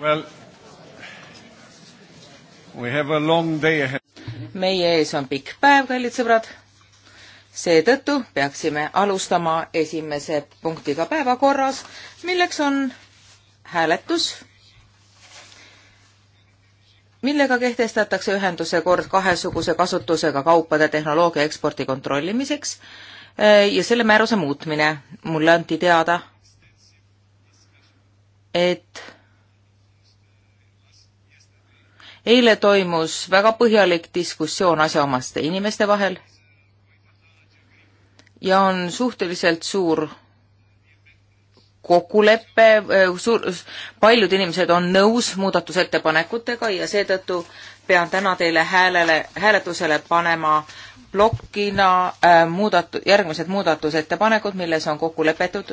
Well, we have a long day ahead. meie ees on pikk päev, kallid sõbrad. seetõttu peaksime alustama esimese punktiga päevakorras, milleks on hääletus, millega kehtestatakse ühenduse kord kahesuguse kasutusega kaupade tehnoloogia ekspordi kontrollimiseks eh, ja selle määruse muutmine. mulle anti teada, et eile toimus väga põhjalik diskussioon asjaomaste inimeste vahel ja on suhteliselt suur kokkulepe, äh, suur, paljud inimesed on nõus muudatusettepanekutega ja seetõttu pean täna teile häälele, hääletusele panema plokina äh, muudat-, järgmised muudatusettepanekud, milles on kokku lepitud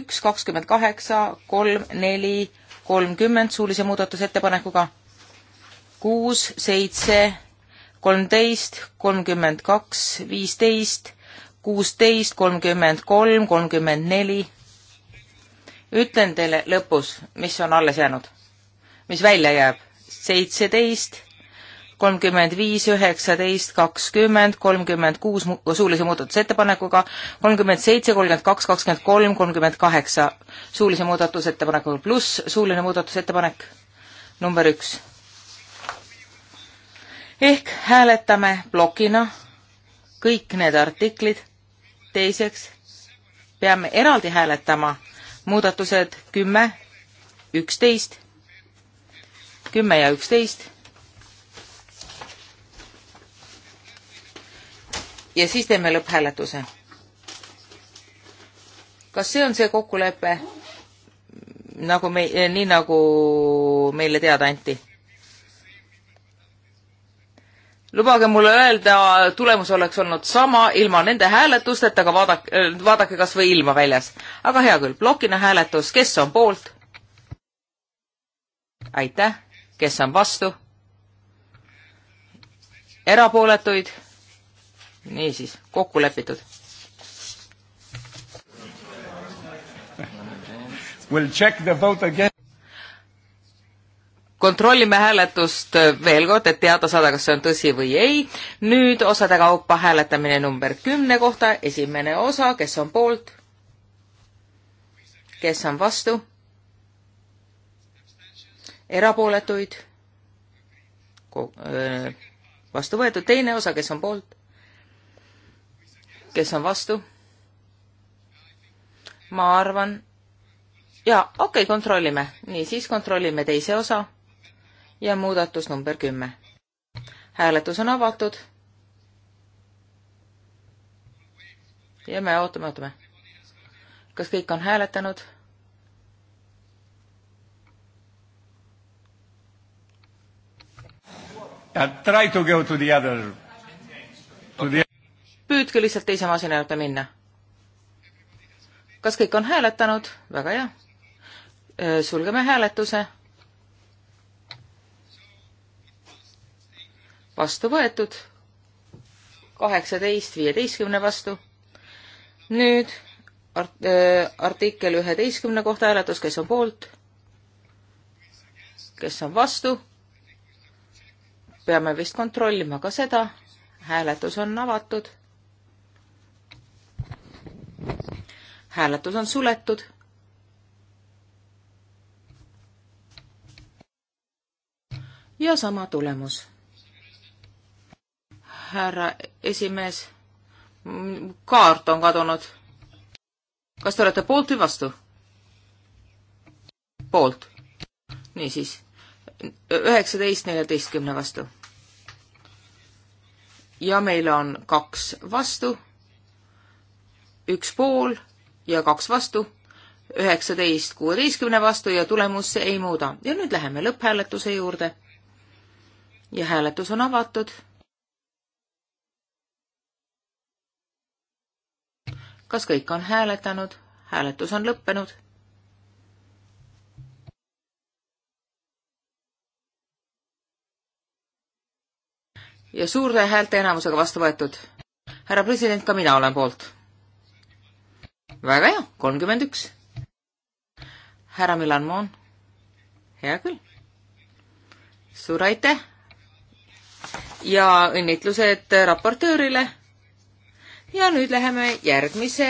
üks, kakskümmend kaheksa, kolm, neli, kolmkümmend suulise muudatusettepanekuga kuus, seitse, kolmteist, kolmkümmend kaks, viisteist, kuusteist, kolmkümmend kolm, kolmkümmend neli. ütlen teile lõpus, mis on alles jäänud, mis välja jääb. seitseteist, kolmkümmend viis, üheksateist, kakskümmend, kolmkümmend kuus suulise muudatusettepanekuga, kolmkümmend seitse, kolmkümmend kaks, kakskümmend kolm, kolmkümmend kaheksa suulise muudatusettepanekuga pluss suuline muudatusettepanek number üks ehk hääletame plokina kõik need artiklid. teiseks peame eraldi hääletama muudatused kümme, üksteist, kümme ja üksteist. ja siis teeme lõpphääletuse. kas see on see kokkulepe, nagu me, eh, nii nagu meile teada anti? lubage mulle öelda, tulemus oleks olnud sama ilma nende hääletusteta, aga vaadake, äh, vaadake kas või ilma väljas. aga hea küll, plokina hääletus, kes on poolt? aitäh, kes on vastu? erapooletuid? niisiis, kokku lepitud. We'll check the vote again kontrollime hääletust veel kord, et teada saada, kas see on tõsi või ei. nüüd osade kaupa hääletamine number kümne kohta, esimene osa, kes on poolt, kes on vastu, erapooletuid, äh, vastu võetud, teine osa, kes on poolt, kes on vastu, ma arvan, jaa, okei okay,, kontrollime. nii, siis kontrollime teise osa ja muudatus number kümme. hääletus on avatud. ja me ootame, ootame. kas kõik on hääletanud? Try to go to the other, to the püüdke lihtsalt teise masina juurde minna. kas kõik on hääletanud? väga hea. Äh, sulgeme hääletuse vastu võetud, kaheksateist viieteistkümne vastu. nüüd art-, äh, artikkel üheteistkümne kohta hääletus, kes on poolt, kes on vastu, peame vist kontrollima ka seda, hääletus on avatud. hääletus on suletud ja sama tulemus härra esimees. kaart on kadunud. kas te olete poolt või vastu? poolt. niisiis, üheksateist neljateistkümne vastu. ja meil on kaks vastu, üks pool ja kaks vastu, üheksateist kuueteistkümne vastu ja tulemus see ei muuda. ja nüüd läheme lõpphääletuse juurde. ja hääletus on avatud kas kõik on hääletanud? hääletus on lõppenud. ja suure häälte enamusega vastu võetud. härra president, ka mina olen poolt. väga hea, kolmkümmend üks. härra Milanmon, hea küll. suur aitäh ja õnnitlused raportöörile ja nüüd läheme järgmise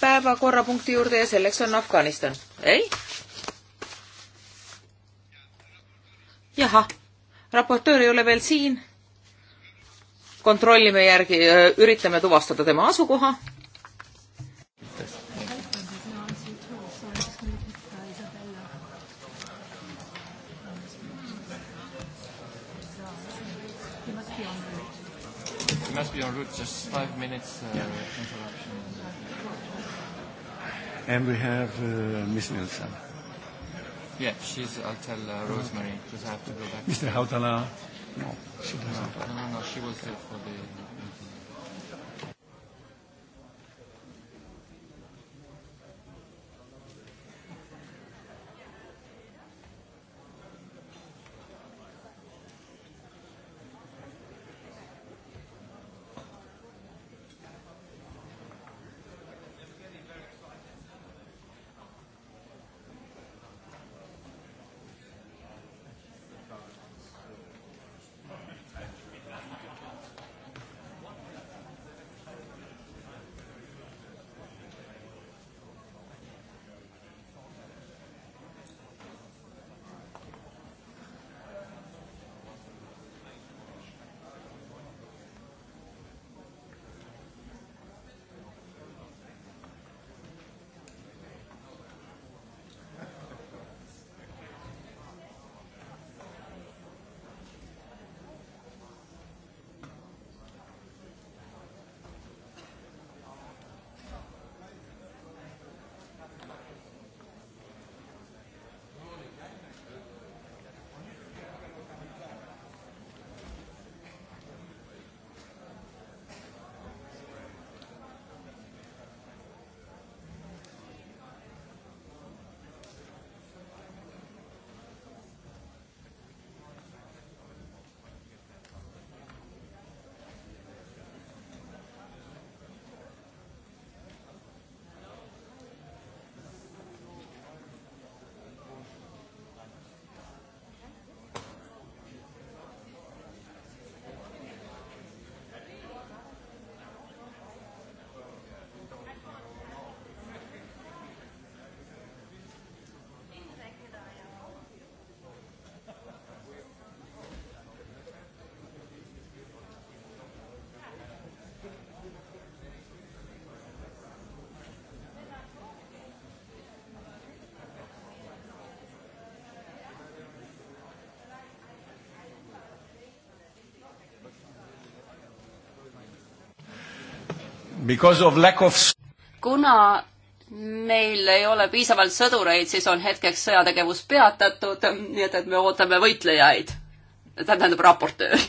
päevakorrapunkti juurde ja selleks on Afganistan. ei? jahah, raportöör ei ole veel siin. kontrollime järgi, üritame tuvastada tema asukoha be en route, just five minutes uh, yeah. interruption. And we have uh, Miss Nielsen. Yeah, she's, I'll tell uh, Rosemary, because I have to go back. Mr. Hautala? No, she doesn't. No, no, no, she was there for the... Of... kuna meil ei ole piisavalt sõdureid, siis on hetkeks sõjategevus peatatud, nii et, et me ootame võitlejaid. tähendab raportööri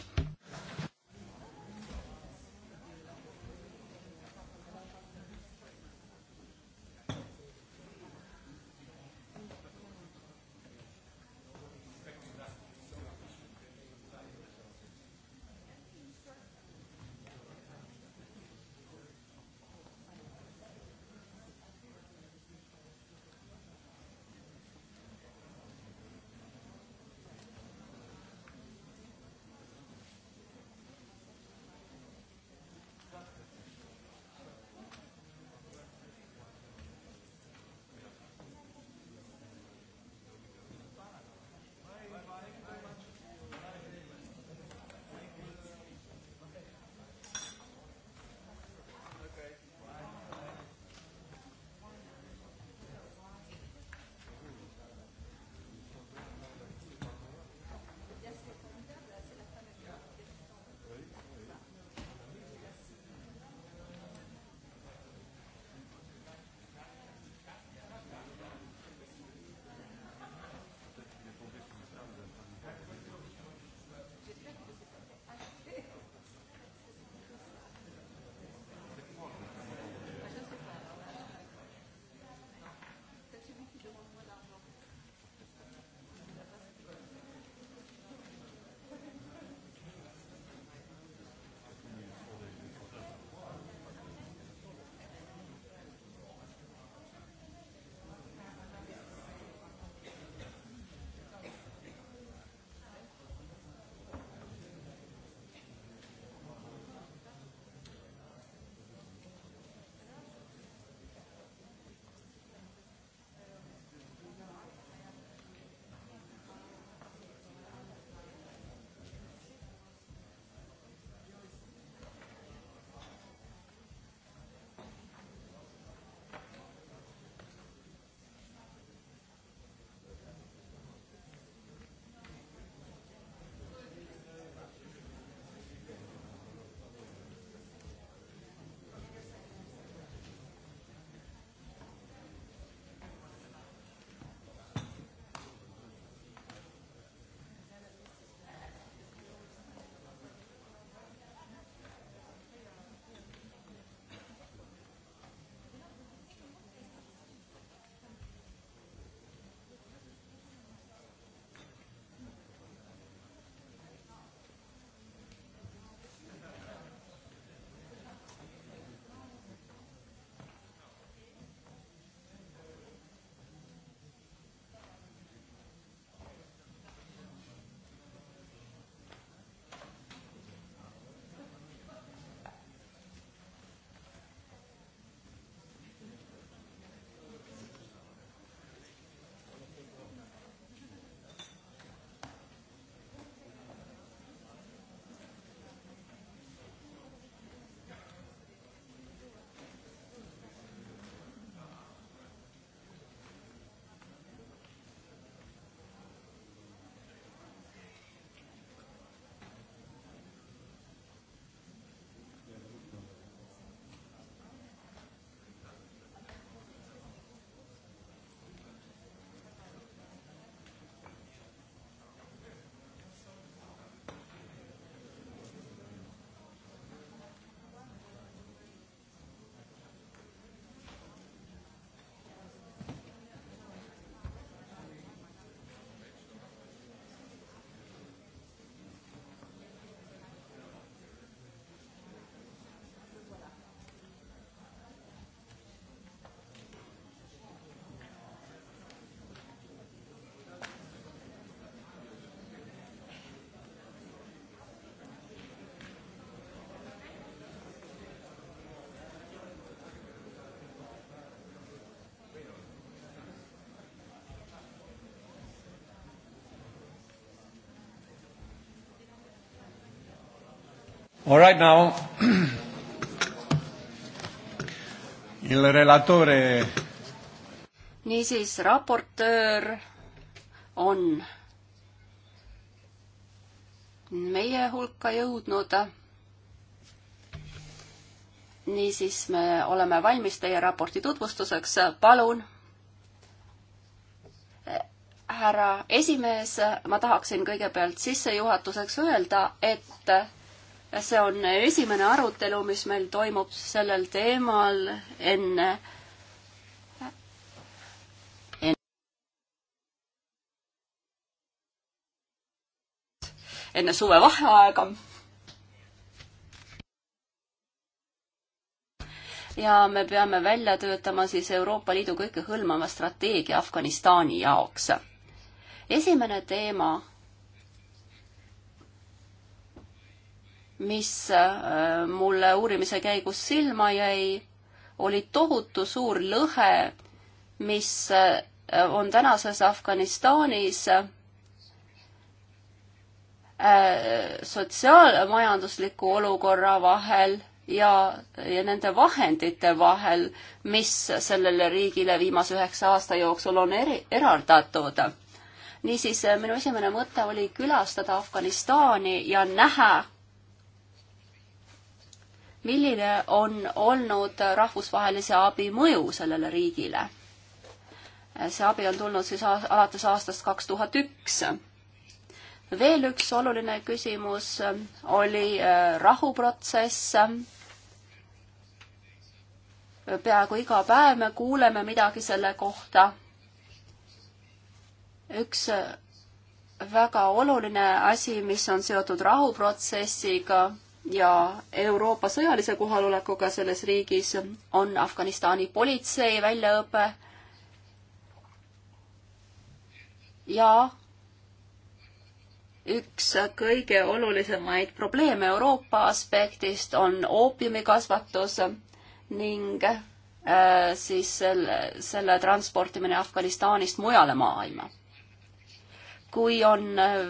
All right now. Il relatore. niisiis, raportöör on meie hulka jõudnud. niisiis, me oleme valmis teie raporti tutvustuseks, palun härra esimees, ma tahaksin kõigepealt sissejuhatuseks öelda, et see on esimene arutelu, mis meil toimub sellel teemal enne enne suvevaheaega. ja me peame välja töötama siis Euroopa Liidu kõikehõlmava strateegia Afganistani jaoks. esimene teema mis äh, mulle uurimise käigus silma jäi, oli tohutu suur lõhe, mis äh, on tänases Afganistanis äh, sotsiaalmajandusliku olukorra vahel ja, ja nende vahendite vahel, mis sellele riigile viimase üheksa aasta jooksul on eri, eraldatud niisiis, minu esimene mõte oli külastada Afganistani ja näha, milline on olnud rahvusvahelise abi mõju sellele riigile. see abi on tulnud siis alates aastast kaks tuhat üks. veel üks oluline küsimus oli äh, rahuprotsess. peaaegu iga päev me kuuleme midagi selle kohta. üks äh, väga oluline asi, mis on seotud rahuprotsessiga ja Euroopa sõjalise kohalolekuga selles riigis on Afganistani politsei väljaõpe ja üks kõige olulisemaid probleeme Euroopa aspektist on oopiumikasvatus ning äh, siis selle, selle transportimine Afganistanist mujale maailma kui on äh,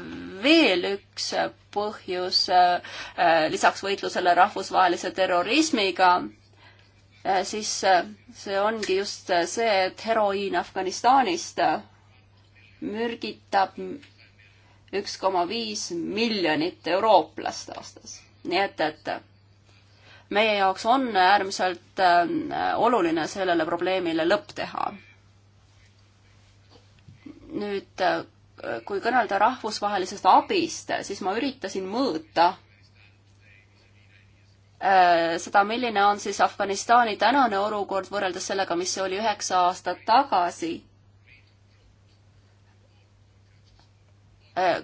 veel üks põhjus äh, äh, lisaks võitlusele rahvusvahelise terrorismiga, siis see ongi just see, et heroiin Afganistanist mürgitab üks koma viis miljonit eurooplast aastas. nii et, et meie jaoks on äärmiselt oluline sellele probleemile lõpp teha. nüüd kui kõnelda rahvusvahelisest abist, siis ma üritasin mõõta äh, seda, milline on siis Afganistani tänane olukord võrreldes sellega, mis see oli üheksa aastat tagasi.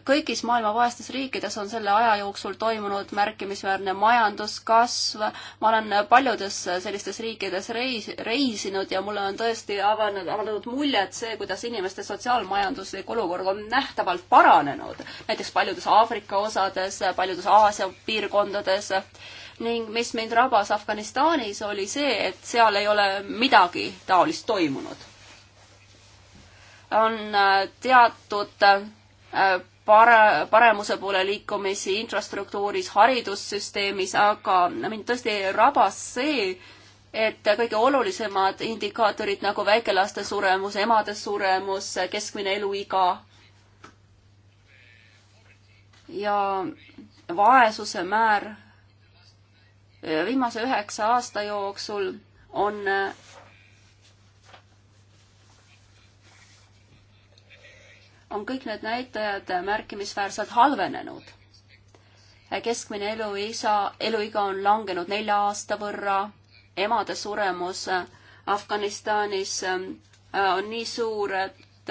kõigis maailma vaestes riikides on selle aja jooksul toimunud märkimisväärne majanduskasv. ma olen paljudes sellistes riikides reis, reisinud ja mulle on tõesti avanud, avaldanud mulje, et see, kuidas inimeste sotsiaalmajanduslik olukord on nähtavalt paranenud, näiteks paljudes Aafrika osades, paljudes Aasia piirkondades ning mis mind rabas Afganistanis, oli see, et seal ei ole midagi taolist toimunud. on äh, teatud äh, para-, paremuse poole liikumisi infrastruktuuris, haridussüsteemis, aga mind tõesti rabas see, et kõige olulisemad indikaatorid nagu väikelaste suremus, emade suremus, keskmine eluiga ja vaesuse määr viimase üheksa aasta jooksul on on kõik need näitajad märkimisväärselt halvenenud. keskmine eluisa, eluiga on langenud nelja aasta võrra, emade suremus Afganistanis äh, on nii suur, et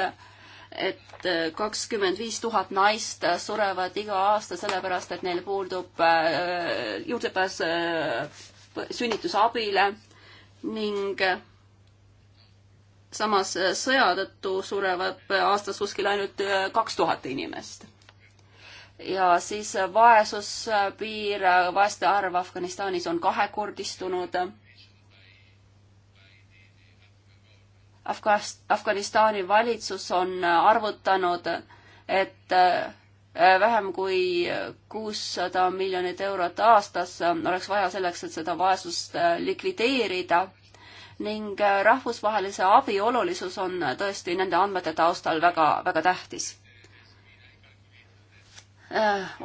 et kakskümmend viis tuhat naist surevad iga aasta sellepärast, et neil puudub äh, juurdepääs äh, sünnitusabile ning samas eh, sõja tõttu surevad eh, aastas kuskil ainult eh, kaks tuhat inimest. ja siis vaesuspiir, vaeste arv Afganistanis on kahekordistunud. Afgast-, Afganistani valitsus on arvutanud, et vähem kui kuussada miljonit eurot aastas oleks vaja selleks, et seda vaesust likvideerida ning äh, rahvusvahelise abi olulisus on äh, tõesti nende andmete taustal väga, väga tähtis. Äh,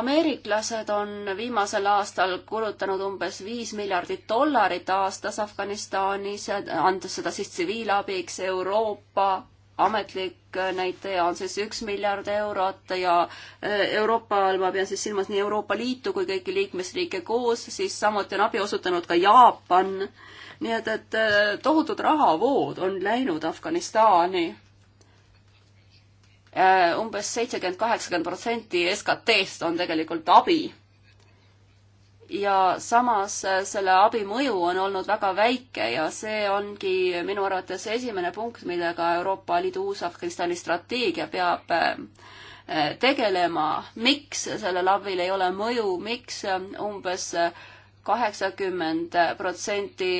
ameeriklased on viimasel aastal kulutanud umbes viis miljardit dollarit aastas Afganistanis, andes seda siis tsiviilabiks Euroopa ametlik näitaja on siis üks miljard eurot ja eh, Euroopa all ma pean siis silmas nii Euroopa Liitu kui kõiki liikmesriike koos, siis samuti on abi osutanud ka Jaapan. nii et, et eh, tohutud rahavood on läinud Afganistani. Eh, umbes seitsekümmend, kaheksakümmend protsenti SKT-st on tegelikult abi ja samas äh, selle abi mõju on olnud väga väike ja see ongi minu arvates esimene punkt, millega Euroopa Liidu uus Afganistani strateegia peab äh, äh, tegelema, miks sellel abil ei ole mõju, miks umbes kaheksakümmend protsenti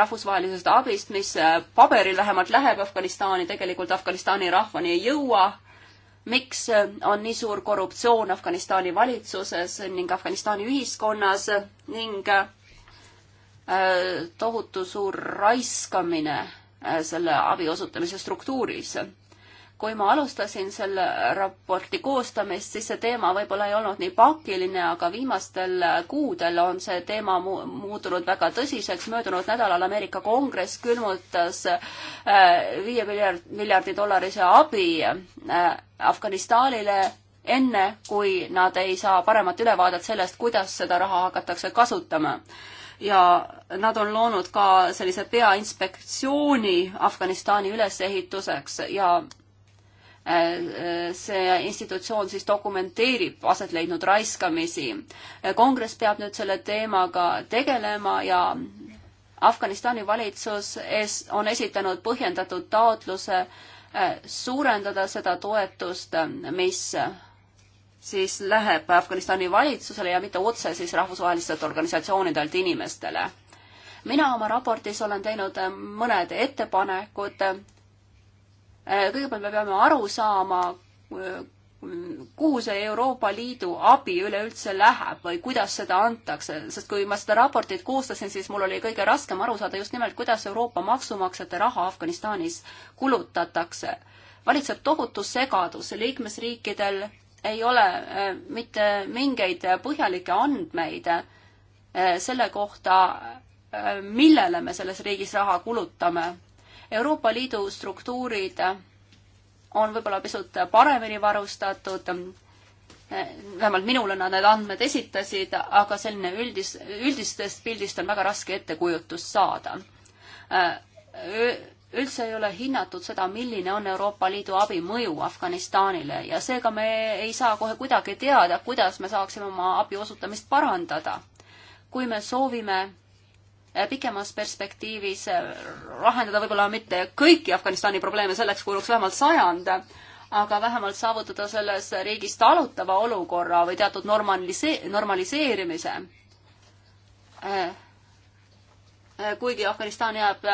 rahvusvahelisest abist, mis paberil vähemalt läheb Afganistani, tegelikult Afganistani rahvani ei jõua miks on nii suur korruptsioon Afganistani valitsuses ning Afganistani ühiskonnas ning äh, tohutu suur raiskamine äh, selle abi osutamise struktuuris kui ma alustasin selle raporti koostamist, siis see teema võib-olla ei olnud nii pakiline, aga viimastel kuudel on see teema mu muutunud väga tõsiseks. möödunud nädalal Ameerika Kongress külmutas äh, viie miljard, miljardi dollarise abi äh, Afganistanile enne, kui nad ei saa paremat ülevaadet sellest, kuidas seda raha hakatakse kasutama ja nad on loonud ka sellise peainspektsiooni Afganistani ülesehituseks ja see institutsioon siis dokumenteerib aset leidnud raiskamisi. kongress peab nüüd selle teemaga tegelema ja Afganistani valitsus es-, on esitanud põhjendatud taotluse äh, suurendada seda toetust, äh, mis siis läheb Afganistani valitsusele ja mitte otse siis rahvusvahelistelt organisatsioonidelt inimestele. mina oma raportis olen teinud äh, mõned ettepanekud Äh, kõigepealt me peame aru saama, äh, kuhu see Euroopa Liidu abi üleüldse läheb või kuidas seda antakse, sest kui ma seda raportit koostasin, siis mul oli kõige raskem aru saada just nimelt, kuidas Euroopa maksumaksjate raha Afganistanis kulutatakse. valitseb tohutu segadus, liikmesriikidel ei ole äh, mitte mingeid põhjalikke andmeid selle kohta, millele me selles riigis raha kulutame Euroopa Liidu struktuurid on võib-olla pisut paremini varustatud, vähemalt minule nad need andmed esitasid, aga selline üldis, üldistest pildist on väga raske ettekujutust saada. Üldse ei ole hinnatud seda, milline on Euroopa Liidu abi mõju Afganistanile ja seega me ei saa kohe kuidagi teada, kuidas me saaksime oma abi osutamist parandada. kui me soovime Äh, pikemas perspektiivis äh, lahendada võib-olla mitte kõiki Afganistani probleeme, selleks kuluks vähemalt sajand, aga vähemalt saavutada selles riigis talutava olukorra või teatud normalise-, normaliseerimise. Äh, kuigi Afganistan jääb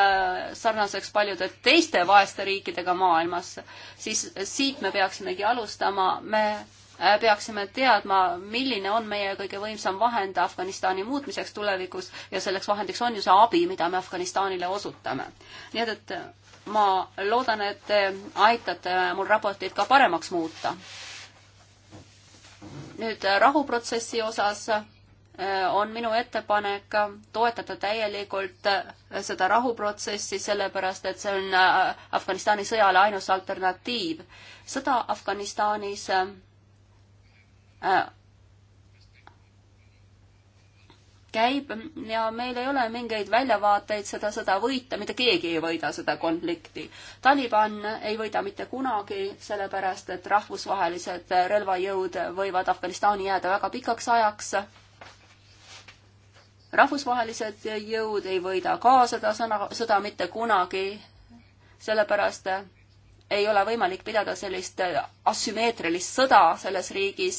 sarnaseks paljude teiste vaeste riikidega maailmas, siis siit me peaksimegi alustama, me Äh, peaksime teadma, milline on meie kõige võimsam vahend Afganistani muutmiseks tulevikus ja selleks vahendiks on ju see abi, mida me Afganistanile osutame. nii et, et äh, ma loodan, et te aitate mul raportit ka paremaks muuta. nüüd äh, rahuprotsessi osas on minu ettepanek toetada täielikult seda rahuprotsessi, sellepärast et see on Afganistani sõjale ainus alternatiiv. sõda Afganistanis Äh, käib ja meil ei ole mingeid väljavaateid seda sõda võita, mitte keegi ei võida seda konflikti. Taliban ei võida mitte kunagi, sellepärast et rahvusvahelised relvajõud võivad Afganistani jääda väga pikaks ajaks. rahvusvahelised jõud ei võida ka seda sõna, sõda mitte kunagi, sellepärast ei ole võimalik pidada sellist äh, asümmeetrilist sõda selles riigis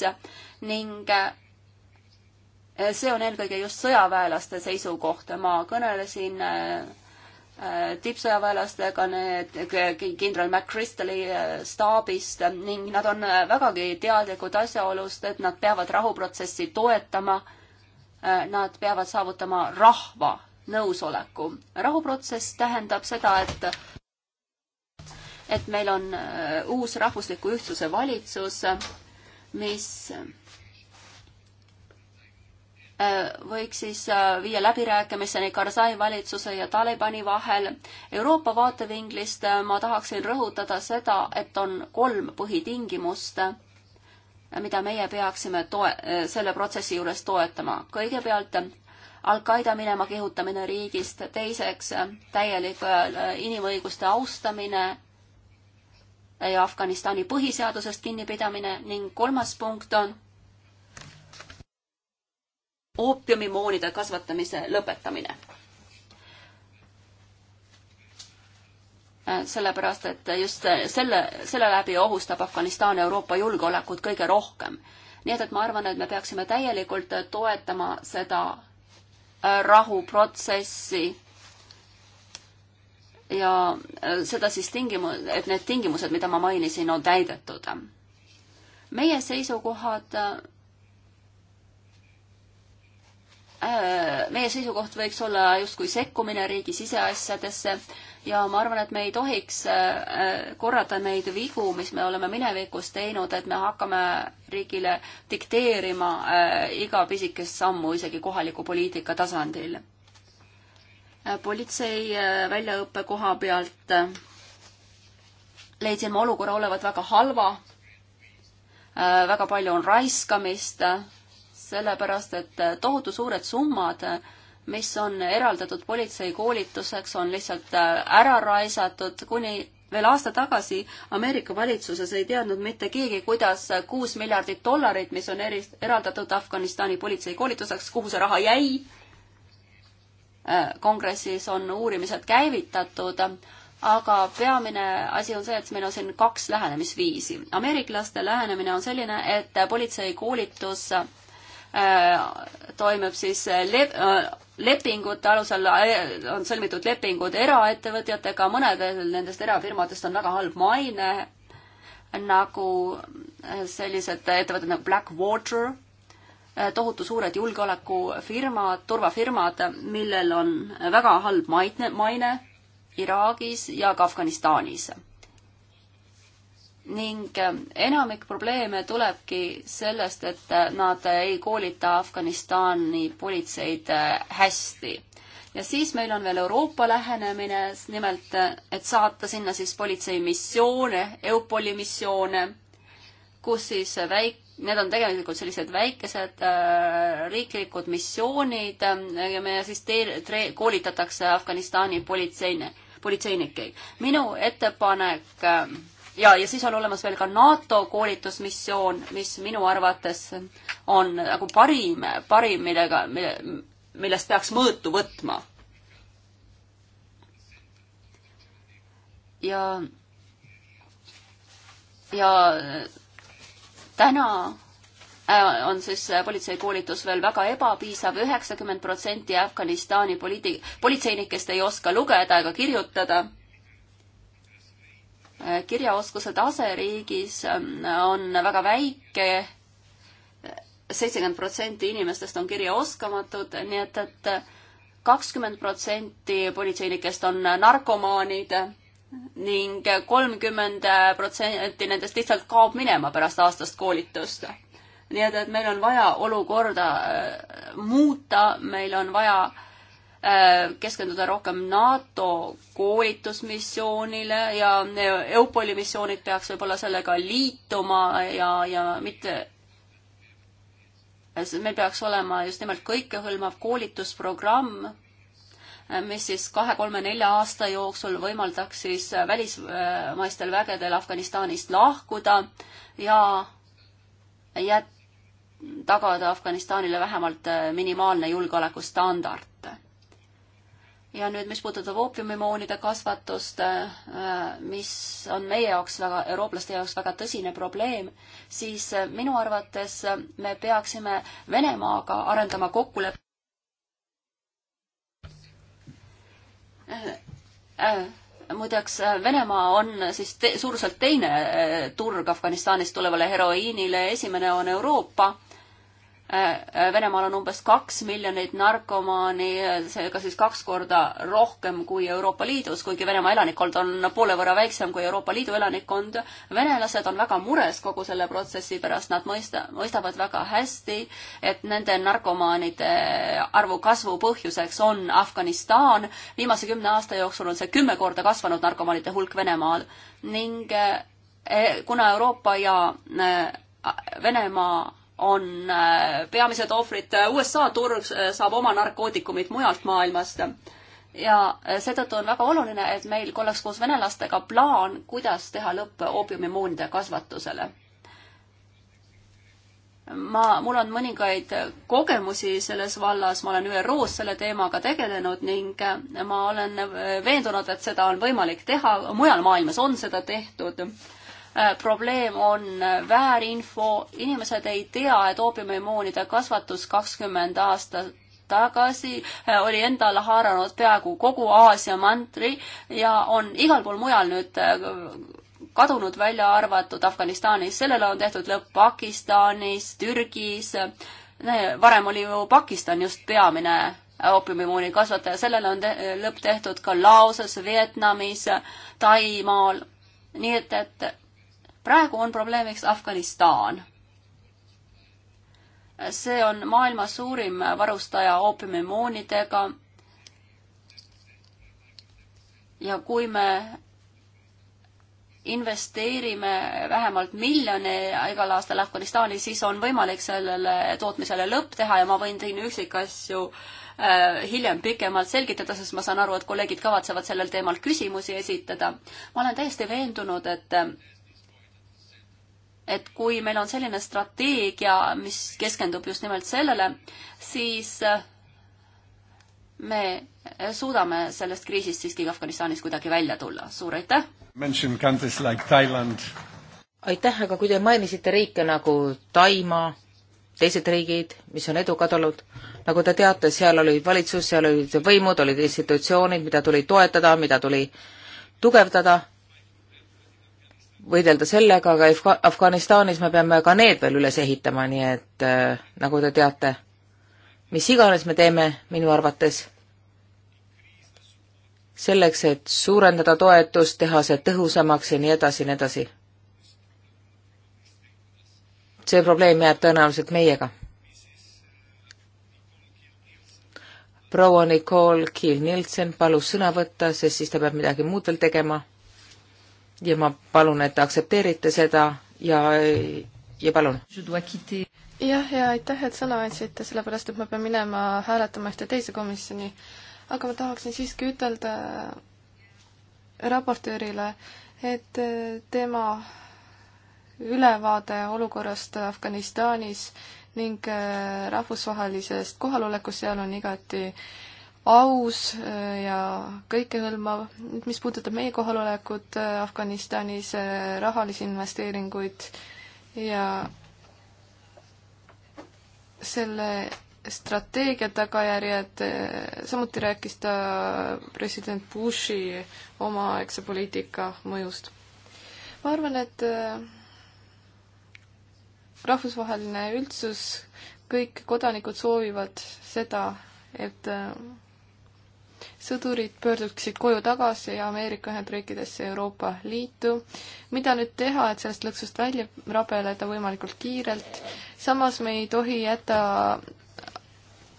ning äh, see on eelkõige just sõjaväelaste seisukoht. ma kõnelesin äh, tippsõjaväelastega, need kindral McChrystali staabist ning nad on vägagi teadlikud asjaolust, et nad peavad rahuprotsessi toetama. Nad peavad saavutama rahva nõusoleku. rahuprotsess tähendab seda, et et meil on äh, uus rahvusliku ühtsuse valitsus, mis äh, võiks siis äh, viia läbirääkimiseni Karzai valitsuse ja Talibani vahel. Euroopa vaatevinklist ma tahaksin rõhutada seda, et on kolm põhitingimust, mida meie peaksime toe-, selle protsessi juures toetama. kõigepealt Al-Qaeda minema kihutamine riigist, teiseks täielik inimõiguste austamine ja Afganistani põhiseadusest kinnipidamine ning kolmas punkt on oopiumimoonide kasvatamise lõpetamine. Äh, sellepärast, et just selle, selle läbi ohustab Afganistan Euroopa julgeolekut kõige rohkem. nii et, et ma arvan, et me peaksime täielikult toetama seda äh, rahuprotsessi ja äh, seda siis tingimus, et need tingimused, mida ma mainisin, on täidetud. meie seisukohad, äh, meie seisukoht võiks olla justkui sekkumine riigi siseasjadesse ja ma arvan, et me ei tohiks äh, korrata neid vigu, mis me oleme minevikus teinud, et me hakkame riigile dikteerima iga pisikest sammu isegi kohaliku poliitika tasandil politsei äh, väljaõppe koha pealt leidsin ma olukorra olevat väga halva. Äh, väga palju on raiskamist, sellepärast et äh, tohutu suured summad, mis on eraldatud politsei koolituseks, on lihtsalt ära raisatud, kuni veel aasta tagasi Ameerika valitsuses ei teadnud mitte keegi, kuidas kuus miljardit dollarit, mis on eri, eraldatud Afganistani politsei koolituseks, kuhu see raha jäi Äh, kongressis on uurimised käivitatud, aga peamine asi on see, et meil on siin kaks lähenemisviisi. ameeriklaste lähenemine on selline, et politseikoolitus äh, toimub siis äh, lep-, lepingute alusel, on sõlmitud lepingud eraettevõtjatega, mõnedel nendest erafirmadest on väga halb maine, nagu sellised ettevõtted nagu Blackwater Äh, tohutu suured julgeolekufirmad, turvafirmad, millel on väga halb maine, maine Iraagis ja ka Afganistanis. ning äh, enamik probleeme tulebki sellest, et äh, nad ei koolita Afganistani politseid hästi ja siis meil on veel Euroopa lähenemine, nimelt et saata sinna siis politseimissioone, EUPOL-i missioone, kus siis väik-, need on tegelikult sellised väikesed äh, riiklikud missioonid äh, ja me siis teel, tre, koolitatakse Afganistani politseine, politseinikke. minu ettepanek äh, ja, ja siis on olemas veel ka NATO koolitusmissioon, mis minu arvates on nagu parim, parim, millega, mille, millest peaks mõõtu võtma. ja, ja täna äh, on siis äh, politseikoolitus veel väga ebapiisav, üheksakümmend protsenti Afganistani poliiti-, politseinikest ei oska lugeda ega kirjutada. Äh, kirjaoskuse tase riigis ähm, on väga väike, seitsekümmend protsenti inimestest on kirjaoskamatud, nii et, et kakskümmend protsenti politseinikest on narkomaanid ning kolmkümmend protsenti nendest lihtsalt kaob minema pärast aastast koolitust. nii et, et meil on vaja olukorda äh, muuta, meil on vaja äh, keskenduda rohkem NATO koolitusmissioonile ja e-, EUPOL-i missioonid peaks võib-olla sellega liituma ja, ja mitte, meil peaks olema just nimelt kõikehõlmav koolitusprogramm mis siis kahe-kolme-nelja aasta jooksul võimaldaks siis äh, välismaistel vägedel Afganistanist lahkuda ja jät-, tagada Afganistanile vähemalt äh, minimaalne julgeolekustandard. ja nüüd, mis puudutab oopiumimoonide kasvatust, äh, mis on meie jaoks väga, eurooplaste jaoks väga tõsine probleem, siis minu arvates me peaksime Venemaaga arendama kokkulepet Äh, äh, muideks äh, Venemaa on siis te suuruselt teine turg Afganistanist tulevale heroiinile, esimene on Euroopa Äh, Venemaal on umbes kaks miljonit narkomaani, seega siis kaks korda rohkem kui Euroopa Liidus, kuigi Venemaa elanikkond on poole võrra väiksem kui Euroopa Liidu elanikkond. venelased on väga mures kogu selle protsessi pärast, nad mõista, mõistavad väga hästi, et nende narkomaanide arvu kasvu põhjuseks on Afganistan. viimase kümne aasta jooksul on see kümme korda kasvanud narkomaanide hulk Venemaal ning eh, eh, kuna Euroopa ja eh, Venemaa on äh, peamised ohvrid. USA turg äh, saab oma narkootikumid mujalt maailmast ja äh, seetõttu on väga oluline, et meil oleks koos venelastega plaan, kuidas teha lõpp oopiumimuunide kasvatusele. ma, mul on mõningaid kogemusi selles vallas, ma olen ÜRO-s selle teemaga tegelenud ning ma olen veendunud, et seda on võimalik teha, mujal maailmas on seda tehtud Äh, probleem on äh, väärinfo, inimesed ei tea, et oopiumimmuunide kasvatus kakskümmend aastat tagasi äh, oli endale haaranud peaaegu kogu Aasia mantri ja on igal pool mujal nüüd kadunud, välja arvatud Afganistanis, sellele on tehtud lõpp Pakistanis, Türgis, varem oli ju Pakistan just peamine oopiumimuuni kasvataja, sellele on te lõpp tehtud ka Laoses, Vietnamis, Taimaal, nii et, et praegu on probleemiks Afganistan. see on maailma suurim varustaja oopiumimoonidega. ja kui me investeerime vähemalt miljoni igal aastal Afganistani, siis on võimalik sellele tootmisele lõpp teha ja ma võin teile üksikasju äh, hiljem pikemalt selgitada, sest ma saan aru, et kolleegid kavatsevad sellel teemal küsimusi esitada. ma olen täiesti veendunud, et et kui meil on selline strateegia, mis keskendub just nimelt sellele, siis me suudame sellest kriisist siiski Afganistanis kuidagi välja tulla. suur aitäh! Like aitäh, aga kui te mainisite riike nagu Taimaa, teised riigid, mis on edu kadunud, nagu te teate, seal oli valitsus, seal olid võimud, olid institutsioonid, mida tuli toetada, mida tuli tugevdada võidelda sellega, aga Afga-, Afganistanis me peame ka need veel üles ehitama, nii et äh, nagu te teate, mis iganes me teeme minu arvates, selleks, et suurendada toetust, teha see tõhusamaks ja nii edasi ja nii edasi. see probleem jääb tõenäoliselt meiega. proua Nicole Kiil-Nielsen palus sõna võtta, sest siis ta peab midagi muud veel tegema ja ma palun, et te aktsepteerite seda ja, ja palun. jah, ja aitäh, et sõna andsite, sellepärast et ma pean minema hääletama ühte teise komisjoni. aga ma tahaksin siiski ütelda raportöörile, et tema ülevaade olukorrast Afganistanis ning rahvusvahelisest kohalolekust seal on igati äh, aus äh, ja kõikehõlmav. nüüd, mis puudutab meie kohalolekut äh, Afganistanis, äh, rahalisi investeeringuid ja selle strateegia tagajärjed, samuti rääkis ta president Bushi omaaegse poliitika mõjust. ma arvan, et rahvusvaheline üldsus, kõik kodanikud soovivad seda, et sõdurid pöörduksid koju tagasi Ameerika Ühendriikidesse Euroopa Liitu. mida nüüd teha, et sellest lõksust välja rabeleda võimalikult kiirelt? samas me ei tohi jätta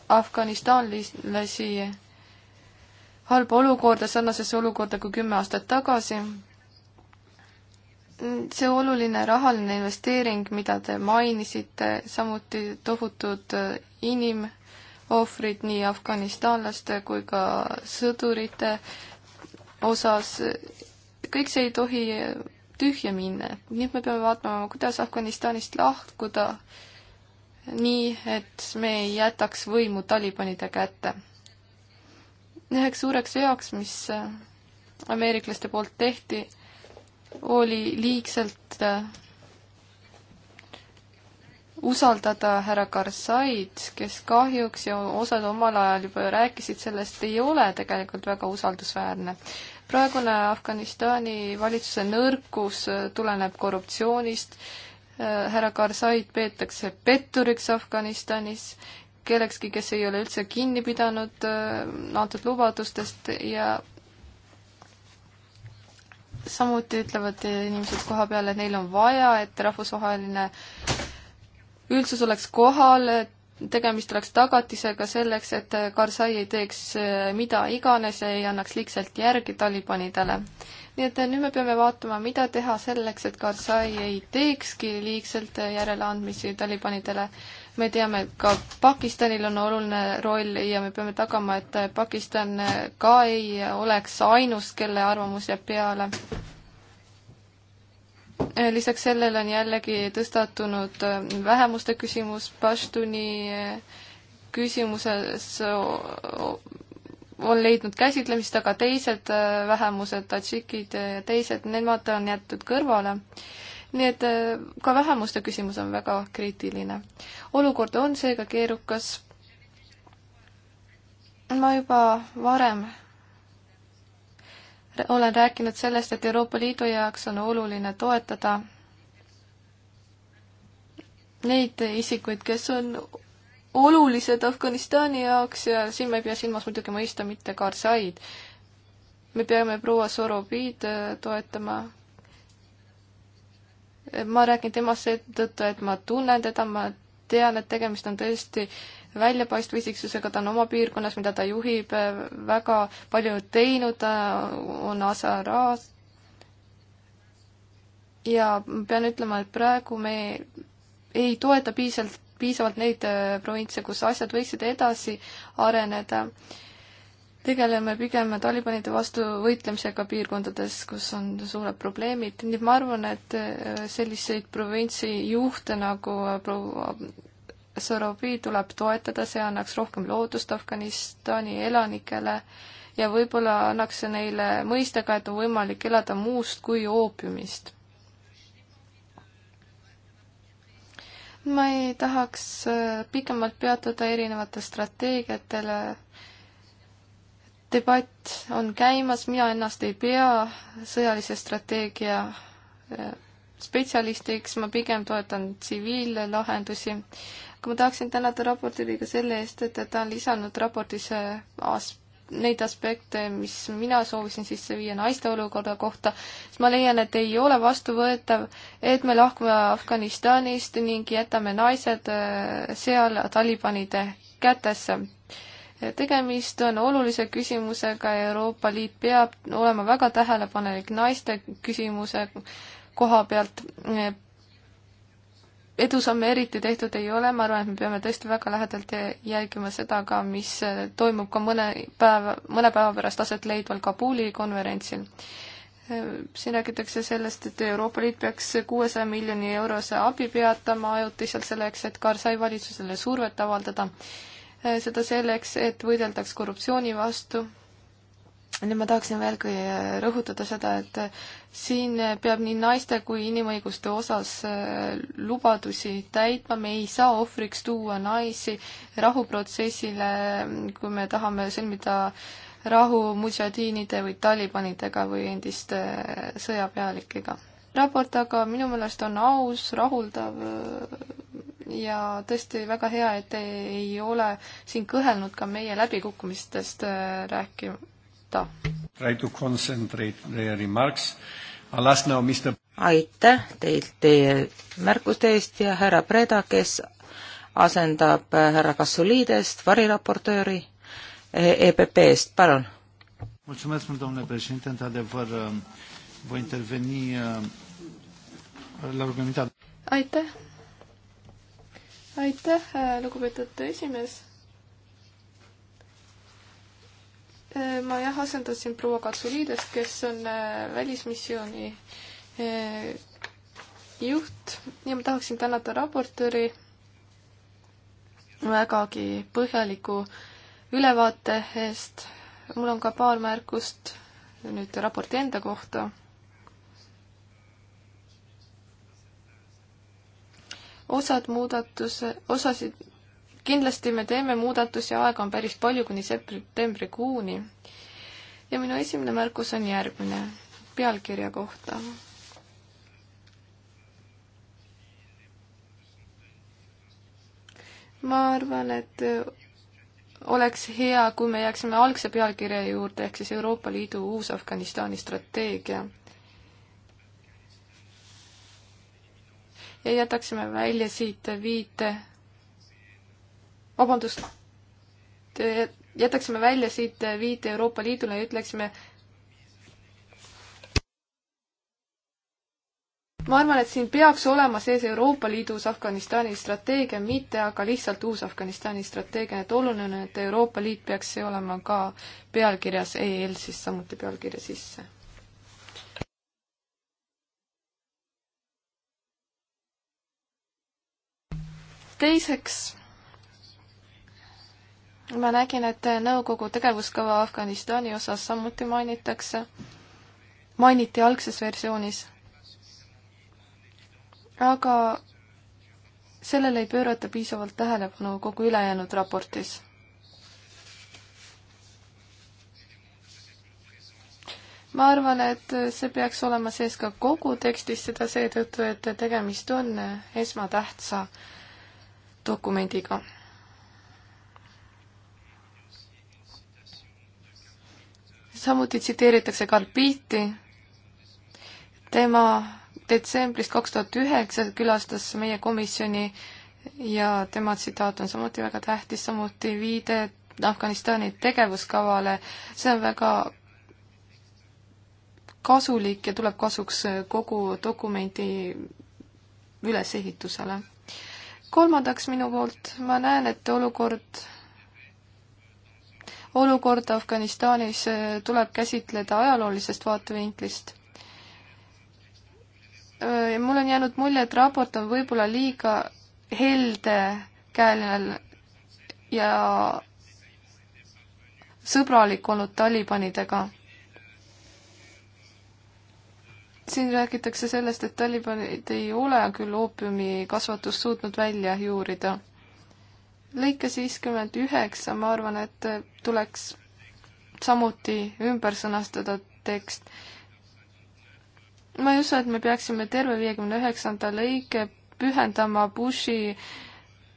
afganistanlasi halba olukorda, sarnasesse olukorda kui kümme aastat tagasi. see oluline rahaline investeering, mida te mainisite, samuti tohutud inim- ohvrid nii afganistanlaste kui ka sõdurite osas. kõik see ei tohi tühja minna. nüüd me peame vaatama, kuidas Afganistanist lahkuda nii, et me ei jätaks võimu Talibanide kätte. üheks suureks veaks, mis ameeriklaste poolt tehti, oli liigselt usaldada härra Karsaid, kes kahjuks ja osad omal ajal juba rääkisid sellest, ei ole tegelikult väga usaldusväärne. praegune Afganistani valitsuse nõrkus tuleneb korruptsioonist, härra Karsaid peetakse petturiks Afganistanis, kellekski, kes ei ole üldse kinni pidanud äh, antud lubadustest ja samuti ütlevad inimesed koha peal, et neil on vaja, et rahvusvaheline üldsus oleks kohal, tegemist oleks tagatisega selleks, et Karzai ei teeks äh, mida iganes ja ei annaks liigselt järgi Talibanidele. nii et äh, nüüd me peame vaatama, mida teha selleks, et Karzai ei teekski liigselt äh, järeleandmisi Talibanidele. me teame, et ka Pakistanil on oluline roll ja me peame tagama, et Pakistan ka ei oleks ainus, kelle arvamus jääb peale Eh, lisaks sellele on jällegi tõstatunud eh, vähemuste küsimus, Pashtuni eh, küsimuses on leidnud käsitlemist, aga teised vähemused, tadžikid ja teised, nemad on jäetud kõrvale. nii et ka vähemuste küsimus on väga kriitiline. olukord on seega keerukas. ma juba varem olen rääkinud sellest, et Euroopa Liidu jaoks on oluline toetada neid isikuid, kes on olulised Afganistani jaoks ja siin ma ei pea silmas muidugi mõista mitte Karzaid. me peame proua Sorobid äh, toetama. ma räägin temast seetõttu, et ma tunnen teda, ma tean, et tegemist on tõesti äh, väljapaistva isiksusega, ta on oma piirkonnas, mida ta juhib, eh, väga palju teinud, ta on Asaraas. ja pean ütlema, et praegu me ei toeta piisavalt, piisavalt neid eh, provintse, kus asjad võiksid edasi areneda. tegeleme pigem Talibanide vastu võitlemisega piirkondades, kus on suured probleemid, nii et ma arvan, et eh, selliseid provintsi juhte nagu proua Sorobi tuleb toetada, see annaks rohkem lootust Afganistani elanikele ja võib-olla annaks see neile mõista ka, et on võimalik elada muust kui oopiumist. ma ei tahaks äh, pikemalt peatuda erinevatele strateegiatele. debatt on käimas, mina ennast ei pea sõjalise strateegia äh, spetsialistiks, ma pigem toetan tsiviillahendusi. aga ma tahaksin tänada raportööri ka selle eest, et ta on lisanud raportisse as-, neid aspekte, mis mina soovisin sisse viia naiste olukorra kohta, siis ma leian, et ei ole vastuvõetav, et me lahkume Afganistanist ning jätame naised äh, seal Talibanide kätesse tegemist on olulise küsimusega ja Euroopa Liit peab olema väga tähelepanelik naiste küsimusega koha pealt eh, edusamme eriti tehtud ei ole, ma arvan, et me peame tõesti väga lähedalt jälgima seda ka, mis eh, toimub ka mõne päev, mõne päeva pärast aset leidval Kabuli konverentsil. Eh, siin räägitakse sellest, et Euroopa Liit peaks kuuesaja miljoni eurose abi peatama ajutiselt selleks, et Karzai valitsusele survet avaldada. seda selleks, et võideldaks korruptsiooni vastu nüüd ma tahaksin veelgi äh, rõhutada seda, et äh, siin äh, peab nii naiste kui inimõiguste osas lubadusi täitma, me ei saa ohvriks tuua naisi rahuprotsessile, kui me tahame sõlmida rahu mudžadiinide või talibanidega või endiste sõjapealikega. raport aga minu meelest on aus, rahuldav ja tõesti väga hea, et te ei ole siin kõhelnud ka meie läbikukkumistest rääkima kohta. Uh, aitäh teilt teie märkuste eest ja härra Preda, kes asendab uh, härra Kassuliidest variraportööri uh, EPP-st, palun. mulțumesc mult, domnule președinte, într-adevăr um, voi interveni la rugămintea. aitäh, aitäh, lugupeetud esimees Äh, ma jah asendasin proua Katsuliidest, kes on äh, välismissiooni äh, juht ja ma tahaksin tänada raportööri vägagi põhjaliku ülevaate eest. mul on ka paar märkust nüüd raporti enda kohta. osad muudatuse, osasid kindlasti me teeme muudatusi, aega on päris palju kuni septembrikuuni. ja minu esimene märkus on järgmine, pealkirja kohta. ma arvan, et oleks hea, kui me jääksime algse pealkirja juurde, ehk siis Euroopa Liidu uus Afganistani strateegia. ja jätaksime välja siit viite vabandust, jätaksime välja siit viite Euroopa Liidule ja ütleksime, ma arvan, et siin peaks olema sees Euroopa Liidus Afganistani strateegia, mitte aga lihtsalt uus Afganistani strateegia, et oluline on, et Euroopa Liit peaks see olema ka pealkirjas EL e siis samuti pealkirja sisse. teiseks ma nägin, et nõukogu tegevuskava Afganistani osas samuti mainitakse, mainiti algses versioonis. aga sellele ei pöörata piisavalt tähelepanu kogu ülejäänud raportis. ma arvan, et see peaks olema sees ka kogu tekstis, seda seetõttu, et tegemist on esmatähtsa dokumendiga samuti tsiteeritakse Carl Pihti, tema detsembris kaks tuhat üheksa külastas meie komisjoni ja tema tsitaat on samuti väga tähtis, samuti viide Afganistani tegevuskavale, see on väga kasulik ja tuleb kasuks kogu dokumendi ülesehitusele. kolmandaks minu poolt, ma näen, et olukord olukorda Afganistanis eh, tuleb käsitleda ajaloolisest vaatevinklist. Eh, mul on jäänud mulje, et raport on võib-olla liiga helde käeline ja sõbralik olnud Talibanidega. siin räägitakse sellest, et Talibanid ei ole küll oopiumi kasvatust suutnud välja juurida lõikes viiskümmend üheksa, ma arvan, et tuleks samuti ümber sõnastada tekst. ma ei usu, et me peaksime terve viiekümne üheksanda lõike pühendama Bushi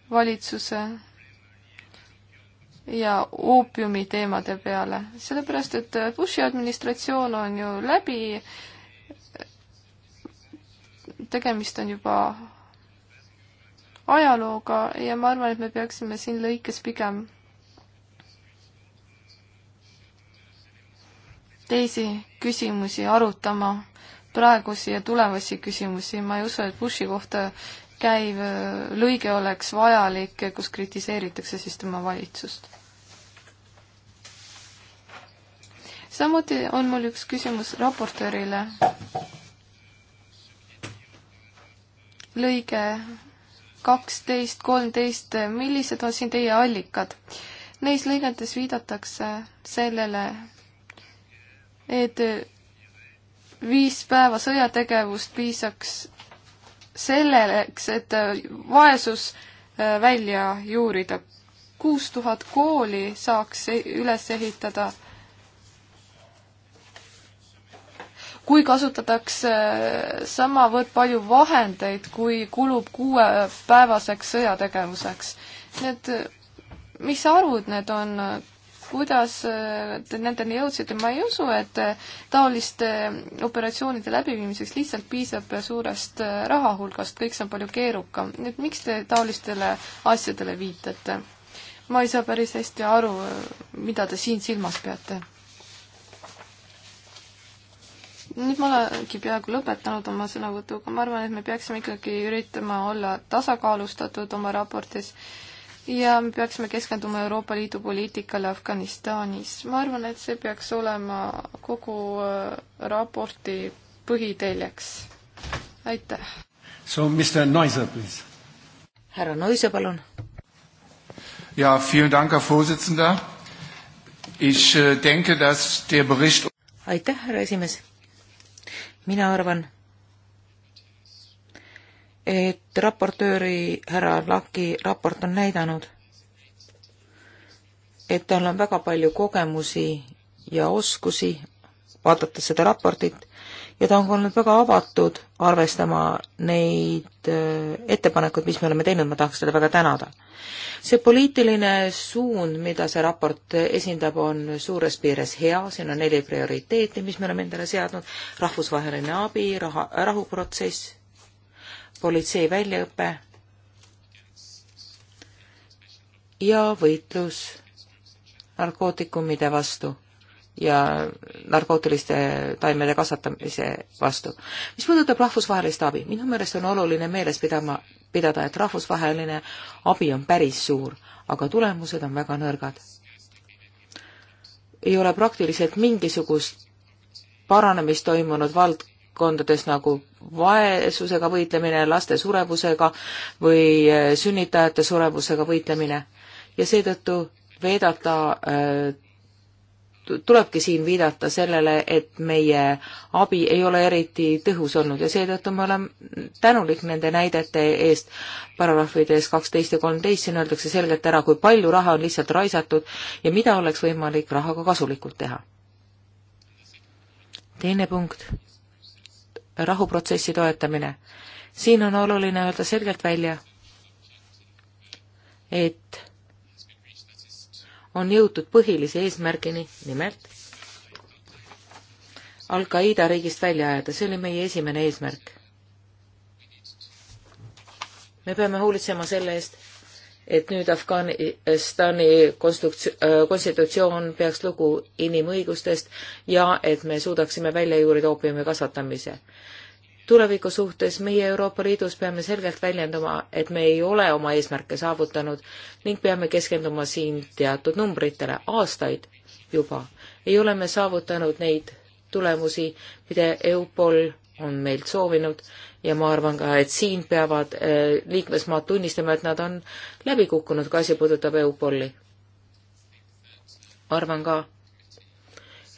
valitsuse ja oopiumi teemade peale, sellepärast et Bushi administratsioon on ju läbi, tegemist on juba ajalooga ja ma arvan, et me peaksime siin lõikes pigem teisi küsimusi arutama, praegusi ja tulevasi küsimusi, ma ei usu, et Bushi kohta käiv lõige oleks vajalik, kus kritiseeritakse siis tema valitsust. samuti on mul üks küsimus raportöörile. lõige kaksteist, kolmteist, millised on siin teie allikad? Neis lõigetes viidatakse sellele, et viis päeva sõjategevust piisaks selleks, et vaesus äh, välja juurida. kuus tuhat kooli saaks e-, üles ehitada kui kasutatakse äh, samavõrd palju vahendeid, kui kulub kuuepäevaseks sõjategevuseks. Need, mis arvud need on, kuidas äh, te nendeni jõudsite, ma ei usu, et äh, taoliste operatsioonide läbiviimiseks lihtsalt piisab suurest rahahulgast, kõik see on palju keerukam. et miks te taolistele asjadele viitate? ma ei saa päris hästi aru, mida te siin silmas peate nüüd ma olengi peaaegu lõpetanud oma sõnavõtuga, ma arvan, et me peaksime ikkagi üritama olla tasakaalustatud oma raportis ja me peaksime keskenduma Euroopa Liidu poliitikale Afganistanis. ma arvan, et see peaks olema kogu äh, raporti põhiteljeks. aitäh! So Mr Noiser, please. härra Noiser, palun! jaa, vielen Dank, Herr Vorsitzender. Ich äh, denke, dass der Bericht aitäh, härra esimees! mina arvan, et raportööri härra Laki raport on näidanud, et tal on väga palju kogemusi ja oskusi, vaadates seda raportit, ja ta on olnud väga avatud arvestama neid äh, ettepanekuid, mis me oleme teinud, ma tahaks teda väga tänada. see poliitiline suund, mida see raport esindab, on suures piires hea, siin on neli prioriteeti, mis me oleme endale seadnud, rahvusvaheline abi, raha, rahuprotsess, politsei väljaõpe ja võitlus narkootikumide vastu ja narkootiliste taimede kasvatamise vastu. mis puudutab rahvusvahelist abi, minu meelest on oluline meeles pidama, pidada, et rahvusvaheline abi on päris suur, aga tulemused on väga nõrgad. ei ole praktiliselt mingisugust paranemist toimunud valdkondades nagu vaesusega võitlemine, laste surevusega või eh, sünnitajate surevusega võitlemine ja seetõttu veedata äh, tulebki siin viidata sellele, et meie abi ei ole eriti tõhus olnud ja seetõttu ma olen tänulik nende näidete eest paragrahvides kaksteist ja kolmteist, siin öeldakse selgelt ära, kui palju raha on lihtsalt raisatud ja mida oleks võimalik rahaga kasulikult teha. teine punkt, rahuprotsessi toetamine. siin on oluline öelda selgelt välja, et on jõutud põhilise eesmärgini, nimelt Al-Qaeda riigist välja ajada, see oli meie esimene eesmärk. me peame hoolitsema selle eest, et nüüd Afganistani äh, konstitutsioon peaks lugu inimõigustest ja et me suudaksime välja juurida oopiumi kasvatamise tuleviku suhtes meie Euroopa Liidus peame selgelt väljendama, et me ei ole oma eesmärke saavutanud ning peame keskenduma siin teatud numbritele. aastaid juba ei ole me saavutanud neid tulemusi, mida EUPOL on meilt soovinud ja ma arvan ka, et siin peavad äh, liikmesmaad tunnistama, et nad on läbi kukkunud, kui asi puudutab EUPOL-i. arvan ka,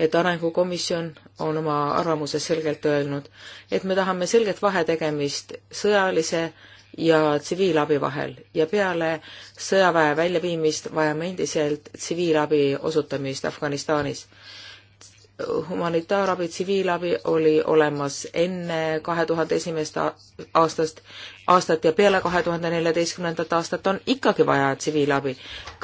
et Arengukomisjon on oma arvamuses selgelt öelnud, et me tahame selget vahetegemist sõjalise ja tsiviilabi vahel ja peale sõjaväe väljaviimist vajame endiselt tsiviilabi osutamist Afganistanis. humanitaarabi, tsiviilabi oli olemas enne kahe tuhande esimest aastast aastat ja peale kahe tuhande neljateistkümnendat aastat on ikkagi vaja tsiviilabi.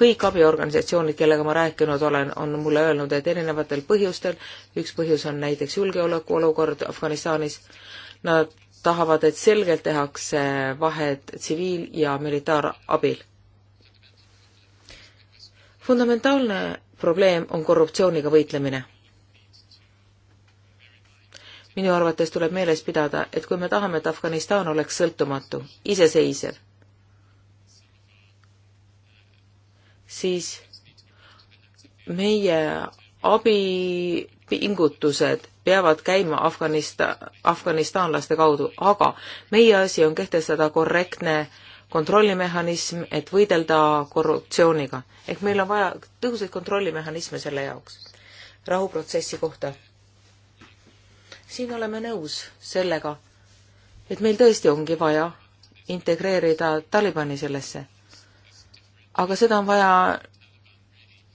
kõik abiorganisatsioonid, kellega ma rääkinud olen, on mulle öelnud, et erinevatel põhjustel, üks põhjus on näiteks julgeolekuolukord Afganistanis, nad tahavad, et selgelt tehakse vahet tsiviil- ja militaarabil. fundamentaalne probleem on korruptsiooniga võitlemine minu arvates tuleb meeles pidada, et kui me tahame, et Afganistan oleks sõltumatu, iseseisev, siis meie abipingutused peavad käima Afganista-, afganistanlaste kaudu, aga meie asi on kehtestada korrektne kontrollimehhanism, et võidelda korruptsiooniga. ehk meil on vaja tõhusaid kontrollimehhanisme selle jaoks, rahuprotsessi kohta siin oleme nõus sellega, et meil tõesti ongi vaja integreerida Talibani sellesse. aga seda on vaja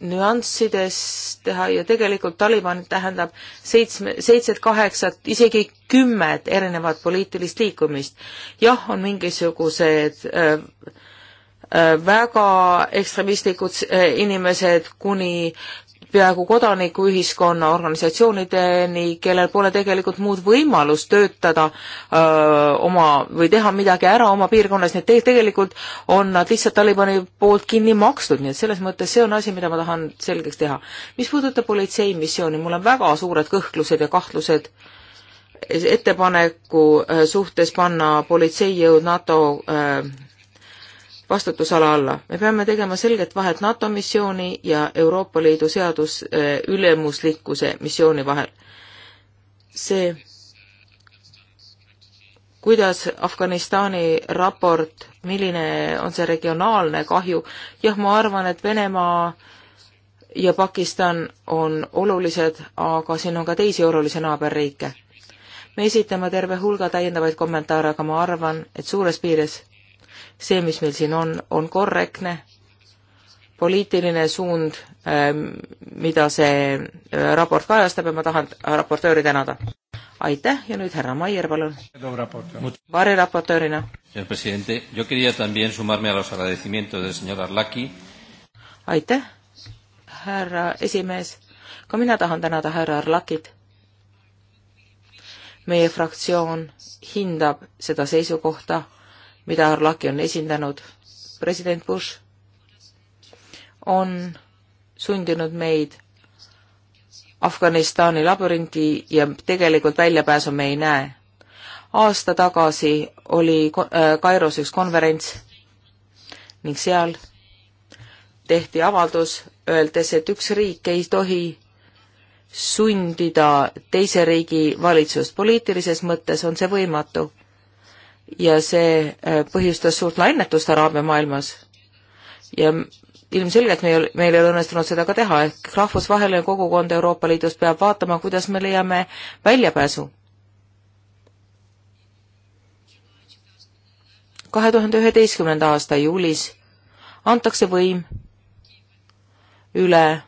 nüanssides teha ja tegelikult Taliban tähendab seitsme, seitset, kaheksat, isegi kümmet erinevat poliitilist liikumist. jah, on mingisugused äh, äh, väga ekstremistlikud äh, inimesed kuni peaaegu kodanikuühiskonna organisatsioonideni, kellel pole tegelikult muud võimalust töötada öö, oma või teha midagi ära oma piirkonnas, nii et te tegelikult on nad lihtsalt Talibani poolt kinni makstud, nii et selles mõttes see on asi, mida ma tahan selgeks teha. mis puudutab politsei missiooni, mul on väga suured kõhklused ja kahtlused ettepaneku suhtes panna politseijõud NATO öö, vastutusala alla. me peame tegema selget vahet NATO missiooni ja Euroopa Liidu seadus eh, ülemuslikkuse missiooni vahel. see, kuidas Afganistani raport, milline on see regionaalne kahju, jah, ma arvan, et Venemaa ja Pakistan on olulised, aga siin on ka teisi olulisi naaberriike. me esitame terve hulga täiendavaid kommentaare, aga ma arvan, et suures piires see, mis meil siin on, on korrektne, poliitiline suund, ähm, mida see äh, raport kajastab ja ma tahan äh, raportööri tänada. aitäh ja nüüd härra Maier, palun. variraportöörina. aitäh, härra esimees. ka mina tahan tänada härra Arlakit. meie fraktsioon hindab seda seisukohta mida Arlaki on esindanud. president Bush on sundinud meid Afganistani labürinti ja tegelikult väljapääsu me ei näe. aasta tagasi oli äh, Kairos üks konverents ning seal tehti avaldus, öeldes, et üks riik ei tohi sundida teise riigi valitsust. poliitilises mõttes on see võimatu ja see äh, põhjustas suurt lainetust Araabia maailmas. ja ilmselgelt meil, meil ei ole õnnestunud seda ka teha, ehk rahvusvaheline kogukond Euroopa Liidus peab vaatama, kuidas me leiame väljapääsu. kahe tuhande üheteistkümnenda aasta juulis antakse võim üle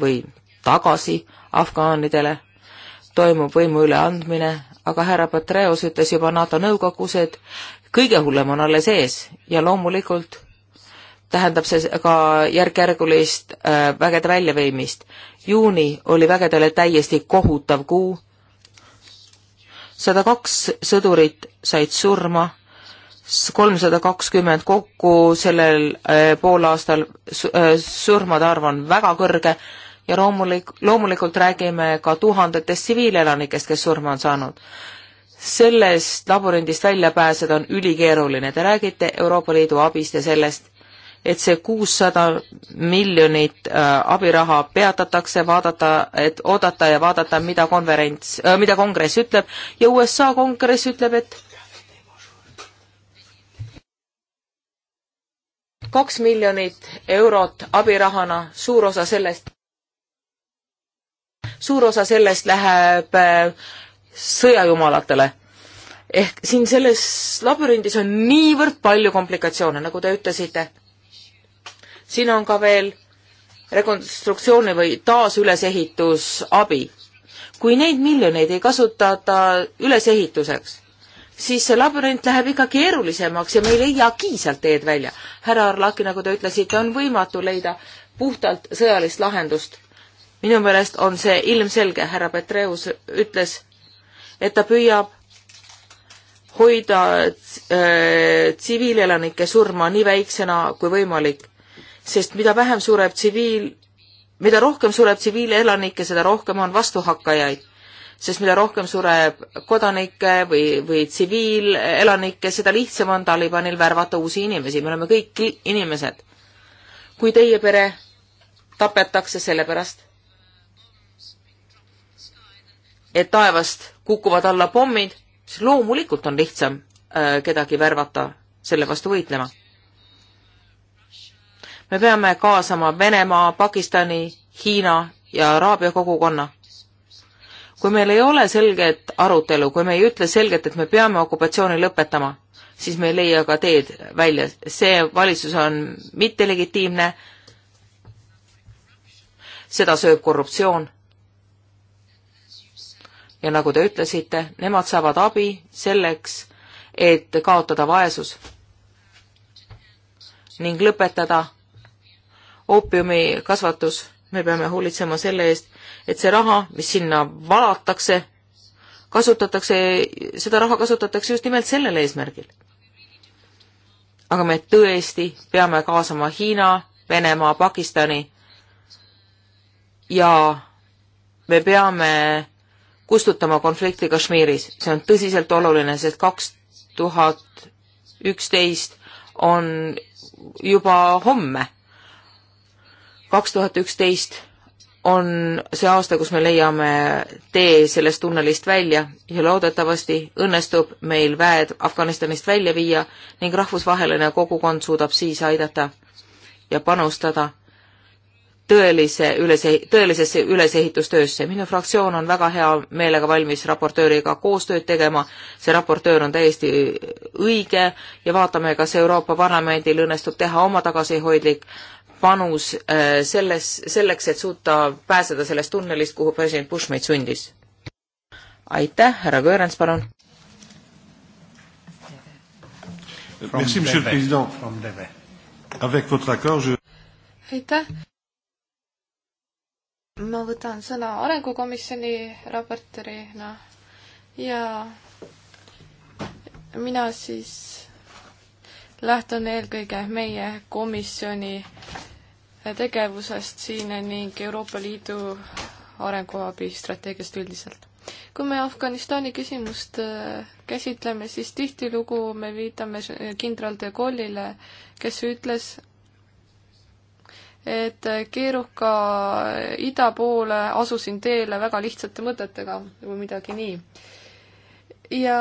või tagasi afgaanidele, toimub võimu üleandmine aga härra Petreus ütles juba NATO nõukogus, et kõige hullem on alles ees ja loomulikult tähendab see ka järk-järgulist äh, vägede väljaveemist. juuni oli vägedele täiesti kohutav kuu, sada kaks sõdurit said surma, kolmsada kakskümmend kokku sellel äh, poolaastal äh, surmade arv on väga kõrge ja loomulik-, loomulikult räägime ka tuhandetest tsiviilelanikest, kes surma on saanud. sellest labürindist välja pääseda on ülikeeruline, te räägite Euroopa Liidu abist ja sellest, et see kuussada miljonit äh, abiraha peatatakse, vaadata, et oodata ja vaadata, mida konverents äh,, mida kongress ütleb ja USA kongress ütleb, et kaks miljonit eurot abirahana, suur osa sellest suur osa sellest läheb äh, sõjajumalatele. ehk siin selles labürindis on niivõrd palju komplikatsioone, nagu te ütlesite. siin on ka veel rekonstruktsiooni või taasülesehitusabi. kui neid miljoneid ei kasutata ülesehituseks, siis see labürint läheb ikka keerulisemaks ja me ei leiagi sealt teed välja. härra Arlaki, nagu te ütlesite, on võimatu leida puhtalt sõjalist lahendust minu meelest on see ilmselge, härra Petreus ütles, et ta püüab hoida äh, tsiviilelanike äh, surma nii väiksena kui võimalik, sest mida vähem sureb tsiviil, mida rohkem sureb tsiviilelanikke, seda rohkem on vastuhakkajaid. sest mida rohkem sureb kodanikke või, või tsiviilelanikke, seda lihtsam on Talibanil värvata uusi inimesi, me oleme kõik inimesed. kui teie pere tapetakse sellepärast, et taevast kukuvad alla pommid, siis loomulikult on lihtsam äh, kedagi värvata selle vastu võitlema. me peame kaasama Venemaa, Pakistani, Hiina ja Araabia kogukonna. kui meil ei ole selget arutelu, kui me ei ütle selgelt, et me peame okupatsiooni lõpetama, siis me ei leia ka teed välja. see valitsus on mittelegitiimne, seda sööb korruptsioon ja nagu te ütlesite, nemad saavad abi selleks, et kaotada vaesus ning lõpetada oopiumi kasvatus. me peame hoolitsema selle eest, et see raha, mis sinna valatakse, kasutatakse, seda raha kasutatakse just nimelt sellel eesmärgil. aga me tõesti peame kaasama Hiina, Venemaa, Pakistani ja me peame kustutama konflikti Kashmiris. see on tõsiselt oluline, sest kaks tuhat üksteist on juba homme. kaks tuhat üksteist on see aasta, kus me leiame tee sellest tunnelist välja ja loodetavasti õnnestub meil väed Afganistanist välja viia ning rahvusvaheline kogukond suudab siis aidata ja panustada tõelise ülese, tõelisesse ülesehitustöösse. minu fraktsioon on väga hea meelega valmis raportööriga koostööd tegema, see raportöör on täiesti õige ja vaatame, kas Euroopa Parlamendil õnnestub teha oma tagasihoidlik panus äh, selles, selleks, et suuta pääseda sellest tunnelist, kuhu president Bush meid sundis. aitäh, härra Kõõrens, palun. aitäh ma võtan sõna Arengukomisjoni raportöörina ja mina siis lähtun eelkõige meie komisjoni tegevusest siin ning Euroopa Liidu arenguabi strateegiast üldiselt. kui me Afganistani küsimust äh, käsitleme, siis tihtilugu me viitame kindral de Gaulle'ile, kes ütles, et keeruka ida poole asusin teele väga lihtsate mõtetega või midagi nii. ja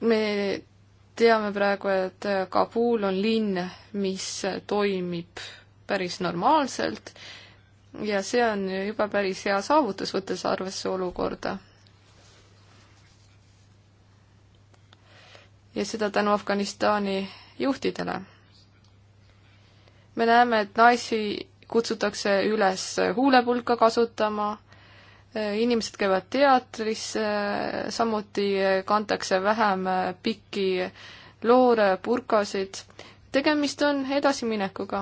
me teame praegu, et Kabul on linn, mis toimib päris normaalselt ja see on juba päris hea saavutus, võttes arvesse olukorda. ja seda tänu Afganistani juhtidele me näeme, et naisi kutsutakse üles huulepulka kasutama, inimesed käivad teatris, samuti kantakse vähem pikki loore, purkasid. tegemist on edasiminekuga.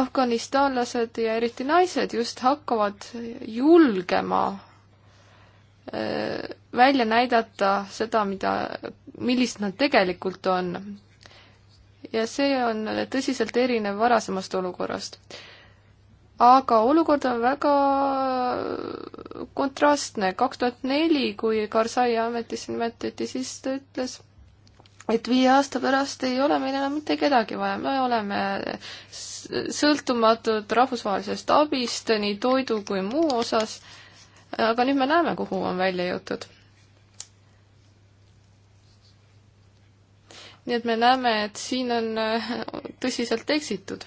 afganistanlased ja eriti naised just hakkavad julgema äh, välja näidata seda, mida, millised nad tegelikult on ja see on tõsiselt erinev varasemast olukorrast. aga olukord on väga kontrastne. kaks tuhat neli, kui Karzai ametisse nimetati, siis ta ütles, et viie aasta pärast ei ole meil enam mitte kedagi vaja, me oleme sõltumatud rahvusvahelisest abist nii toidu kui muu osas, aga nüüd me näeme, kuhu on välja jõutud nii et me näeme, et siin on äh, tõsiselt eksitud.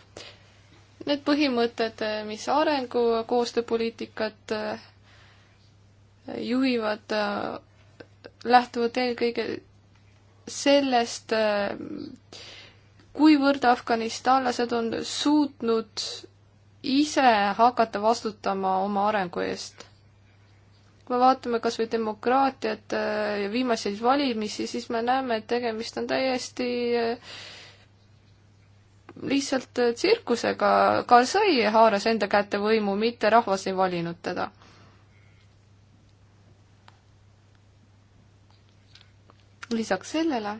Need põhimõtted, äh, mis arengu koostööpoliitikat äh, juhivad, lähtuvad eelkõige sellest, kuivõrd afganistanlased on suutnud ise hakata vastutama oma arengu eest kui me vaatame kas või demokraatiat äh, ja viimaseid valimisi, siis me näeme, et tegemist on täiesti äh, lihtsalt äh, tsirkusega, Karzai haaras enda kätte võimu, mitte rahvas ei valinud teda lisaks sellele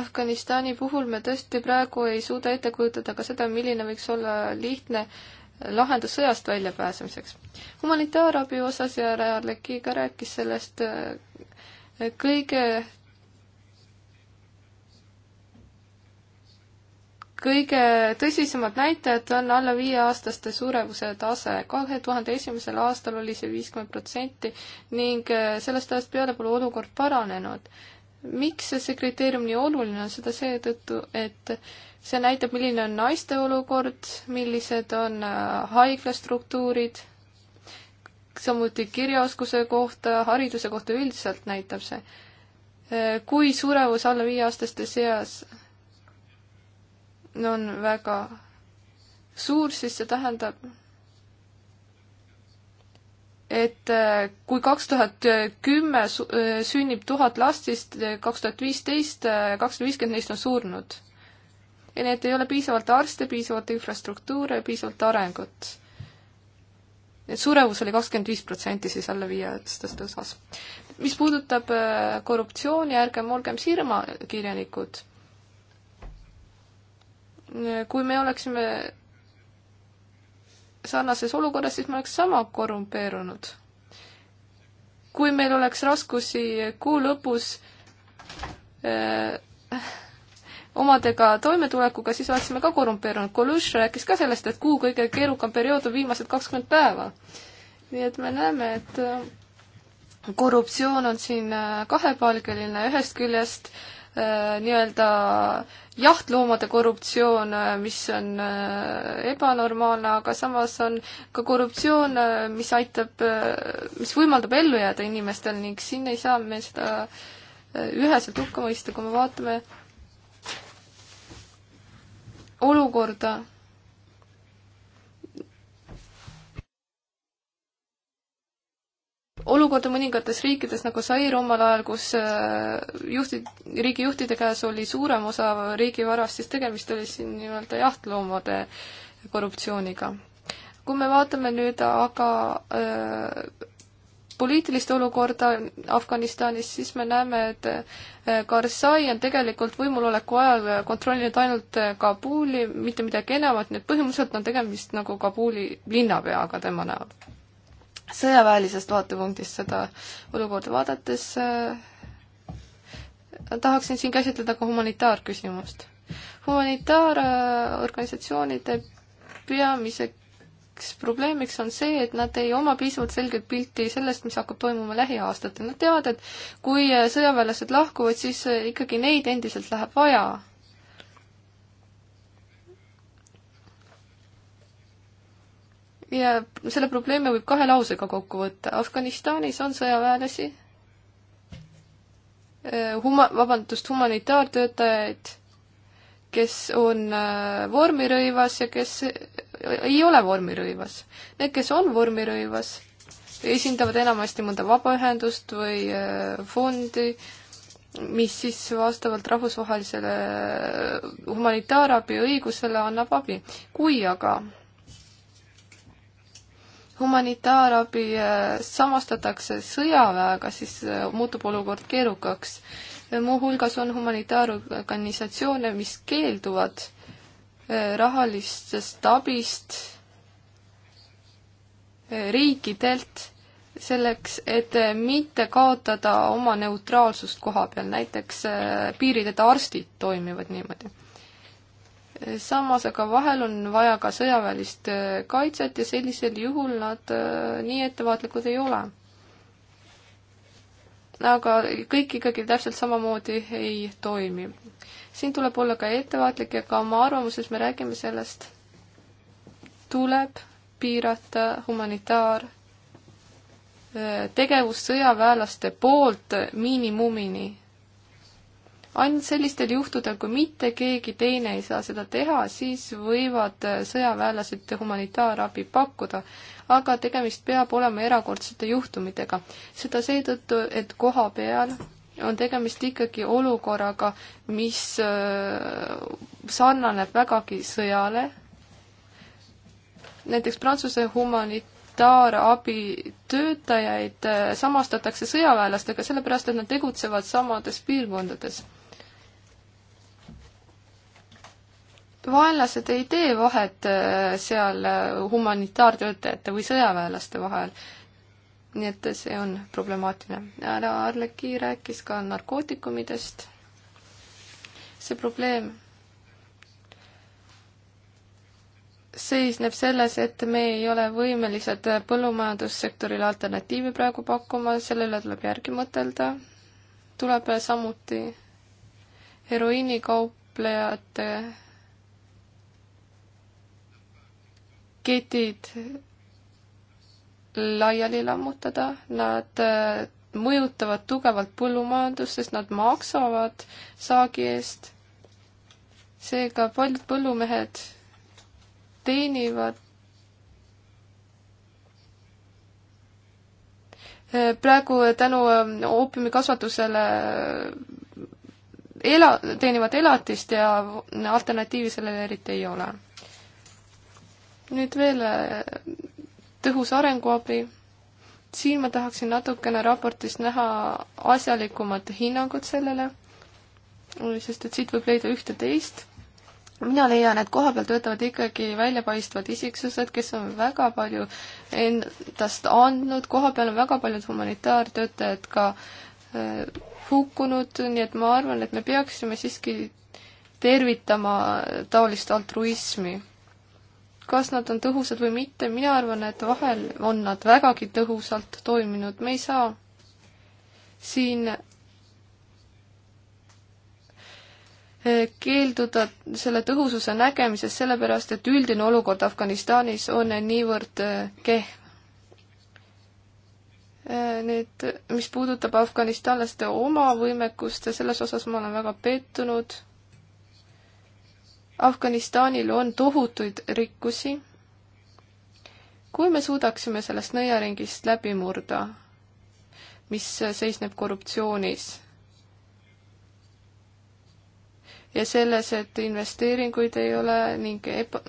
Afganistani puhul me tõesti praegu ei suuda ette kujutada ka seda, milline võiks olla lihtne lahendus sõjast väljapääsemiseks. humanitaarabi osas ja Rajal-Leki ka rääkis sellest äh, kõige kõige tõsisemad näitajad on alla viieaastaste surevuse tase. kahe tuhande esimesel aastal oli see viiskümmend protsenti ning äh, sellest ajast peale pole olukord paranenud miks see kriteerium nii oluline on, seda seetõttu, et see näitab, milline on naiste olukord, millised on äh, haiglastruktuurid, samuti kirjaoskuse kohta, hariduse kohta üldiselt näitab see. Äh, kui surevus alla viieaastaste seas on väga suur, siis see tähendab, et äh, kui kaks tuhat kümme äh, sünnib tuhat last, siis äh, kaks tuhat viisteist, kakssada viiskümmend neist on surnud. ja nii, et ei ole piisavalt arste, piisavalt infrastruktuure, piisavalt arengut. et surevus oli kakskümmend viis protsenti siis alla viieaastaste osas. mis puudutab korruptsiooni, ärgem olgem silmakirjanikud. kui me oleksime sarnases olukorras, siis me oleks sama korrumpeerunud. kui meil oleks raskusi kuu lõpus öö, äh, omadega toimetulekuga, siis oleksime ka korrumpeerunud. Coluche rääkis ka sellest, et kuu kõige keerukam periood on viimased kakskümmend päeva. nii et me näeme, et äh, korruptsioon on siin äh, kahepalgeline, ühest küljest äh, Äh, nii-öelda jahtloomade korruptsioon, äh, mis on äh, ebanormaalne, aga samas on ka korruptsioon, mis aitab, mis võimaldab ellu jääda inimestel ning siin ei saa me seda üheselt hukka mõista, kui me vaatame olukorda olukorda mõningates riikides nagu Sair omal ajal, kus äh, juhtid, riigijuhtide käes oli suurem osa riigivarast, siis tegemist oli siin nii-öelda jahtloomade korruptsiooniga. kui me vaatame nüüd aga öö, äh, poliitilist olukorda Afganistanis, siis me näeme, et äh, Karzai on tegelikult võimuloleku ajal kontrollinud ainult Kabuli, mitte midagi enamat, nii et põhimõtteliselt on tegemist nagu Kabuli linnapeaga tema näol sõjaväelisest vaatepunktist seda olukorda vaadates äh, tahaksin siin käsitleda ka humanitaarküsimust. humanitaarorganisatsioonide peamiseks probleemiks on see, et nad ei oma piisavalt selget pilti sellest, mis hakkab toimuma lähiaastatel. Nad teavad, et kui sõjaväelased lahkuvad, siis ikkagi neid endiselt läheb vaja. ja selle probleemi võib kahe lausega kokku võtta. Afganistanis on sõjaväelasi, eh, huma-, vabandust, humanitaartöötajaid, kes on eh, vormirõivas ja kes eh, ei ole vormirõivas. Need, kes on vormirõivas, esindavad enamasti mõnda vabaühendust või fondi, mis siis vastavalt rahvusvahelisele humanitaarabi õigusele annab abi. kui aga humanitaarabi äh, samastatakse sõjaväega, siis äh, muutub olukord keerukaks. muuhulgas on humanitaarorganisatsioone, mis keelduvad äh, rahalistest abist riikidelt selleks, et mitte kaotada oma neutraalsust koha peal, näiteks piirideta arstid toimivad niimoodi samas aga vahel on vaja ka sõjaväelist äh, kaitset ja sellisel juhul nad äh, nii ettevaatlikud ei ole. aga kõik ikkagi täpselt samamoodi ei toimi. siin tuleb olla ka ettevaatlik ja ka oma arvamuses me räägime sellest, tuleb piirata humanitaar äh, tegevust sõjaväelaste poolt miinimumini ainult sellistel juhtudel, kui mitte keegi teine ei saa seda teha, siis võivad äh, sõjaväelased humanitaarabi pakkuda, aga tegemist peab olema erakordsete juhtumitega. seda seetõttu, et koha peal on tegemist ikkagi olukorraga, mis äh, sarnaneb vägagi sõjale. näiteks Prantsuse humanitaarabi töötajaid äh, samastatakse sõjaväelastega, sellepärast et nad tegutsevad samades piirkondades vaenlased ei tee vahet äh, seal äh, humanitaartöötajate või sõjaväelaste vahel. nii et see on problemaatiline. härra Arleki rääkis ka narkootikumidest. see probleem seisneb selles, et me ei ole võimelised põllumajandussektorile alternatiivi praegu pakkuma, selle üle tuleb järgi mõtelda. tuleb samuti heroiinikaupplejate raketid laiali lammutada, nad äh, mõjutavad tugevalt põllumajandust, sest nad maksavad saagi eest. seega paljud põllumehed teenivad äh, praegu tänu ähm, oopiumikasvatusele äh, ela-, teenivad elatist ja alternatiivi sellele eriti ei ole nüüd veel äh, tõhus arenguabi. siin ma tahaksin natukene raportis näha asjalikumat hinnangut sellele, sest et siit võib leida ühte-teist. mina leian, et kohapeal töötavad ikkagi väljapaistvad isiksused, kes on väga palju endast andnud, kohapeal on väga paljud humanitaartöötajad ka äh, hukkunud, nii et ma arvan, et me peaksime siiski tervitama taolist altruismi kas nad on tõhusad või mitte, mina arvan, et vahel on nad vägagi tõhusalt toiminud, me ei saa siin e, keelduda selle tõhususe nägemisest, sellepärast et üldine olukord Afganistanis on niivõrd e, kehv. E, nüüd, mis puudutab afganistanlaste oma võimekust, selles osas ma olen väga pettunud Afganistanil on tohutuid rikkusi. kui me suudaksime sellest nõiaringist läbi murda, mis seisneb korruptsioonis ja selles, et investeeringuid ei ole ning epa-,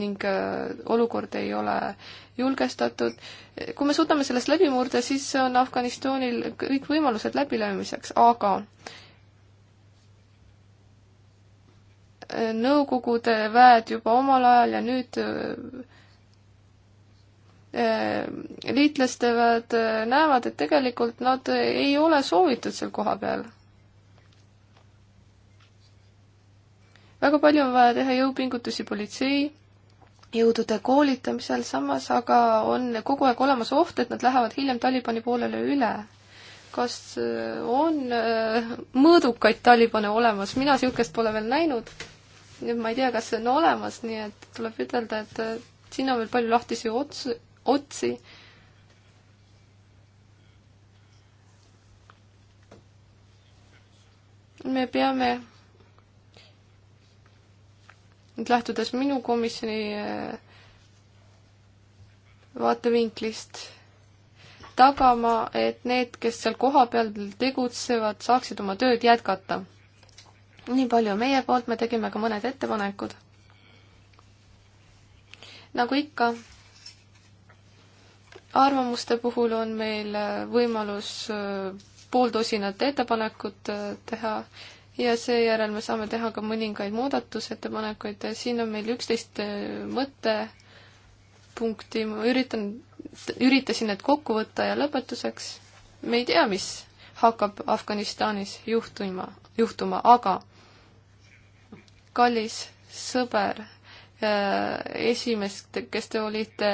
ning äh, olukord ei ole julgestatud, kui me suudame sellest läbi murda, siis on Afganistanil kõik võimalused läbilöömiseks, aga Nõukogude väed juba omal ajal ja nüüd äh, liitlaste väed näevad, et tegelikult nad ei ole soovitud seal kohapeal. väga palju on vaja teha jõupingutusi politsei jõudude koolitamisel, samas aga on kogu aeg olemas oht, et nad lähevad hiljem Talibani poolele üle. kas äh, on äh, mõõdukaid Talibane olemas, mina niisugust pole veel näinud nüüd ma ei tea, kas see on olemas, nii et tuleb ütelda, et siin on veel palju lahtisi ots-, otsi. me peame nüüd lähtudes minu komisjoni äh, vaatevinklist tagama, et need, kes seal kohapeal tegutsevad, saaksid oma tööd jätkata nii palju meie poolt, me tegime ka mõned ettepanekud. nagu ikka, arvamuste puhul on meil äh, võimalus äh, pooltosinat ettepanekut äh, teha ja seejärel me saame teha ka mõningaid muudatusettepanekuid, siin on meil üksteist mõttepunkti, ma üritan, üritasin need kokku võtta ja lõpetuseks me ei tea, mis hakkab Afganistanis juhtuma, juhtuma, aga kallis sõber, äh, esimest, kes te olite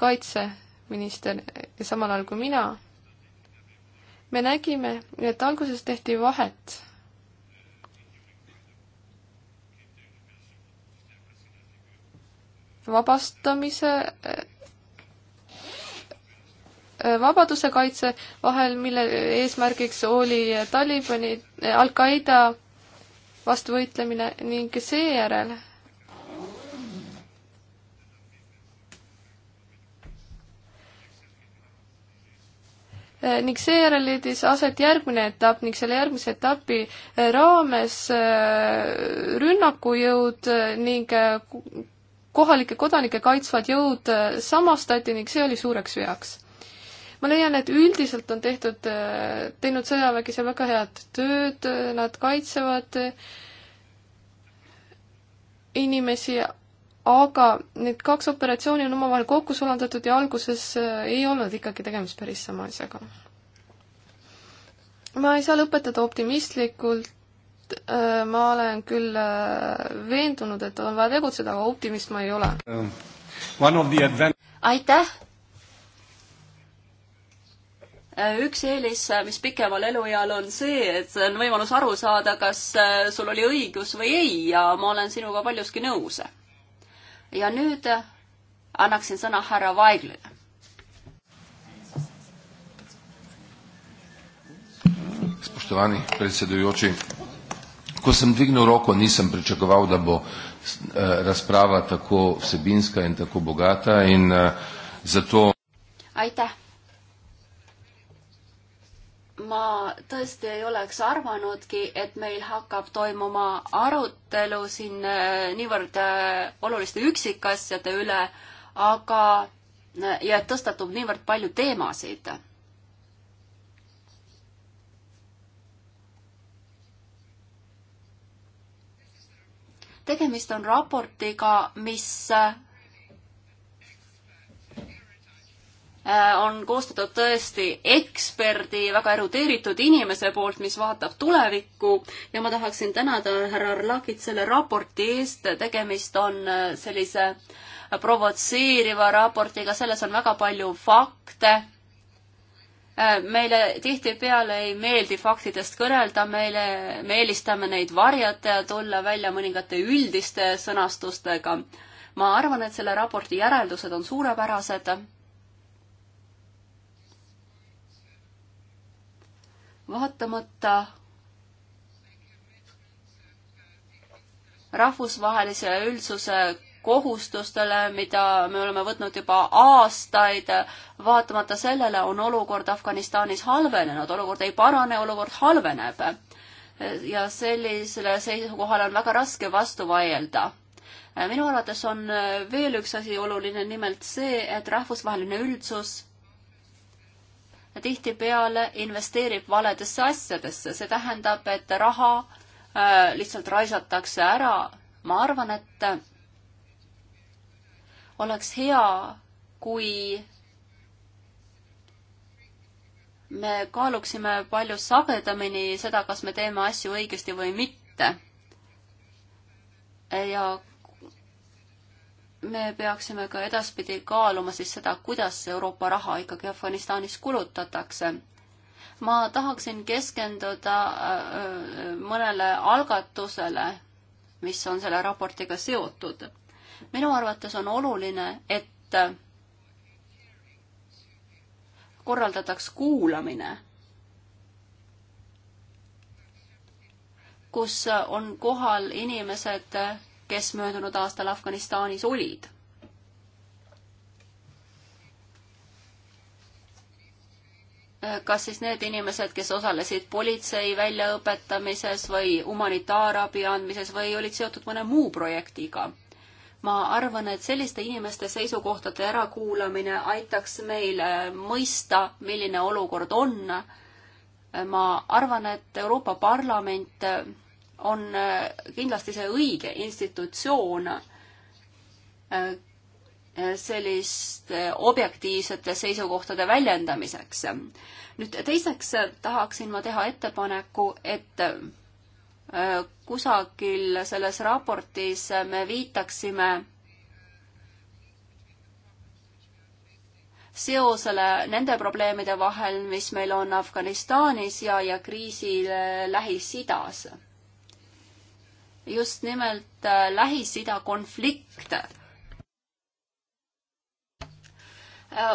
kaitseminister ja samal ajal kui mina, me nägime, et alguses tehti vahet vabastamise, äh, äh, vabaduse kaitse vahel, mille eesmärgiks oli Talibani, Al-Qaeda vastu võitlemine ning seejärel eh, ning seejärel leidis aset järgmine etapp ning selle järgmise etapi eh, raames eh, rünnakujõud ning kohalike kodanike kaitsvad jõud samastati ning see oli suureks veaks ma leian, et üldiselt on tehtud, äh, teinud sõjavägi seal väga head tööd, äh, nad kaitsevad äh, inimesi, aga need kaks operatsiooni on omavahel kokku sulandatud ja alguses ei olnud ikkagi tegemist päris sama asjaga. ma ei saa lõpetada optimistlikult, ma olen küll veendunud, et on vaja tegutseda, aga optimist ma ei ole. Um, aitäh! Äh, üks eelis, äh, mis pikemal elueal on see, et on võimalus aru saada, kas äh, sul oli õigus või ei ja ma olen sinuga paljuski nõus. ja nüüd annaksin sõna härra Vaiglile. Spoštovani predsedujoči, ko sem dvignil roko, nisem pričakoval, da bo eh, razprava tako vsebinska in tako bogata in eh, zato aitäh ma tõesti ei oleks arvanudki, et meil hakkab toimuma arutelu siin äh, niivõrd äh, oluliste üksikasjade üle, aga, äh, ja et tõstatub niivõrd palju teemasid. tegemist on raportiga, mis Äh, on koostatud tõesti eksperdi, väga erudeeritud inimese poolt, mis vaatab tulevikku ja ma tahaksin tänada härra Arlakit selle raporti eest, tegemist on äh, sellise provotseeriva raportiga, selles on väga palju fakte. Äh, meile tihtipeale ei meeldi faktidest kõnelda, meile, me eelistame neid varjata ja tulla välja mõningate üldiste sõnastustega. ma arvan, et selle raporti järeldused on suurepärased vaatamata rahvusvahelise üldsuse kohustustele, mida me oleme võtnud juba aastaid, vaatamata sellele on olukord Afganistanis halvenenud, olukord ei parane, olukord halveneb. ja sellisele seisukohale on väga raske vastu vaielda. minu arvates on veel üks asi oluline, nimelt see, et rahvusvaheline üldsus tihtipeale investeerib valedesse asjadesse, see tähendab, et raha äh, lihtsalt raisatakse ära. ma arvan, et oleks hea, kui me kaaluksime palju sagedamini seda, kas me teeme asju õigesti või mitte. ja me peaksime ka edaspidi kaaluma siis seda, kuidas Euroopa raha ikkagi Afganistanis kulutatakse. ma tahaksin keskenduda äh, äh, mõnele algatusele, mis on selle raportiga seotud. minu arvates on oluline, et korraldataks kuulamine, kus on kohal inimesed, kes möödunud aastal Afganistanis olid. kas siis need inimesed, kes osalesid politsei väljaõpetamises või humanitaarabi andmises või olid seotud mõne muu projektiga? ma arvan, et selliste inimeste seisukohtade ärakuulamine aitaks meil mõista, milline olukord on. ma arvan, et Euroopa Parlament on äh, kindlasti see õige institutsioon äh, selliste äh, objektiivsete seisukohtade väljendamiseks. nüüd teiseks tahaksin ma teha ettepaneku, et kusagil selles raportis me viitaksime seosele nende probleemide vahel, mis meil on Afganistanis ja, ja kriisile Lähis-Idas just nimelt äh, Lähis-Ida konflikt äh,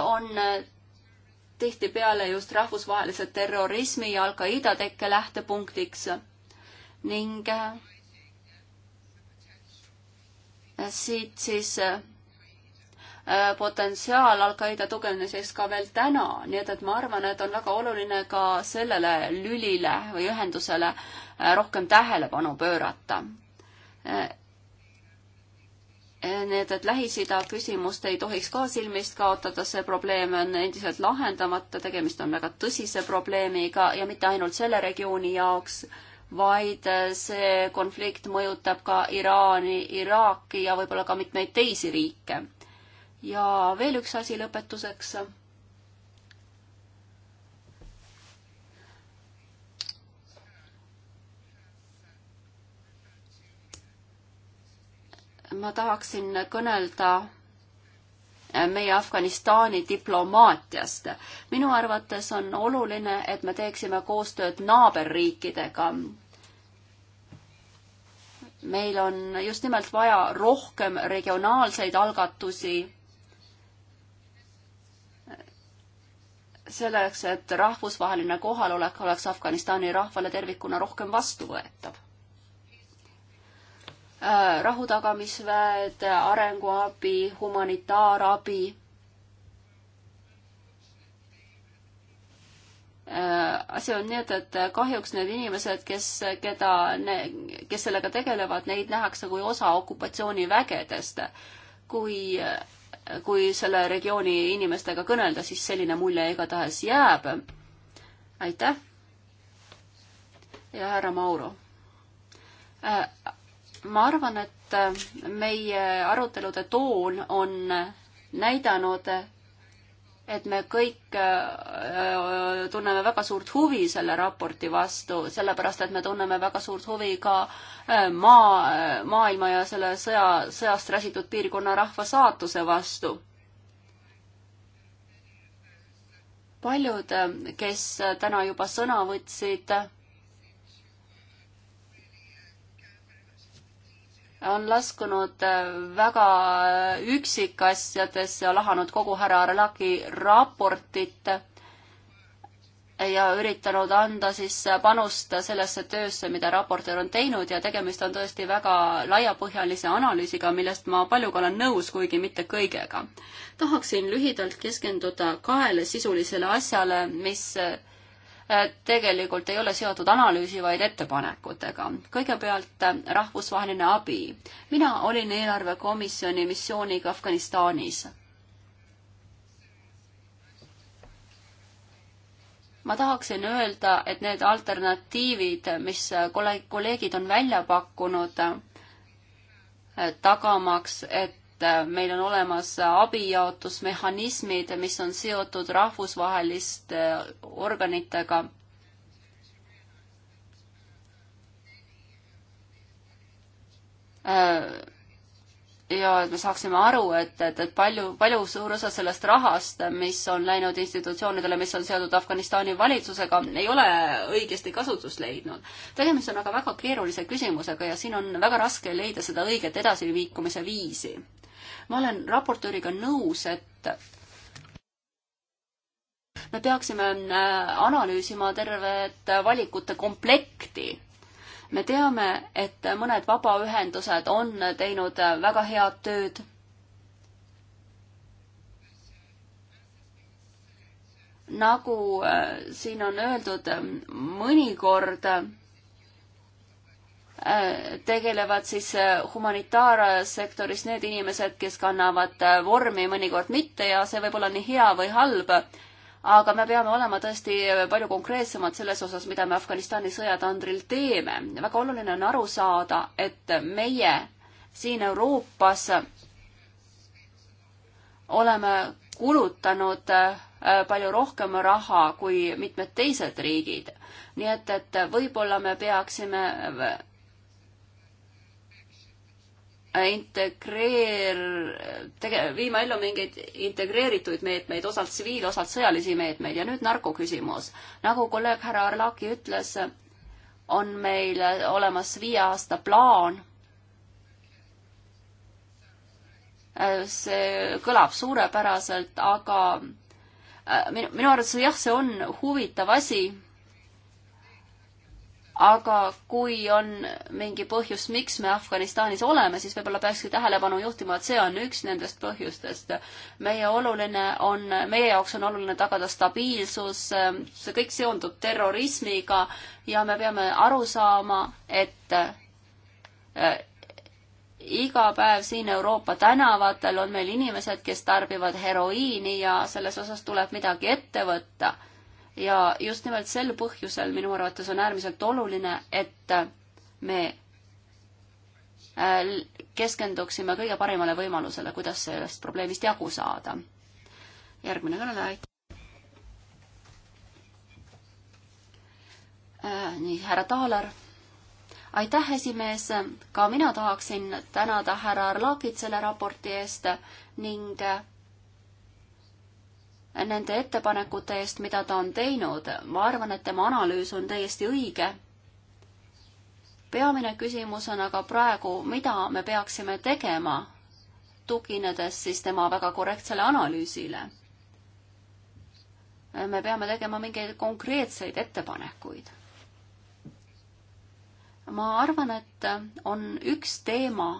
on äh, tihtipeale just rahvusvahelise terrorismi ja Al-Qaeda tekke lähtepunktiks ning siit siis potentsiaal Al-Qaeda tugevnemiseks ka veel täna, nii et, et ma arvan, et on väga oluline ka sellele lülile või ühendusele rohkem tähelepanu pöörata. Need, et Lähis-Ida küsimust ei tohiks ka silmist kaotada, see probleem on endiselt lahendamata, tegemist on väga tõsise probleemiga ja mitte ainult selle regiooni jaoks, vaid see konflikt mõjutab ka Iraani, Iraaki ja võib-olla ka mitmeid teisi riike. ja veel üks asi lõpetuseks ma tahaksin kõnelda meie Afganistani diplomaatiast. minu arvates on oluline, et me teeksime koostööd naaberriikidega. meil on just nimelt vaja rohkem regionaalseid algatusi selleks, et rahvusvaheline kohalolek oleks Afganistani rahvale tervikuna rohkem vastuvõetav Äh, rahutagamisväed, arenguabi, humanitaarabi. Äh, asi on nii, et, et kahjuks need inimesed, kes, keda, kes sellega tegelevad, neid nähakse kui osa okupatsioonivägedest. kui, kui selle regiooni inimestega kõnelda, siis selline mulje igatahes jääb. aitäh. ja härra Mauro äh, ma arvan, et äh, meie arutelude toon on näidanud, et me kõik äh, tunneme väga suurt huvi selle raporti vastu, sellepärast et me tunneme väga suurt huvi ka äh, maa, maailma ja selle sõja, sõjast räsitud piirkonna rahva saatuse vastu paljud, kes täna juba sõna võtsid, on laskunud äh, väga äh, üksikasjadesse, lahanud kogu härra Arlaki raportit ja üritanud anda siis äh, panust sellesse töösse, mida raportöör on teinud ja tegemist on tõesti väga laiapõhjalise analüüsiga, millest ma paljuga olen nõus, kuigi mitte kõigega. tahaksin lühidalt keskenduda kahele sisulisele asjale, mis Äh, tegelikult ei ole seotud analüüsi, vaid ettepanekutega. kõigepealt äh, rahvusvaheline abi. mina olin eelarvekomisjoni missiooniga Afganistanis. ma tahaksin öelda, et need alternatiivid, mis äh, kolleegid on välja pakkunud, tagamaks, et et äh, meil on olemas abijaotusmehhanismid, mis on seotud rahvusvaheliste äh, organitega. Äh, ja et me saaksime aru, et, et, et palju, palju suur osa sellest rahast, mis on läinud institutsioonidele, mis on seotud Afganistani valitsusega, ei ole õigesti kasutust leidnud. tegemist on aga väga keerulise küsimusega ja siin on väga raske leida seda õiget edasiliikumise viisi ma olen raportööriga nõus, et me peaksime äh, analüüsima tervet valikute komplekti. me teame, et mõned vabaühendused on teinud äh, väga head tööd. nagu äh, siin on öeldud, mõnikord Äh, tegelevad siis äh, humanitaarsektoris need inimesed, kes kannavad äh, vormi, mõnikord mitte ja see võib olla nii hea või halb. aga me peame olema tõesti palju konkreetsemad selles osas, mida me Afganistani sõjatandril teeme. väga oluline on aru saada, et meie siin Euroopas oleme kulutanud palju rohkem raha kui mitmed teised riigid. nii et, et võib-olla me peaksime integreer-, tege-, viima ellu mingeid integreeritud meetmeid, osalt tsiviil, osalt sõjalisi meetmeid ja nüüd narkoküsimus. nagu kolleeg härra Arlaki ütles, on meil olemas viie aasta plaan. see kõlab suurepäraselt, aga minu, minu arvates jah, see on huvitav asi aga kui on mingi põhjus, miks me Afganistanis oleme, siis võib-olla peakski tähelepanu juhtima, et see on üks nendest põhjustest. meie oluline on, meie jaoks on oluline tagada stabiilsus, see kõik seondub terrorismiga ja me peame aru saama, et eh, iga päev siin Euroopa tänavatel on meil inimesed, kes tarbivad heroiini ja selles osas tuleb midagi ette võtta ja just nimelt sel põhjusel minu arvates on äärmiselt oluline, et me äh, keskenduksime kõige parimale võimalusele, kuidas sellest probleemist jagu saada. järgmine kõneleja, aitäh. nii, härra Taalar. aitäh, esimees. ka mina tahaksin tänada härra Arlakit selle raporti eest ning äh, nende ettepanekute eest, mida ta on teinud. ma arvan, et tema analüüs on täiesti õige. peamine küsimus on aga praegu, mida me peaksime tegema, tuginedes siis tema väga korrektsele analüüsile. me peame tegema mingeid konkreetseid ettepanekuid. ma arvan, et on üks teema,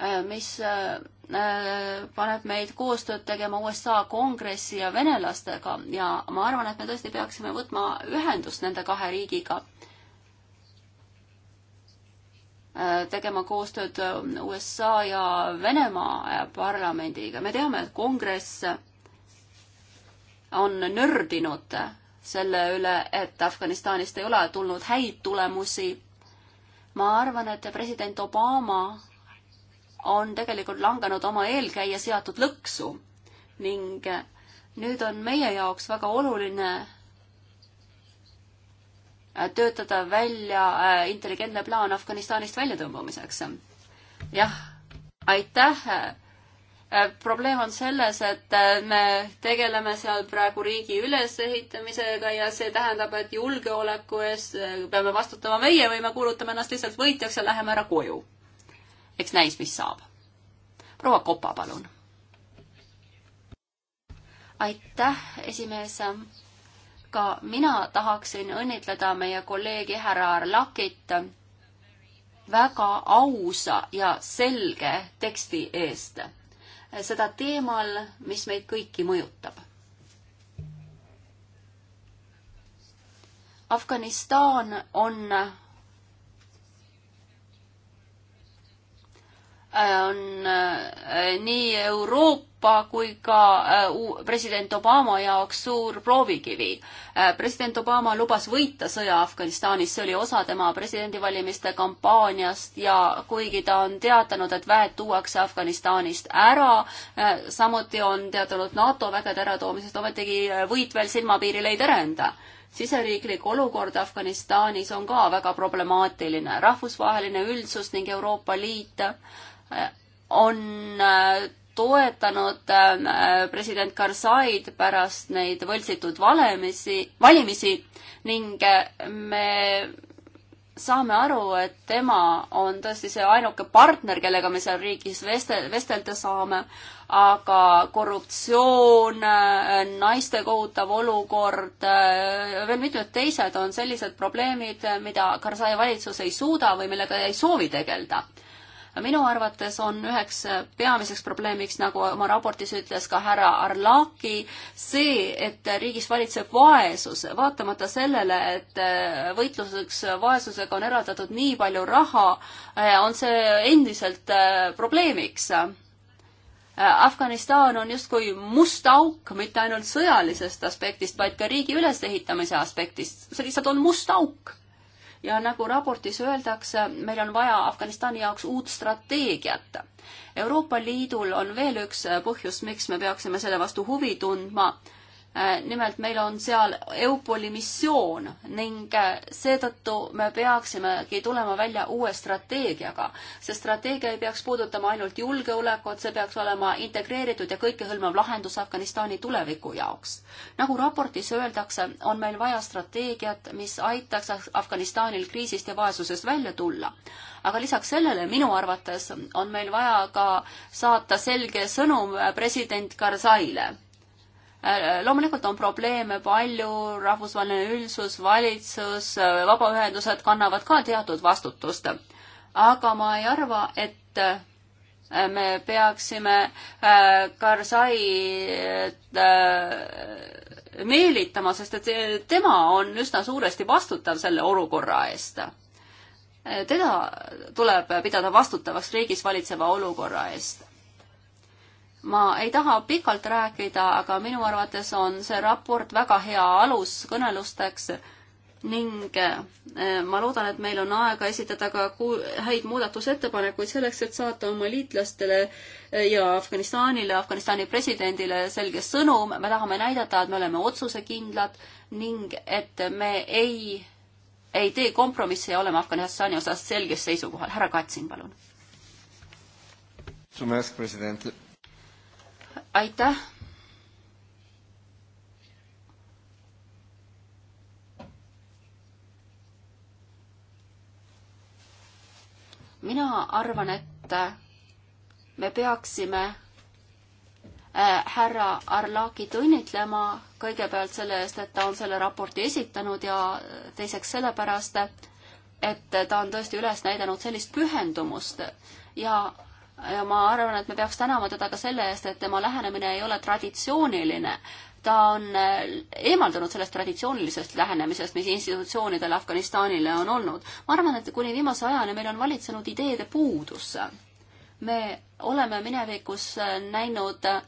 Äh, mis äh, äh, paneb meid koostööd tegema USA kongressi ja venelastega ja ma arvan, et me tõesti peaksime võtma ühendust nende kahe riigiga tegema koostööd USA ja Venemaa parlamendiga. me teame, et kongress on nördinud selle üle, et Afganistanist ei ole tulnud häid tulemusi. ma arvan, et president Obama on tegelikult langenud oma eelkäija seatud lõksu ning eh, nüüd on meie jaoks väga oluline eh, töötada välja eh, intelligentne plaan Afganistanist väljatõmbamiseks. jah, aitäh. probleem on selles, et me tegeleme seal praegu riigi ülesehitamisega ja see tähendab, et julgeoleku eest peame vastutama meie või me kuulutame ennast lihtsalt võitjaks ja läheme ära koju eks näis, mis saab. proua Kopa, palun. aitäh, esimees. ka mina tahaksin õnnitleda meie kolleegi härra Arlakit väga ausa ja selge teksti eest. seda teemal, mis meid kõiki mõjutab. Afganistan on on äh, nii Euroopa kui ka äh, president Obama jaoks suur proovikivi. Äh, president Obama lubas võita sõja Afganistanis, see oli osa tema presidendivalimiste kampaaniast ja kuigi ta on teatanud, et väed tuuakse Afganistanist ära, samuti on teatanud NATO vägede äratoomisest, ometigi võit veel silmapiiril ei terenda siseriiklik olukord Afganistanis on ka väga problemaatiline. rahvusvaheline üldsus ning Euroopa Liit on äh, toetanud äh, president Karzaid pärast neid võltsitud valemisi, valimisi ning äh, me saame aru, et tema on tõesti see ainuke partner, kellega me seal riigis vestel-, vestelda saame, aga korruptsioon, naiste kohutav olukord, veel mitmed teised on sellised probleemid, mida Karzai valitsus ei suuda või millega ei soovi tegeleda minu arvates on üheks peamiseks probleemiks, nagu oma raportis ütles ka härra Arlaki, see, et riigis valitseb vaesus, vaatamata sellele, et äh, võitluseks vaesusega on eraldatud nii palju raha, äh, on see endiselt äh, probleemiks Afganistan on justkui must auk mitte ainult sõjalisest aspektist, vaid ka riigi ülesehitamise aspektist. see lihtsalt on must auk ja nagu raportis öeldakse, meil on vaja Afganistani jaoks uut strateegiat. Euroopa Liidul on veel üks põhjus, miks me peaksime selle vastu huvi tundma Äh, nimelt meil on seal EUPOL-i missioon ning äh, seetõttu me peaksimegi tulema välja uue strateegiaga. see strateegia ei peaks puudutama ainult julgeolekut, see peaks olema integreeritud ja kõikehõlmav lahendus Afganistani tuleviku jaoks. nagu raportis öeldakse, on meil vaja strateegiat, mis aitaks Afganistanil kriisist ja vaesusest välja tulla. aga lisaks sellele minu arvates on meil vaja ka saata selge sõnum äh, president Karzaile Äh, loomulikult on probleeme palju, rahvusvaheline üldsus, valitsus, äh, vabaühendused kannavad ka teatud vastutust. aga ma ei arva, et äh, me peaksime Karzaid meelitama, sest et tema on üsna suuresti vastutav selle olukorra eest. teda tuleb pidada vastutavaks riigis valitseva olukorra eest ma ei taha pikalt rääkida, aga minu arvates on see raport väga hea alus kõnelusteks ning eh, ma loodan, et meil on aega esitada ka häid muudatusettepanekuid selleks, et saata oma liitlastele eh, ja Afganistanile, Afganistani presidendile selge sõnum. me tahame näidata, et me oleme otsusekindlad ning et me ei, ei tee kompromisse ja oleme Afganistani osas selges seisukohal. härra Katsin, palun. Mulțumesc, președinte aitäh. mina arvan, et me peaksime äh, härra Arlakit õnnitlema kõigepealt selle eest, et ta on selle raporti esitanud ja teiseks sellepärast, et ta on tõesti üles näidanud sellist pühendumust ja ja ma arvan, et me peaks tänama teda ka selle eest, et tema lähenemine ei ole traditsiooniline. ta on äh, eemaldunud sellest traditsioonilisest lähenemisest, mis institutsioonidel Afganistanile on olnud. ma arvan, et kuni viimase ajani meil on valitsenud ideede puudus. me oleme minevikus äh, näinud äh,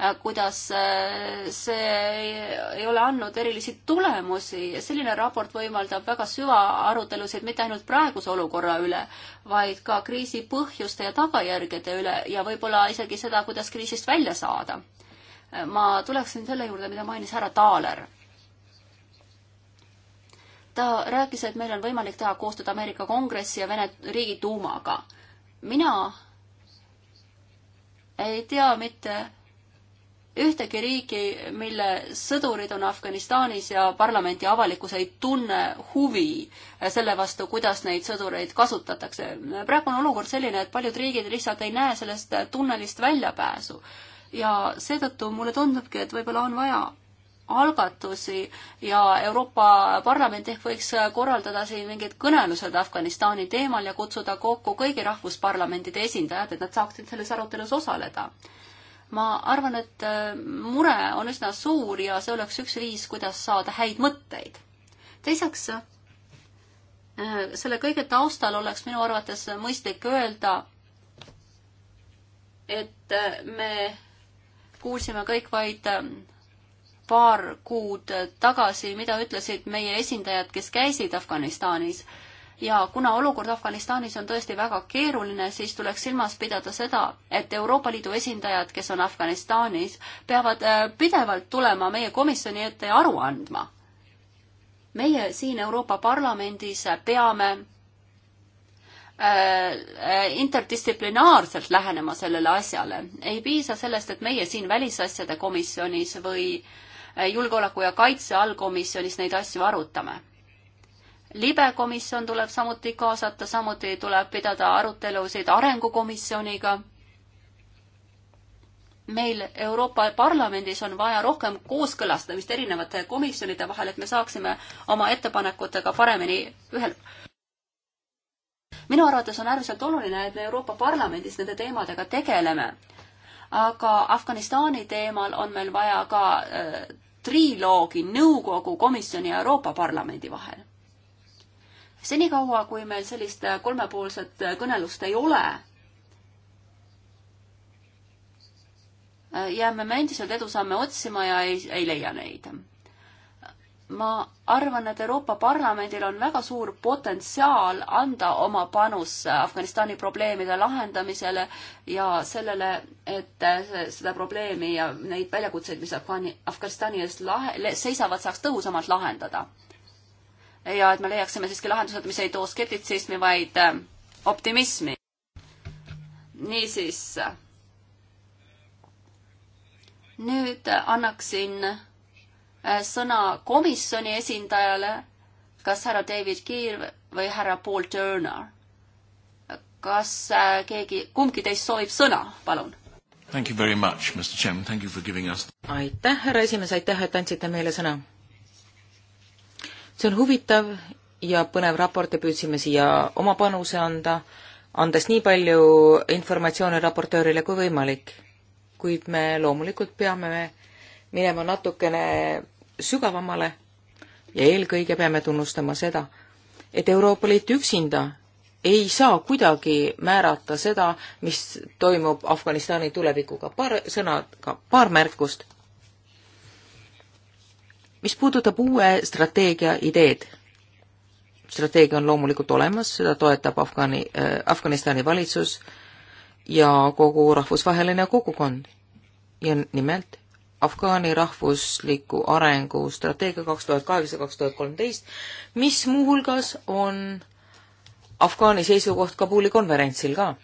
Äh, kuidas äh, see ei ole andnud erilisi tulemusi. selline raport võimaldab väga süvaarutelusid mitte ainult praeguse olukorra üle, vaid ka kriisi põhjuste ja tagajärgede üle ja võib-olla isegi seda, kuidas kriisist välja saada. Äh, ma tuleksin selle juurde, mida mainis härra Taaler ta rääkis, et meil on võimalik teha koostööd Ameerika Kongressi ja Vene Riigiduumaga. mina ei tea mitte ühtegi riiki, mille sõdurid on Afganistanis ja parlamenti avalikkus ei tunne huvi selle vastu, kuidas neid sõdureid kasutatakse. praegu on olukord selline, et paljud riigid lihtsalt ei näe sellest tunnelist väljapääsu. ja seetõttu mulle tundubki, et võib-olla on vaja algatusi ja Euroopa Parlament ehk võiks korraldada siin mingid kõnelused Afganistani teemal ja kutsuda kokku kõigi rahvusparlamentide esindajad, et nad saaksid selles arutelus osaleda ma arvan, et äh, mure on üsna suur ja see oleks üks viis, kuidas saada häid mõtteid. teiseks, äh, selle kõige taustal oleks minu arvates mõistlik öelda, et äh, me kuulsime kõik vaid paar kuud tagasi, mida ütlesid meie esindajad, kes käisid Afganistanis ja kuna olukord Afganistanis on tõesti väga keeruline, siis tuleks silmas pidada seda, et Euroopa Liidu esindajad, kes on Afganistanis, peavad äh, pidevalt tulema meie komisjoni ette ja aru andma. meie siin Euroopa Parlamendis peame äh, äh, interdistsiplinaarselt lähenema sellele asjale. ei piisa sellest, et meie siin välisasjade komisjonis või julgeoleku ja kaitse allkomisjonis neid asju arutame libekomisjon tuleb samuti kaasata, samuti tuleb pidada arutelusid arengukomisjoniga. meil Euroopa Parlamendis on vaja rohkem kooskõlastamist erinevate komisjonide vahel, et me saaksime oma ettepanekutega paremini ühel minu arvates on äärmiselt oluline, et me Euroopa Parlamendis nende teemadega tegeleme. aga Afganistani teemal on meil vaja ka äh, triloogi nõukogu, komisjoni ja Euroopa Parlamendi vahel senikaua, kui meil sellist äh, kolmepoolset äh, kõnelust ei ole, äh, jääme me endiselt edusamme otsima ja ei, ei leia neid. ma arvan, et Euroopa Parlamendil on väga suur potentsiaal anda oma panus Afganistani probleemide lahendamisele ja sellele, et seda probleemi ja neid väljakutseid, mis Afgani, Afganistani ees lahe, seisavad, saaks tõhusamalt lahendada ja et me leiaksime siiski lahendused, mis ei too skeptitsismi, vaid äh, optimismi. niisiis. nüüd annaksin äh, sõna komisjoni esindajale, kas härra David Kiir või härra Paul Turner. kas äh, keegi, kumbki teist soovib sõna, palun? aitäh, härra esimees, aitäh, et andsite meile sõna see on huvitav ja põnev raport ja püüdsime siia oma panuse anda, andes nii palju informatsiooni raportöörile kui võimalik. kuid me loomulikult peame minema natukene sügavamale ja eelkõige peame tunnustama seda, et Euroopa Liit üksinda ei saa kuidagi määrata seda, mis toimub Afganistani tulevikuga. paar sõna, ka paar märkust mis puudutab uue strateegia ideed, strateegia on loomulikult olemas, seda toetab Afgani äh,, Afganistani valitsus ja kogu rahvusvaheline kogukond. ja nimelt Afgaani rahvusliku arengu strateegia kaks tuhat kaheksa, kaks tuhat kolmteist, mis muuhulgas on Afgaani seisukoht Kabuli konverentsil ka.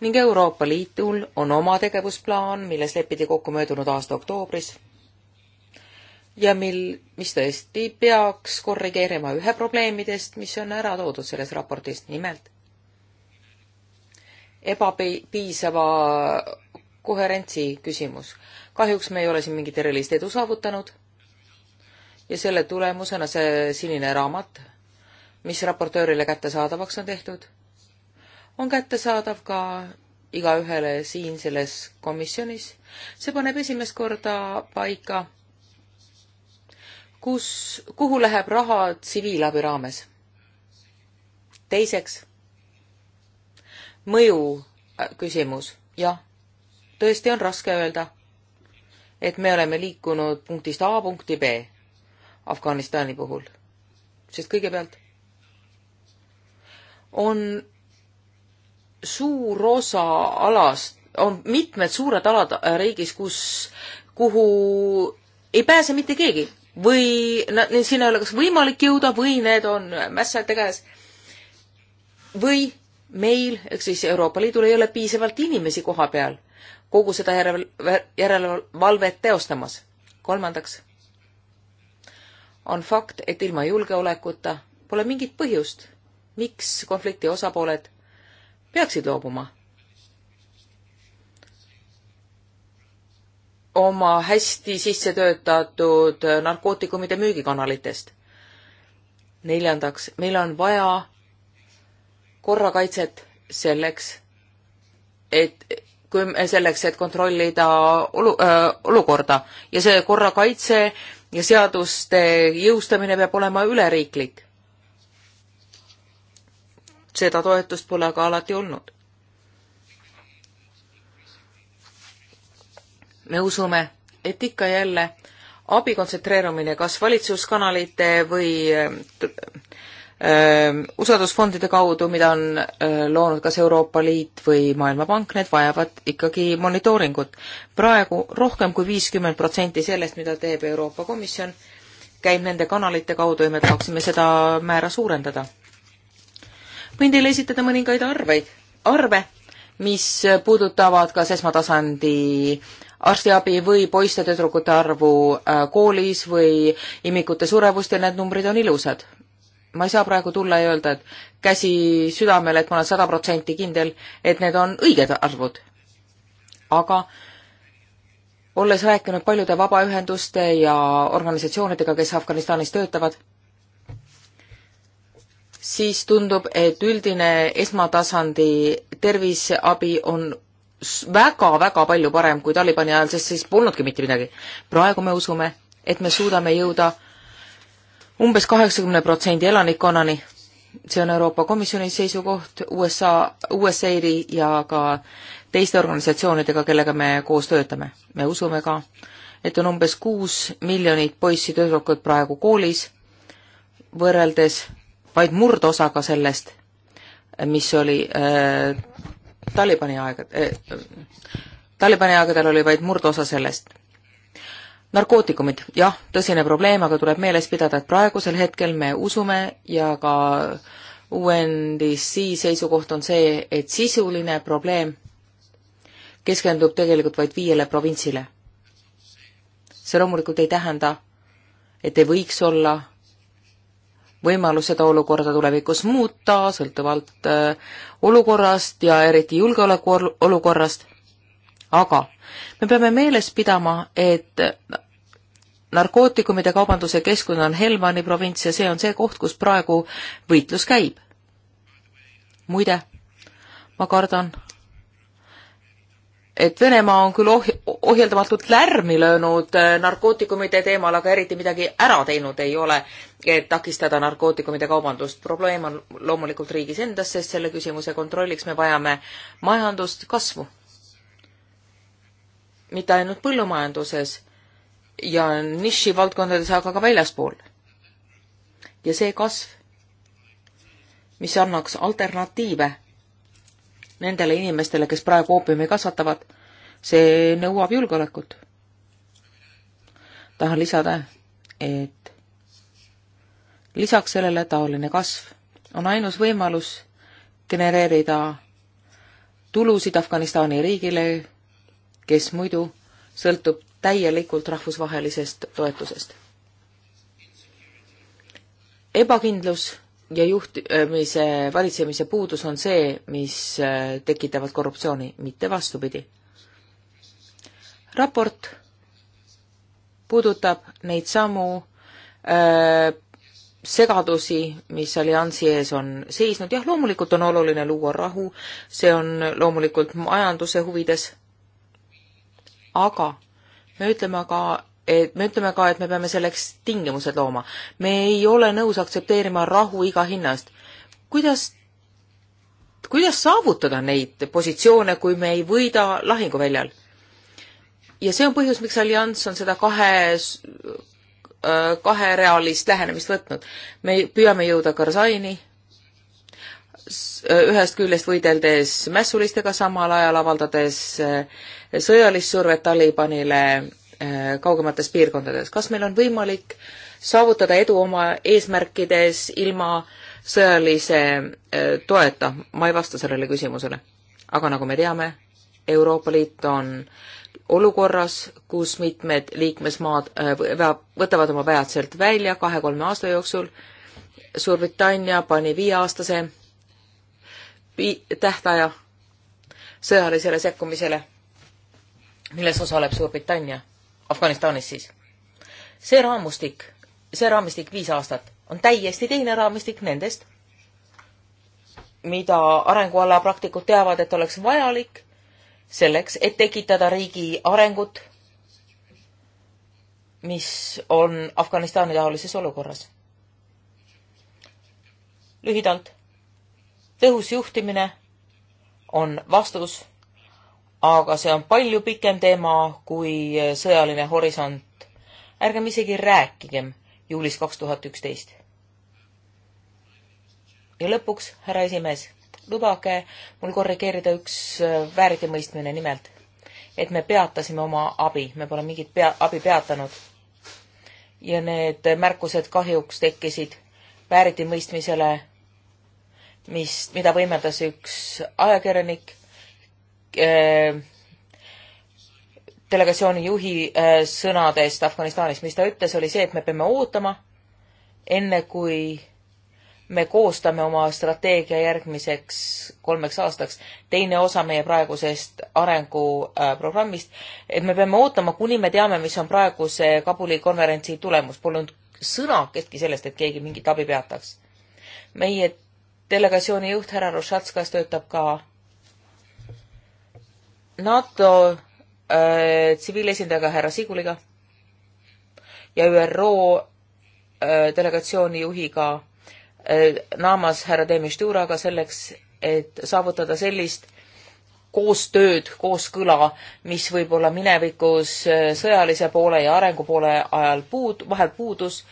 ning Euroopa Liidul on oma tegevusplaan, milles lepiti kokku möödunud aasta oktoobris ja mil, mis tõesti peaks korrigeerima ühe probleemidest, mis on ära toodud selles raportis, nimelt ebapiisava koherentsi küsimus. kahjuks me ei ole siin mingit erilist edu saavutanud ja selle tulemusena see sinine raamat, mis raportöörile kättesaadavaks on tehtud, on kättesaadav ka igaühele siin selles komisjonis. see paneb esimest korda paika kus, kuhu läheb raha tsiviilabi raames. teiseks, mõju äh, küsimus, jah, tõesti on raske öelda, et me oleme liikunud punktist A punkti B Afganistani puhul, sest kõigepealt on suur osa alast, on mitmed suured alad riigis, kus, kuhu ei pääse mitte keegi või nad, sinna ei ole kas võimalik jõuda või need on mässajate käes. või meil ehk siis Euroopa Liidul ei ole piisavalt inimesi koha peal kogu seda järelevalvet järele teostamas. kolmandaks on fakt, et ilma julgeolekuta pole mingit põhjust, miks konflikti osapooled peaksid loobuma oma hästi sisse töötatud narkootikumide müügikanalitest. neljandaks, meil on vaja korrakaitset selleks, et kui me selleks, et kontrollida olu- äh,, olukorda ja see korrakaitse ja seaduste jõustamine peab olema üleriiklik. seda toetust pole aga alati olnud me usume, et ikka jälle abi kontsentreerumine kas valitsuskanalite või ähm, ähm, usaldusfondide kaudu, mida on äh, loonud kas Euroopa Liit või Maailmapank, need vajavad ikkagi monitooringut. praegu rohkem kui viiskümmend protsenti sellest, mida teeb Euroopa Komisjon, käib nende kanalite kaudu ja me tahaksime seda määra suurendada. võin teile esitada mõningaid arveid, arve, mis puudutavad kas esmatasandi arstiabi või poiste tüdrukute arvu äh, koolis või imikute surevust ja need numbrid on ilusad. ma ei saa praegu tulla ja öelda, et käsi südamele, et ma olen sada protsenti kindel, et need on õiged arvud. aga olles rääkinud paljude vabaühenduste ja organisatsioonidega, kes Afganistanis töötavad, siis tundub, et üldine esmatasandi terviseabi on väga-väga palju parem kui Talibani ajal, sest siis polnudki mitte midagi. praegu me usume, et me suudame jõuda umbes kaheksakümne protsendi elanikkonnani, see on Euroopa Komisjoni seisukoht, USA, USAID-i ja ka teiste organisatsioonidega, kellega me koos töötame. me usume ka, et on umbes kuus miljonit poissi-tüdrukut praegu koolis, võrreldes vaid murdosaga sellest, mis oli äh, Talibani aegad- äh,, eh, Talibani aegadel oli vaid murdosa sellest. narkootikumid, jah, tõsine probleem, aga tuleb meeles pidada, et praegusel hetkel me usume ja ka UNDC seisukoht on see, et sisuline probleem keskendub tegelikult vaid viiele provintsile. see loomulikult ei tähenda, et ei võiks olla võimalus seda olukorda tulevikus muuta, sõltuvalt äh, olukorrast ja eriti julgeoleku olukorrast, aga me peame meeles pidama, et narkootikumide kaubanduse keskkond on Helmani provints ja see on see koht, kus praegu võitlus käib. muide, ma kardan, et Venemaa on küll oh-, ohjeldamatult lärmi löönud äh, narkootikumide teemal, aga eriti midagi ära teinud ei ole, et takistada narkootikumide kaubandust. probleem on loomulikult riigis endas, sest selle küsimuse kontrolliks me vajame majandust, kasvu. mitte ainult põllumajanduses ja nišivaldkondades, aga ka väljaspool. ja see kasv, mis annaks alternatiive nendele inimestele, kes praegu oopiumi kasvatavad, see nõuab julgeolekut. tahan lisada, et lisaks sellele taoline kasv on ainus võimalus genereerida tulusid Afganistani riigile, kes muidu sõltub täielikult rahvusvahelisest toetusest. ebakindlus ja juhtimise, valitsemise puudus on see, mis äh, tekitavad korruptsiooni, mitte vastupidi. raport puudutab neid samu öö, äh, segadusi, mis alliansi ees on seisnud, jah, loomulikult on oluline luua rahu, see on loomulikult majanduse huvides, aga me ütleme aga et me ütleme ka, et me peame selleks tingimused looma. me ei ole nõus aktsepteerima rahu iga hinnast. kuidas, kuidas saavutada neid positsioone, kui me ei võida lahinguväljal? ja see on põhjus, miks allianss on seda kahe, äh, kaherealist lähenemist võtnud. me püüame jõuda Karzaini, äh, ühest küljest võideldes mässulistega, samal ajal avaldades äh, sõjalist survet Talibanile Äh, kaugemates piirkondades. kas meil on võimalik saavutada edu oma eesmärkides ilma sõjalise äh, toeta? ma ei vasta sellele küsimusele. aga nagu me teame, Euroopa Liit on olukorras, kus mitmed liikmesmaad äh, võtavad oma väed sealt välja kahe-kolme aasta jooksul. Suurbritannia pani viieaastase tähtaja sõjalisele sekkumisele milles osaleb Suurbritannia. Afganistanis siis. see raamustik, see raamistik viis aastat on täiesti teine raamistik nendest, mida arenguala praktikud teavad, et oleks vajalik selleks, et tekitada riigi arengut, mis on Afganistani taolises olukorras. lühidalt, tõhus juhtimine on vastus aga see on palju pikem teema kui sõjaline horisont. ärgem isegi rääkigem juulis kaks tuhat üksteist. ja lõpuks, härra esimees, lubage mul korrigeerida üks äh, väärtemõistmine nimelt, et me peatasime oma abi, me pole mingit pea, abi peatanud. ja need märkused kahjuks tekkisid väärtimõistmisele, mis, mida võimendas üks ajakirjanik Äh, delegatsiooni juhi äh, sõnadest Afganistanis, mis ta ütles, oli see, et me peame ootama, enne kui me koostame oma strateegia järgmiseks kolmeks aastaks, teine osa meie praegusest arenguprogrammist, äh, et me peame ootama, kuni me teame, mis on praeguse Kabuli konverentsi tulemus. Polnud sõnakestki sellest, et keegi mingit abi peataks. meie delegatsiooni juht härra Rošatskas töötab ka NATO äh, tsiviilesindajaga härra Siguliga ja ÜRO äh, delegatsiooni juhiga äh, Naamas härra Demisturaga selleks, et saavutada sellist koostööd, kooskõla, mis võib-olla minevikus äh, sõjalise poole ja arengupoole ajal puud-, vahel puudus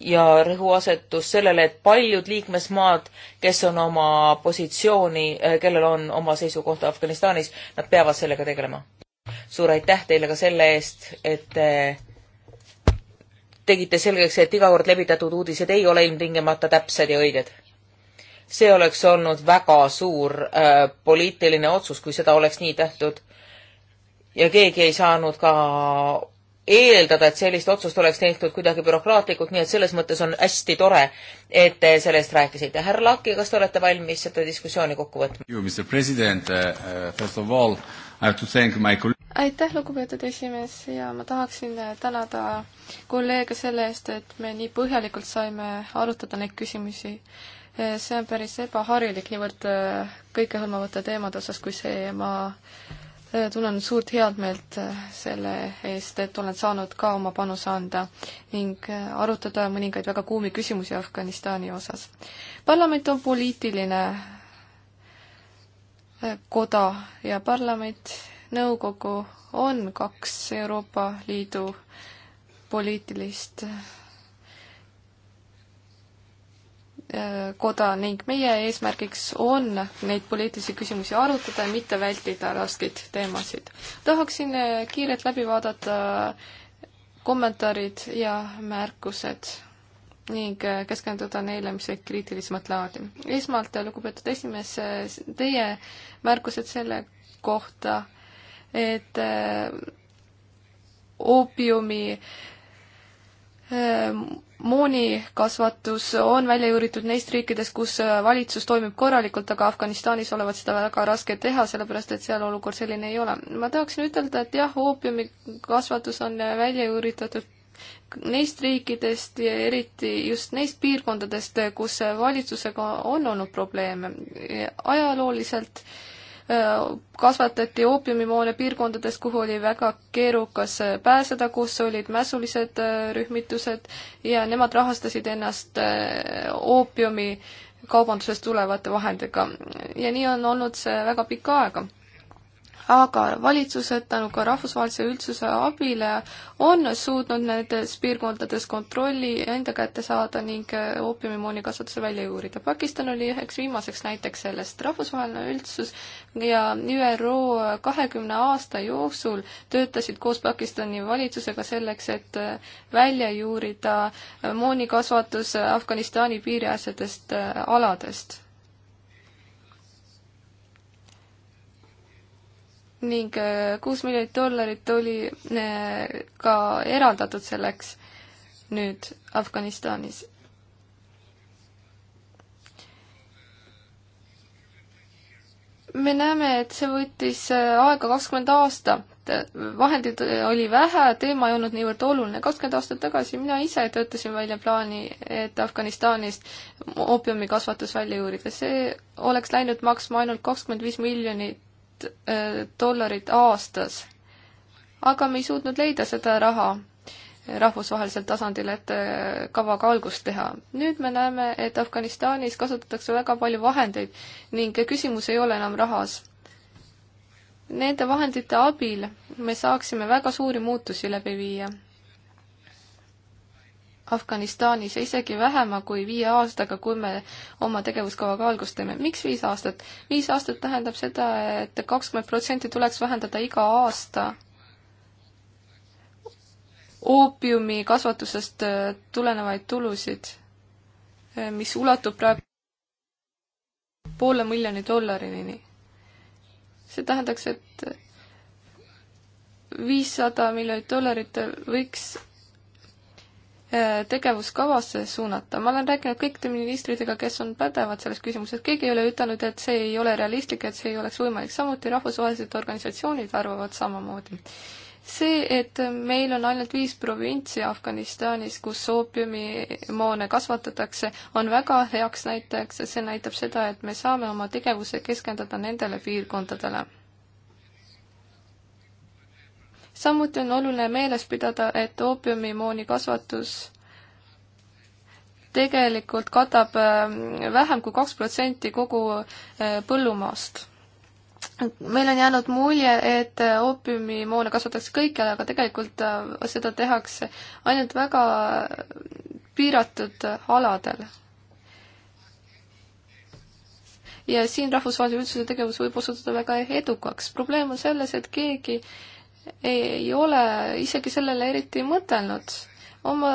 ja rõhuasetus sellele, et paljud liikmesmaad, kes on oma positsiooni, äh, kellel on oma seisukohta Afganistanis, nad peavad sellega tegelema. suur aitäh teile ka selle eest, et te äh, tegite selgeks, et iga kord levitatud uudised ei ole ilmtingimata täpsed ja õiged. see oleks olnud väga suur äh, poliitiline otsus, kui seda oleks nii tehtud. ja keegi ei saanud ka eeldada, et sellist otsust oleks tehtud kuidagi bürokraatlikult, nii et selles mõttes on hästi tore, et te sellest rääkisite. härra Laki, kas te olete valmis seda diskussiooni kokku võtma? Uh, uh, aitäh, lugupeetud esimees ja ma tahaksin uh, tänada kolleege selle eest, et me nii põhjalikult saime arutada neid küsimusi. see on päris ebaharilik niivõrd kõikehõlmavate teemade osas, kui see ma Äh, tunnen suurt headmeelt äh, selle eest, et olen saanud ka oma panuse anda ning äh, arutada mõningaid väga kuumi küsimusi Afganistani osas. parlament on poliitiline koda ja parlament, nõukogu on kaks Euroopa Liidu poliitilist Äh, koda ning meie eesmärgiks on neid poliitilisi küsimusi arutada ja mitte vältida raskeid teemasid. tahaksin äh, kiirelt läbi vaadata äh, kommentaarid ja märkused ning keskenduda neile, mis olid kriitilisemat laadi. esmalt, lugupeetud esimees, teie märkused selle kohta, et oopiumi äh, moonikasvatus on välja juuritud neist riikidest, kus äh, valitsus toimib korralikult, aga Afganistanis olevat seda väga raske teha, sellepärast et seal olukord selline ei ole. ma tahaksin ütelda, et jah, oopiumikasvatus on äh, välja juuritatud neist riikidest ja eriti just neist piirkondadest, kus äh, valitsusega on olnud probleeme. ajalooliselt äh, kasvatati oopiumimoone piirkondades, kuhu oli väga keerukas pääseda, kus olid mässulised äh, rühmitused ja nemad rahastasid ennast äh, oopiumi kaubandusest tulevate vahenditega. ja nii on olnud see väga pikka aega aga valitsused tänu ka rahvusvahelise üldsuse abile on suutnud nendes piirkondades kontrolli enda kätte saada ning äh, oopiumimooni kasvatuse välja juurida. Pakistan oli üheks viimaseks näiteks sellest. rahvusvaheline üldsus ja ÜRO kahekümne aasta jooksul töötasid koos Pakistani valitsusega selleks, et äh, välja juurida äh, moonikasvatus Afganistani piiriäärsetest aladest ning äh, kuus miljonit dollarit oli äh, ka eraldatud selleks nüüd Afganistanis. me näeme, et see võttis äh, aega kakskümmend aastat, vahendeid oli vähe, teema ei olnud niivõrd oluline. kakskümmend aastat tagasi mina ise töötasin välja plaani, et Afganistanist oopiumi kasvatus välja uurida. see oleks läinud maksma ainult kakskümmend viis miljonit miljonit äh, dollarit aastas. aga me ei suutnud leida seda raha rahvusvahelisel tasandil, et äh, kavaga algust teha. nüüd me näeme, et Afganistanis kasutatakse väga palju vahendeid ning küsimus ei ole enam rahas. Nende vahendite abil me saaksime väga suuri muutusi läbi viia Afganistanis ja isegi vähema kui viie aastaga, kui me oma tegevuskavaga algust teeme. miks viis aastat? viis aastat tähendab seda et, et kakskümmend protsenti tuleks vähendada iga aasta oopiumi kasvatusest äh, tulenevaid tulusid, äh, mis ulatub praegu poole miljoni dollarini. see tähendaks, et viissada miljonit dollarit võiks Äh, tegevuskavasse suunata. ma olen rääkinud kõikide ministritega, kes on pädevad selles küsimuses, keegi ei ole ütelnud, et see ei ole realistlik, et see ei oleks võimalik, samuti rahvusvahelised organisatsioonid arvavad samamoodi. see, et meil on ainult viis provintsi Afganistanis, kus oopiumimoone kasvatatakse, on väga heaks näitajaks ja see näitab seda, et me saame oma tegevuse keskenduda nendele piirkondadele samuti on oluline meeles pidada, et oopiumimooni kasvatus tegelikult katab ähm, vähem kui kaks protsenti kogu äh, põllumaast. meil on jäänud mulje, et äh, oopiumimoone kasvatatakse kõikjal, aga tegelikult äh, seda tehakse ainult väga piiratud aladel. ja siin rahvusvahelise üldsuse tegevus võib osutuda väga edukaks. probleem on selles, et keegi äh, ei ole isegi sellele eriti mõtelnud. oma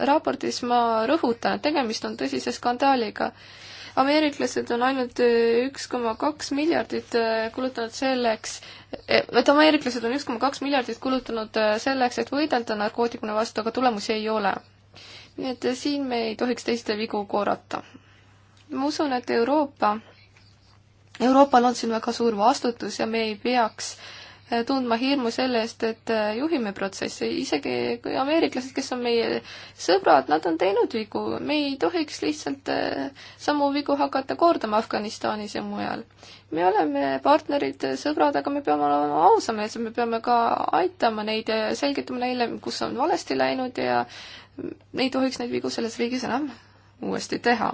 raportis ma rõhutan, et tegemist on tõsise skandaaliga. ameeriklased on ainult eh, üks koma kaks miljardit eh, kulutanud selleks, eh, et ameeriklased on üks koma kaks miljardit kulutanud selleks, et võidelda narkootikuna vastu, aga tulemusi ei ole. nii et siin me ei tohiks teiste vigu korrata. ma usun, et Euroopa Euroopal on siin väga suur vastutus ja me ei peaks äh, tundma hirmu selle eest, et äh, juhime protsessi, isegi kui ameeriklased, kes on meie sõbrad, nad on teinud vigu, me ei tohiks lihtsalt äh, samu vigu hakata kordama Afganistanis ja mujal. me oleme partnerid, sõbrad, aga me peame olema ausameelsed, me peame ka aitama neid ja selgitama neile, kus on valesti läinud ja ei tohiks neid vigu selles riigis enam uuesti teha.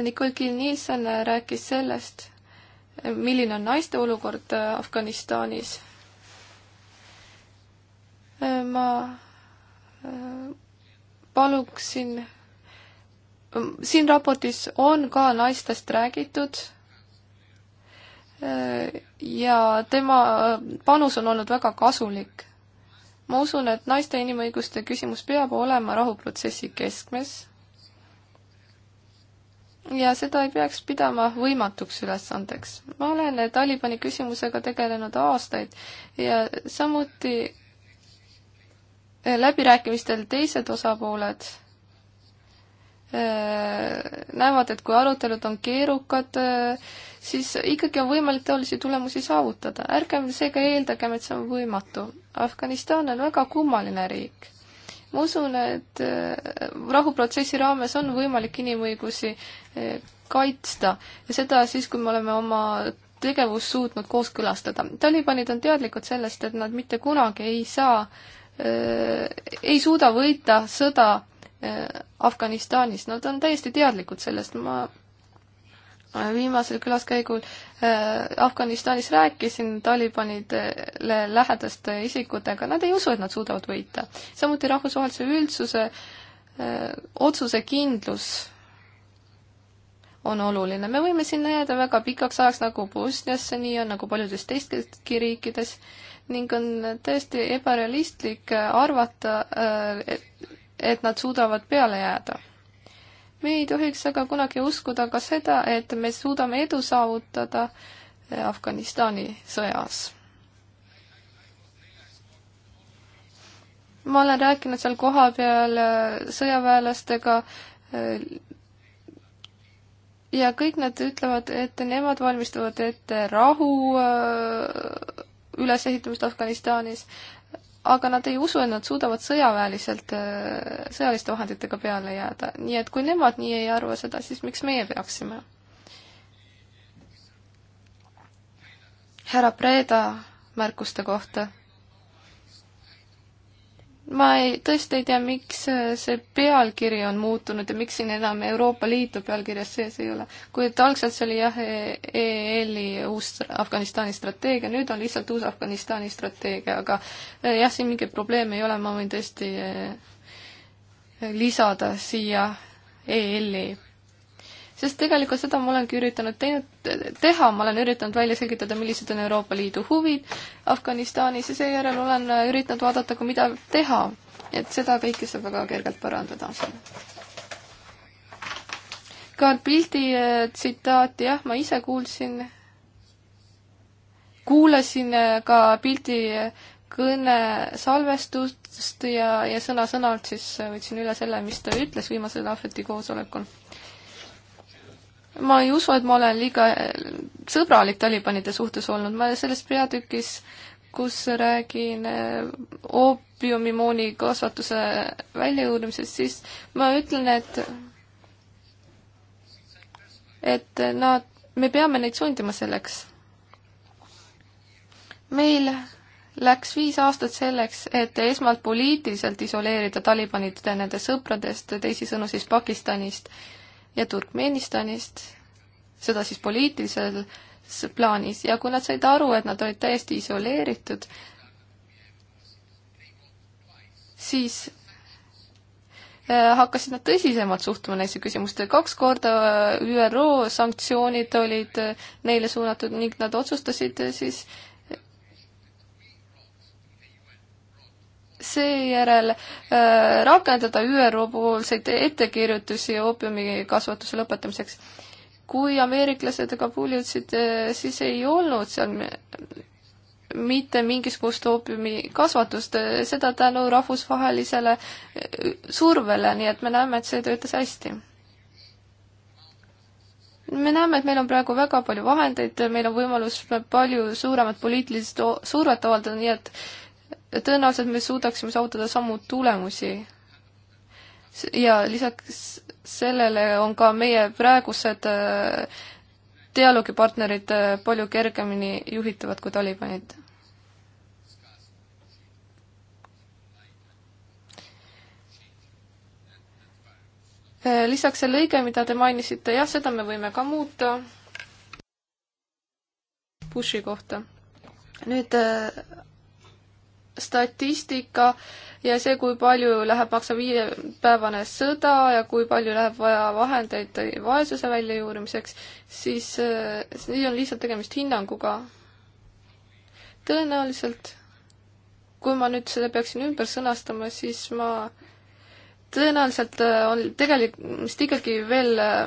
Nicole Kill-Nielsen rääkis sellest milline on naiste olukord äh, Afganistanis. Äh, ma äh, paluksin, siin raportis on ka naistest räägitud ja tema panus on olnud väga kasulik. ma usun, et naiste inimõiguste küsimus peab olema rahuprotsessi keskmes ja seda ei peaks pidama võimatuks ülesandeks. ma olen Talibani küsimusega tegelenud aastaid ja samuti läbirääkimistel teised osapooled äh, näevad, et kui arutelud on keerukad, äh, siis ikkagi on võimalik taolisi tulemusi saavutada. ärgem seega eeldagem, et see on võimatu. Afganistan on väga kummaline riik ma usun, et äh, rahuprotsessi raames on võimalik inimõigusi äh, kaitsta ja seda siis, kui me oleme oma tegevust suutnud kooskõlastada. Talibanid on teadlikud sellest, et nad mitte kunagi ei saa, äh, ei suuda võita sõda Afganistanis, nad on täiesti teadlikud sellest, ma viimasel külaskäigul äh, Afganistanis rääkisin Talibanidele lähedaste isikutega, nad ei usu, et nad suudavad võita. samuti rahvusvahelise üldsuse äh, otsusekindlus on oluline. me võime sinna jääda väga pikaks ajaks, nagu Bosniasse nii on, nagu paljudes teisteski riikides ning on täiesti ebarealistlik arvata, äh, et nad suudavad peale jääda me ei tohiks aga kunagi uskuda ka seda, et me suudame edu saavutada eh, Afganistani sõjas. ma olen rääkinud seal kohapeal eh, sõjaväelastega eh, ja kõik nad ütlevad, et nemad valmistuvad ette rahu ülesehitamist Afganistanis, aga nad ei usu, et nad suudavad sõjaväeliselt, äh, sõjaliste vahenditega peale jääda. nii et kui nemad nii ei arva seda, siis miks meie peaksime? härra Preda märkuste kohta ma ei, tõesti ei tea, miks äh, see pealkiri on muutunud ja miks siin enam Euroopa Liitu pealkirjas sees ei ole. kuid algselt see oli jah e, EL-i uus Afganistani strateegia, nüüd on lihtsalt uus Afganistani strateegia, aga äh, jah, siin mingeid probleeme ei ole, ma võin tõesti äh, lisada siia EL-i sest tegelikult seda ma olengi üritanud teinud, teha, ma olen üritanud välja selgitada, millised on Euroopa Liidu huvid Afganistanis ja seejärel olen üritanud vaadata ka, mida teha. et seda kõike saab väga kergelt parandada. ka pildi äh, tsitaati, jah, ma ise kuulsin, kuulasin äh, ka pildi äh, kõne salvestust ja, ja sõna-sõnalt siis võtsin üle selle, mis ta ütles viimasel ahveti koosolekul ma ei usu, et ma olen liiga sõbralik Talibanide suhtes olnud, ma selles peatükis, kus räägin eh, oopiumimooni kasvatuse väljajuurimisest, siis ma ütlen, et et nad, me peame neid sundima selleks. meil läks viis aastat selleks, et esmalt poliitiliselt isoleerida Talibanid nende sõpradest, teisisõnu siis Pakistanist, ja Turkmenistanist, seda siis poliitilisel plaanis ja kui nad said aru, et nad olid täiesti isoleeritud, siis äh, hakkasid nad tõsisemalt suhtuma neisse küsimustesse. kaks korda äh, ÜRO sanktsioonid olid äh, neile suunatud ning nad otsustasid siis seejärel äh, rakendada ÜRO poolseid ettekirjutusi oopiumi kasvatuse lõpetamiseks. kui ameeriklased Kabuli jõudsid, äh, siis ei olnud seal mitte mingisugust oopiumi kasvatust, äh, seda tänu rahvusvahelisele survele, nii et me näeme, et see töötas hästi me näeme, et meil on praegu väga palju vahendeid, meil on võimalus palju suuremat poliitilist survet avaldada, nii et tõenäoliselt me suudaksime saavutada samu tulemusi. ja lisaks sellele on ka meie praegused äh, dialoogipartnerid äh, palju kergemini juhitavad kui Talibanid. Äh, lisaks see lõige, mida te mainisite, jah, seda me võime ka muuta. Bushi kohta. nüüd statistika ja see, kui palju läheb maksa viiepäevane sõda ja kui palju läheb vaja vahendeid vaesuse väljajuurimiseks, siis eh, siin on lihtsalt tegemist hinnanguga. tõenäoliselt, kui ma nüüd selle peaksin ümber sõnastama, siis ma tõenäoliselt eh, on tegelikult ikkagi veel eh,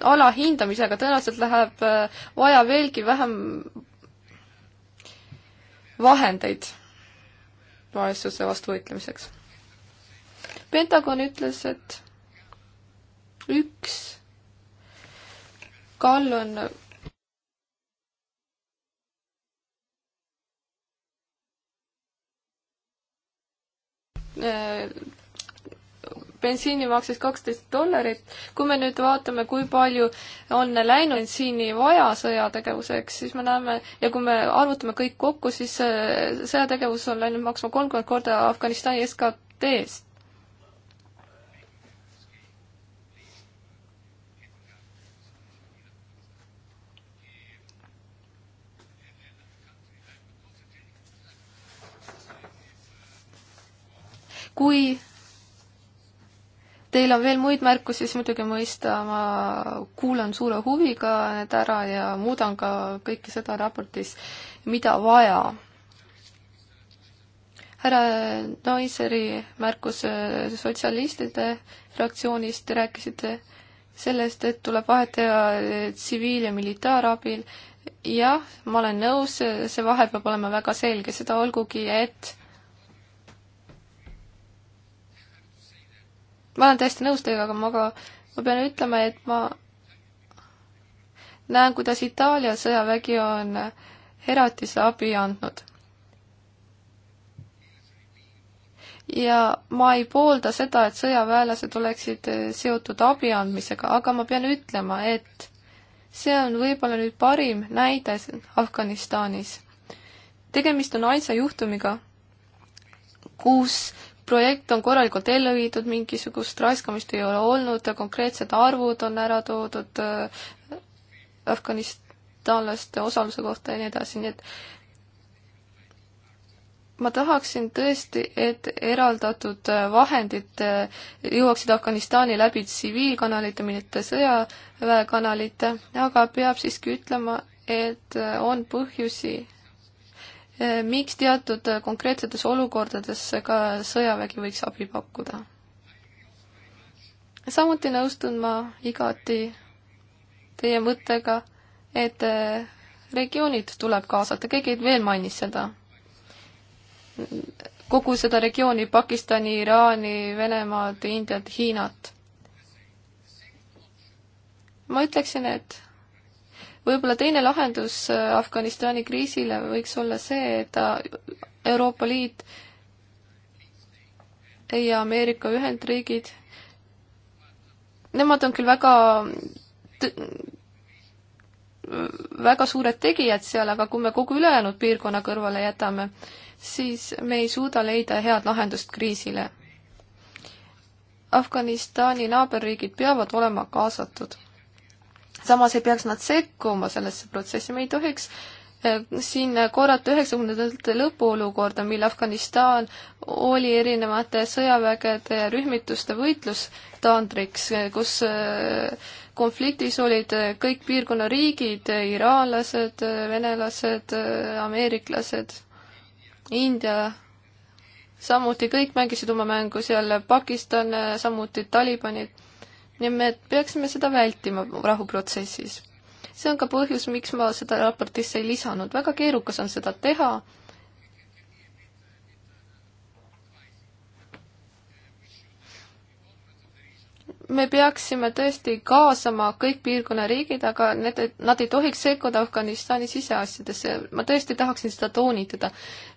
alahindamisega, tõenäoliselt läheb vaja veelgi vähem vahendeid vaesuse vastu võitlemiseks. Pentagon ütles, et üks kall on bensiini maksis kaksteist dollarit. kui me nüüd vaatame, kui palju on läinud bensiini vaja sõjategevuseks, siis me näeme ja kui me arvutame kõik kokku, siis äh, sõjategevus on läinud maksma kolmkümmend korda Afganistani SKT-st. kui Teil on veel muid märkusi, siis muidugi mõista, ma kuulan suure huviga need ära ja muudan ka kõike seda raportis, mida vaja. härra Naiseri märkus äh, sotsialistide fraktsioonist, te rääkisite sellest, et tuleb vahet teha äh, tsiviil- ja militaarabil. jah, ma olen nõus, see vahe peab olema väga selge, seda olgugi, et ma olen täiesti nõus teiega, aga ma ka, ma pean ütlema, et ma näen, kuidas Itaalia sõjavägi on Heratisse abi andnud. ja ma ei poolda seda, et sõjaväelased oleksid seotud abi andmisega, aga ma pean ütlema, et see on võib-olla nüüd parim näide Afganistanis. tegemist on ainsa juhtumiga, kus projekt on korralikult ellu viidud, mingisugust raiskamist ei ole olnud, konkreetsed arvud on ära toodud äh, afganistanlaste osaluse kohta ja nii edasi, nii et ma tahaksin tõesti, et eraldatud vahendid äh, jõuaksid Afganistani läbi tsiviilkanalite, mitte sõjaväekanalite, aga peab siiski ütlema, et äh, on põhjusi Eh, miks teatud eh, konkreetsetes olukordades ka sõjavägi võiks abi pakkuda. samuti nõustun ma igati teie mõttega, et eh, regioonid tuleb kaasata, keegi veel mainis seda. kogu seda regiooni, Pakistani, Iraani, Venemaad, Indiat, Hiinat. ma ütleksin, et võib-olla teine lahendus äh, Afganistani kriisile võiks olla see, et äh, Euroopa Liit ja Ameerika Ühendriigid, nemad on küll väga väga suured tegijad seal, aga kui me kogu ülejäänud piirkonna kõrvale jätame, siis me ei suuda leida head lahendust kriisile. Afganistani naaberriigid peavad olema kaasatud samas ei peaks nad sekkuma sellesse protsessi, me ei tohiks eh, siin korrata üheksakümnendate lõpu olukorda, mil Afganistan oli erinevate sõjavägede ja rühmituste võitlustandriks, kus eh, konfliktis olid eh, kõik piirkonna riigid, iraanlased, venelased, ameeriklased, India, samuti kõik mängisid oma mängu seal, Pakistan, samuti Talibanid ja me peaksime seda vältima rahuprotsessis. see on ka põhjus, miks ma seda raportisse ei lisanud, väga keerukas on seda teha me peaksime tõesti kaasama kõik piirkonna riigid, aga need, nad ei tohiks sekkuda Afganistani siseasjadesse, ma tõesti tahaksin seda toonitada.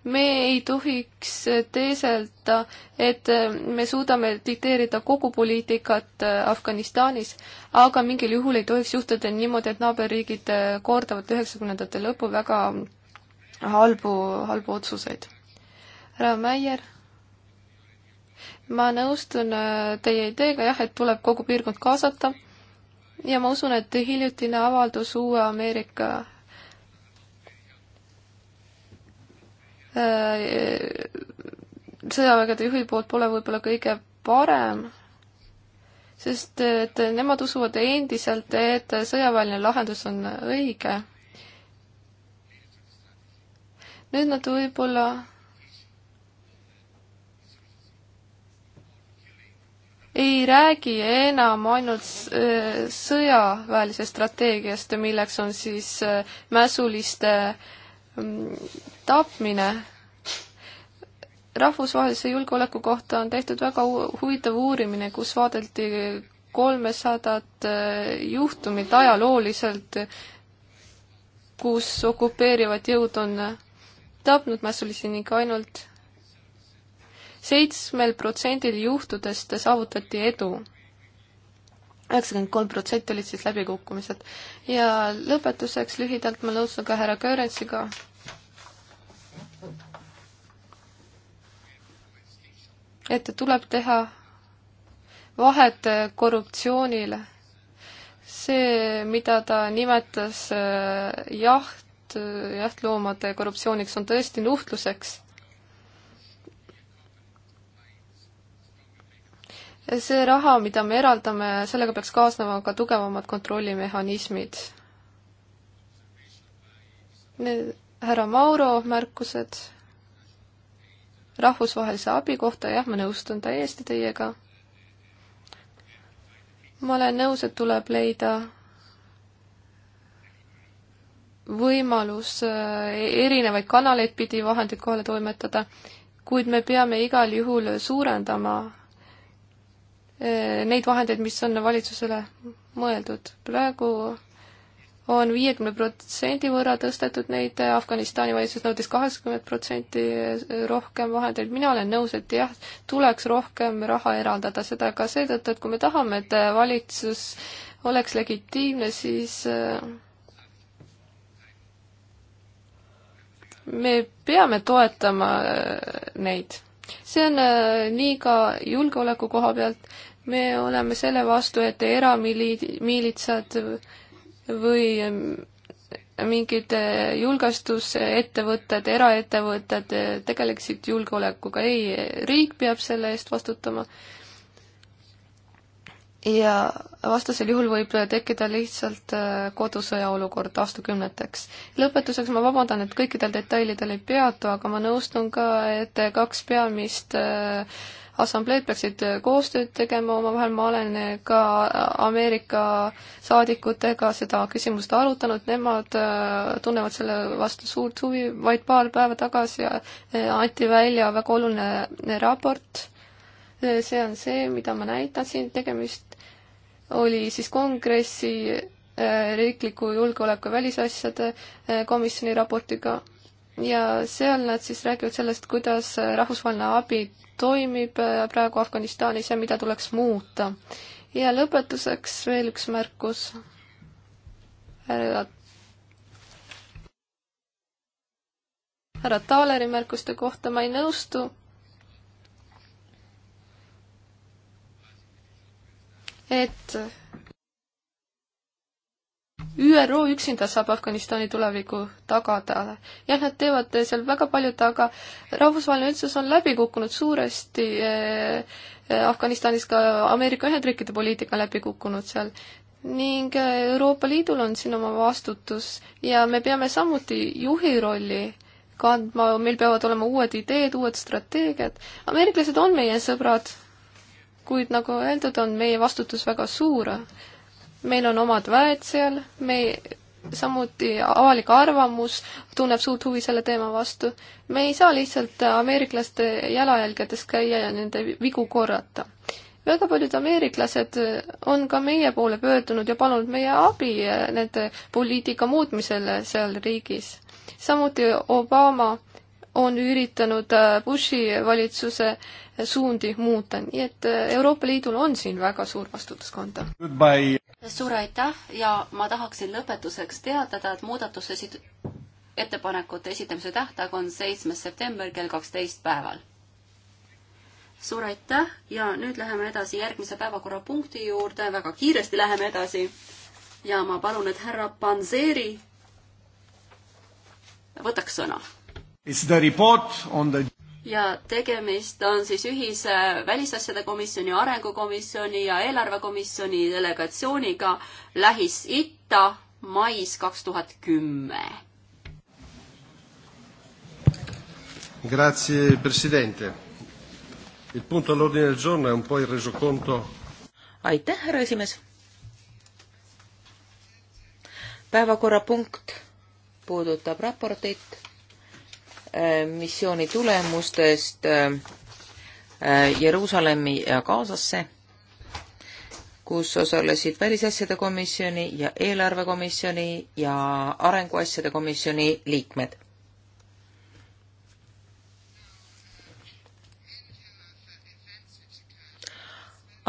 me ei tohiks teeselda, et me suudame dikteerida kogu poliitikat äh, Afganistanis, aga mingil juhul ei tohiks juhtuda niimoodi, et naaberriigid äh, kordavad üheksakümnendate lõpul väga halbu, halbu otsuseid. härra Meier ma nõustun äh, teie ideega jah, et tuleb kogu piirkond kaasata ja ma usun, et hiljutine avaldus uue Ameerika äh, sõjavägede juhi poolt pole võib-olla kõige parem, sest äh, et nemad usuvad endiselt, et sõjaväeline lahendus on õige. nüüd nad võib-olla ei räägi enam ainult äh, sõjaväelisest strateegiast, milleks on siis äh, mässuliste mm, tapmine. rahvusvahelise julgeoleku kohta on tehtud väga huvitav uurimine, kus vaadeldi kolmesadat äh, juhtumit ajalooliselt, kus okupeerivad jõud on tapnud mässulisi ning ainult seitsmel protsendil juhtudest saavutati edu. üheksakümmend kolm protsenti olid siis läbikukkumised. ja lõpetuseks lühidalt ma nõustun ka härra Köörensiga. et tuleb teha vahet korruptsioonile. see, mida ta nimetas äh, jaht, äh, jahtloomade korruptsiooniks, on tõesti nuhtluseks see raha, mida me eraldame, sellega peaks kaasnema ka tugevamad kontrollimehhanismid. härra Mauro märkused rahvusvahelise abi kohta, jah, ma nõustun täiesti teiega. ma olen nõus, et tuleb leida võimalus äh, erinevaid kanaleid pidi vahendeid kohale toimetada, kuid me peame igal juhul suurendama Eh, neid vahendeid, mis on valitsusele mõeldud. praegu on viiekümne protsendi võrra tõstetud neid, Afganistani valitsus nõudis kaheksakümmend protsenti rohkem vahendeid, mina olen nõus, et jah, tuleks rohkem raha eraldada, seda ka seetõttu, et kui me tahame, et valitsus oleks legitiimne, siis eh, me peame toetama eh, neid. see on nii ka julgeoleku koha pealt, me oleme selle vastu, et eramiilitsad või mingid julgestusettevõtted, eraettevõtted tegeleksid julgeolekuga, ei, riik peab selle eest vastutama. ja vastasel juhul võib tekkida lihtsalt äh, kodusõja olukord aastakümneteks. lõpetuseks ma vabandan, et kõikidel detailidel ei peatu, aga ma nõustun ka, et kaks peamist äh, assambleed peaksid äh, koostööd tegema omavahel, ma olen äh, ka äh, Ameerika saadikutega seda küsimust arutanud, nemad tunnevad selle vastu suurt huvi, vaid paar päeva tagasi anti välja väga oluline raport, see on see, mida ma näitan siin, tegemist oli siis kongressi riikliku julgeoleku ja välisasjade komisjoni raportiga ja seal nad siis räägivad sellest, kuidas äh, rahvusvaheline abi toimib äh, praegu Afganistanis ja mida tuleks muuta. ja lõpetuseks veel üks märkus. härra Taaleri märkuste kohta ma ei nõustu. et ÜRO üksinda saab Afganistani tuleviku tagada. jah, nad teevad seal väga paljut, aga rahvusvaheline üldsus on läbi kukkunud suuresti eh, eh, Afganistanis, ka Ameerika Ühendriikide poliitika läbi kukkunud seal. ning eh, Euroopa Liidul on siin oma vastutus ja me peame samuti juhi rolli kandma, meil peavad olema uued ideed, uued strateegiad. ameeriklased on meie sõbrad, kuid nagu öeldud, on meie vastutus väga suur meil on omad väed seal, me samuti avalik arvamus tunneb suurt huvi selle teema vastu. me ei saa lihtsalt ameeriklaste jalajälgedes käia ja nende vigu korrata. väga paljud ameeriklased on ka meie poole pöördunud ja palunud meie abi nende poliitika muutmisel seal riigis. samuti Obama on üritanud äh, Bushi valitsuse suundi muuta, nii et äh, Euroopa Liidul on siin väga suur vastutus kanda. suur aitäh ja ma tahaksin lõpetuseks teatada, et muudatuse esit-, ettepanekute esitamise tähtaeg on seitsmes september kell kaksteist päeval. suur aitäh ja nüüd läheme edasi järgmise päevakorrapunkti juurde, väga kiiresti läheme edasi. ja ma palun, et härra Panseri võtaks sõna The... ja tegemist on siis ühise Välisasjade Komisjoni, Arengukomisjoni ja Eelarvekomisjoni delegatsiooniga Lähis-Itta mais kaks tuhat kümme. Grazie Presidente. Il punto all'ordine del giorno è un po' il resoconto. Aitäh, härra esimees. päevakorrapunkt puudutab raportit Äh, missiooni tulemustest äh, Jeruusalemmi ja Gazasse, kus osalesid Välisasjade komisjoni ja Eelarvekomisjoni ja Arenguasjade komisjoni liikmed.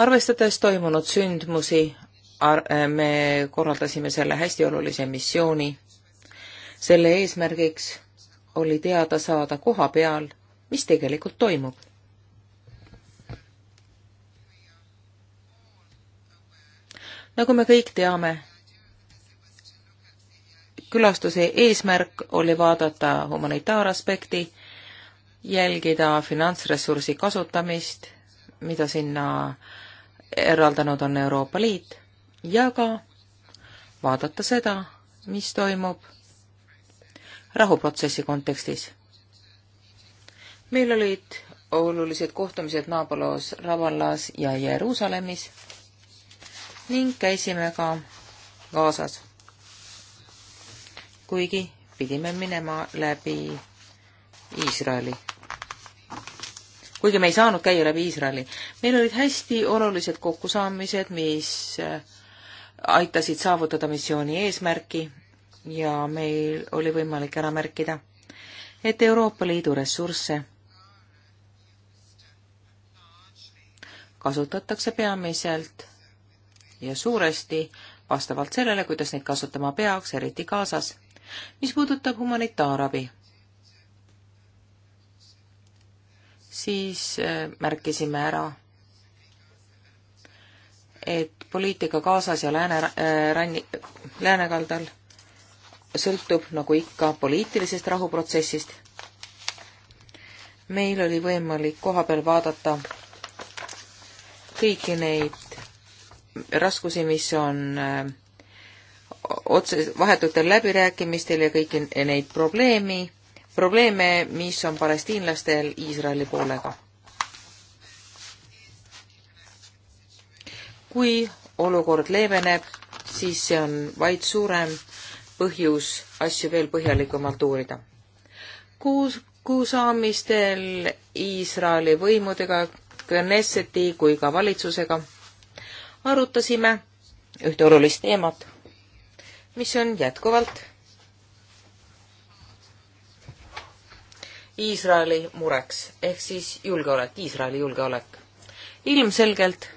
arvestades toimunud sündmusi, äh, me korraldasime selle hästi olulise missiooni. selle eesmärgiks oli teada saada koha peal, mis tegelikult toimub. nagu me kõik teame, külastuse eesmärk oli vaadata humanitaaraspekti, jälgida finantsressursi kasutamist, mida sinna eraldanud on Euroopa Liit, ja ka vaadata seda, mis toimub rahuprotsessi kontekstis. meil olid olulised kohtumised Naabolos, Ravallas ja Jeruusalemmis ning käisime ka Gazas. kuigi pidime minema läbi Iisraeli. kuigi me ei saanud käia läbi Iisraeli. meil olid hästi olulised kokkusaamised, mis äh, aitasid saavutada missiooni eesmärki ja meil oli võimalik ära märkida, et Euroopa Liidu ressursse kasutatakse peamiselt ja suuresti vastavalt sellele, kuidas neid kasutama peaks, eriti Gazas, mis puudutab humanitaarabi. siis äh, märkisime ära, et poliitika Gazas ja lääne äh, ranni, läänekaldal sõltub nagu ikka poliitilisest rahuprotsessist. meil oli võimalik kohapeal vaadata kõiki neid raskusi, mis on äh, otse, vahetutel läbirääkimistel ja kõiki neid probleemi, probleeme, mis on palestiinlastel Iisraeli poolega. kui olukord leeveneb, siis see on vaid suurem põhjus asju veel põhjalikumalt uurida. kuus, kuusaamistel Iisraeli võimudega, Knesseti kui ka valitsusega arutasime ühte olulist teemat, mis on jätkuvalt Iisraeli mureks ehk siis julgeolek, Iisraeli julgeolek. ilmselgelt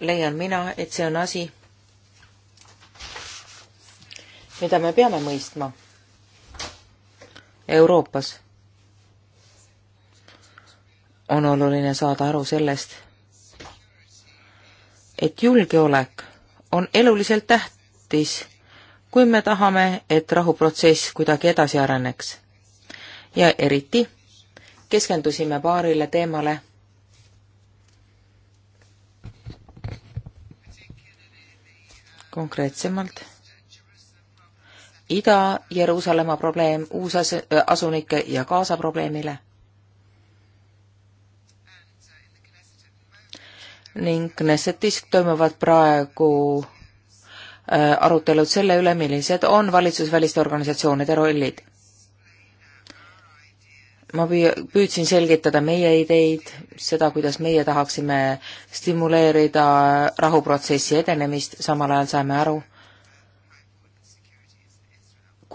leian mina, et see on asi, mida me peame mõistma Euroopas, on oluline saada aru sellest, et julgeolek on eluliselt tähtis, kui me tahame, et rahuprotsess kuidagi edasi areneks. ja eriti keskendusime paarile teemale, konkreetsemalt Ida-Jeruusalemma probleem, uusasunike äh, ja Gaza probleemile ning Knessetis toimuvad praegu äh, arutelud selle üle, millised on valitsusväliste organisatsioonide rollid. ma püüdsin selgitada meie ideid, seda, kuidas meie tahaksime stimuleerida rahuprotsessi edenemist, samal ajal saime aru,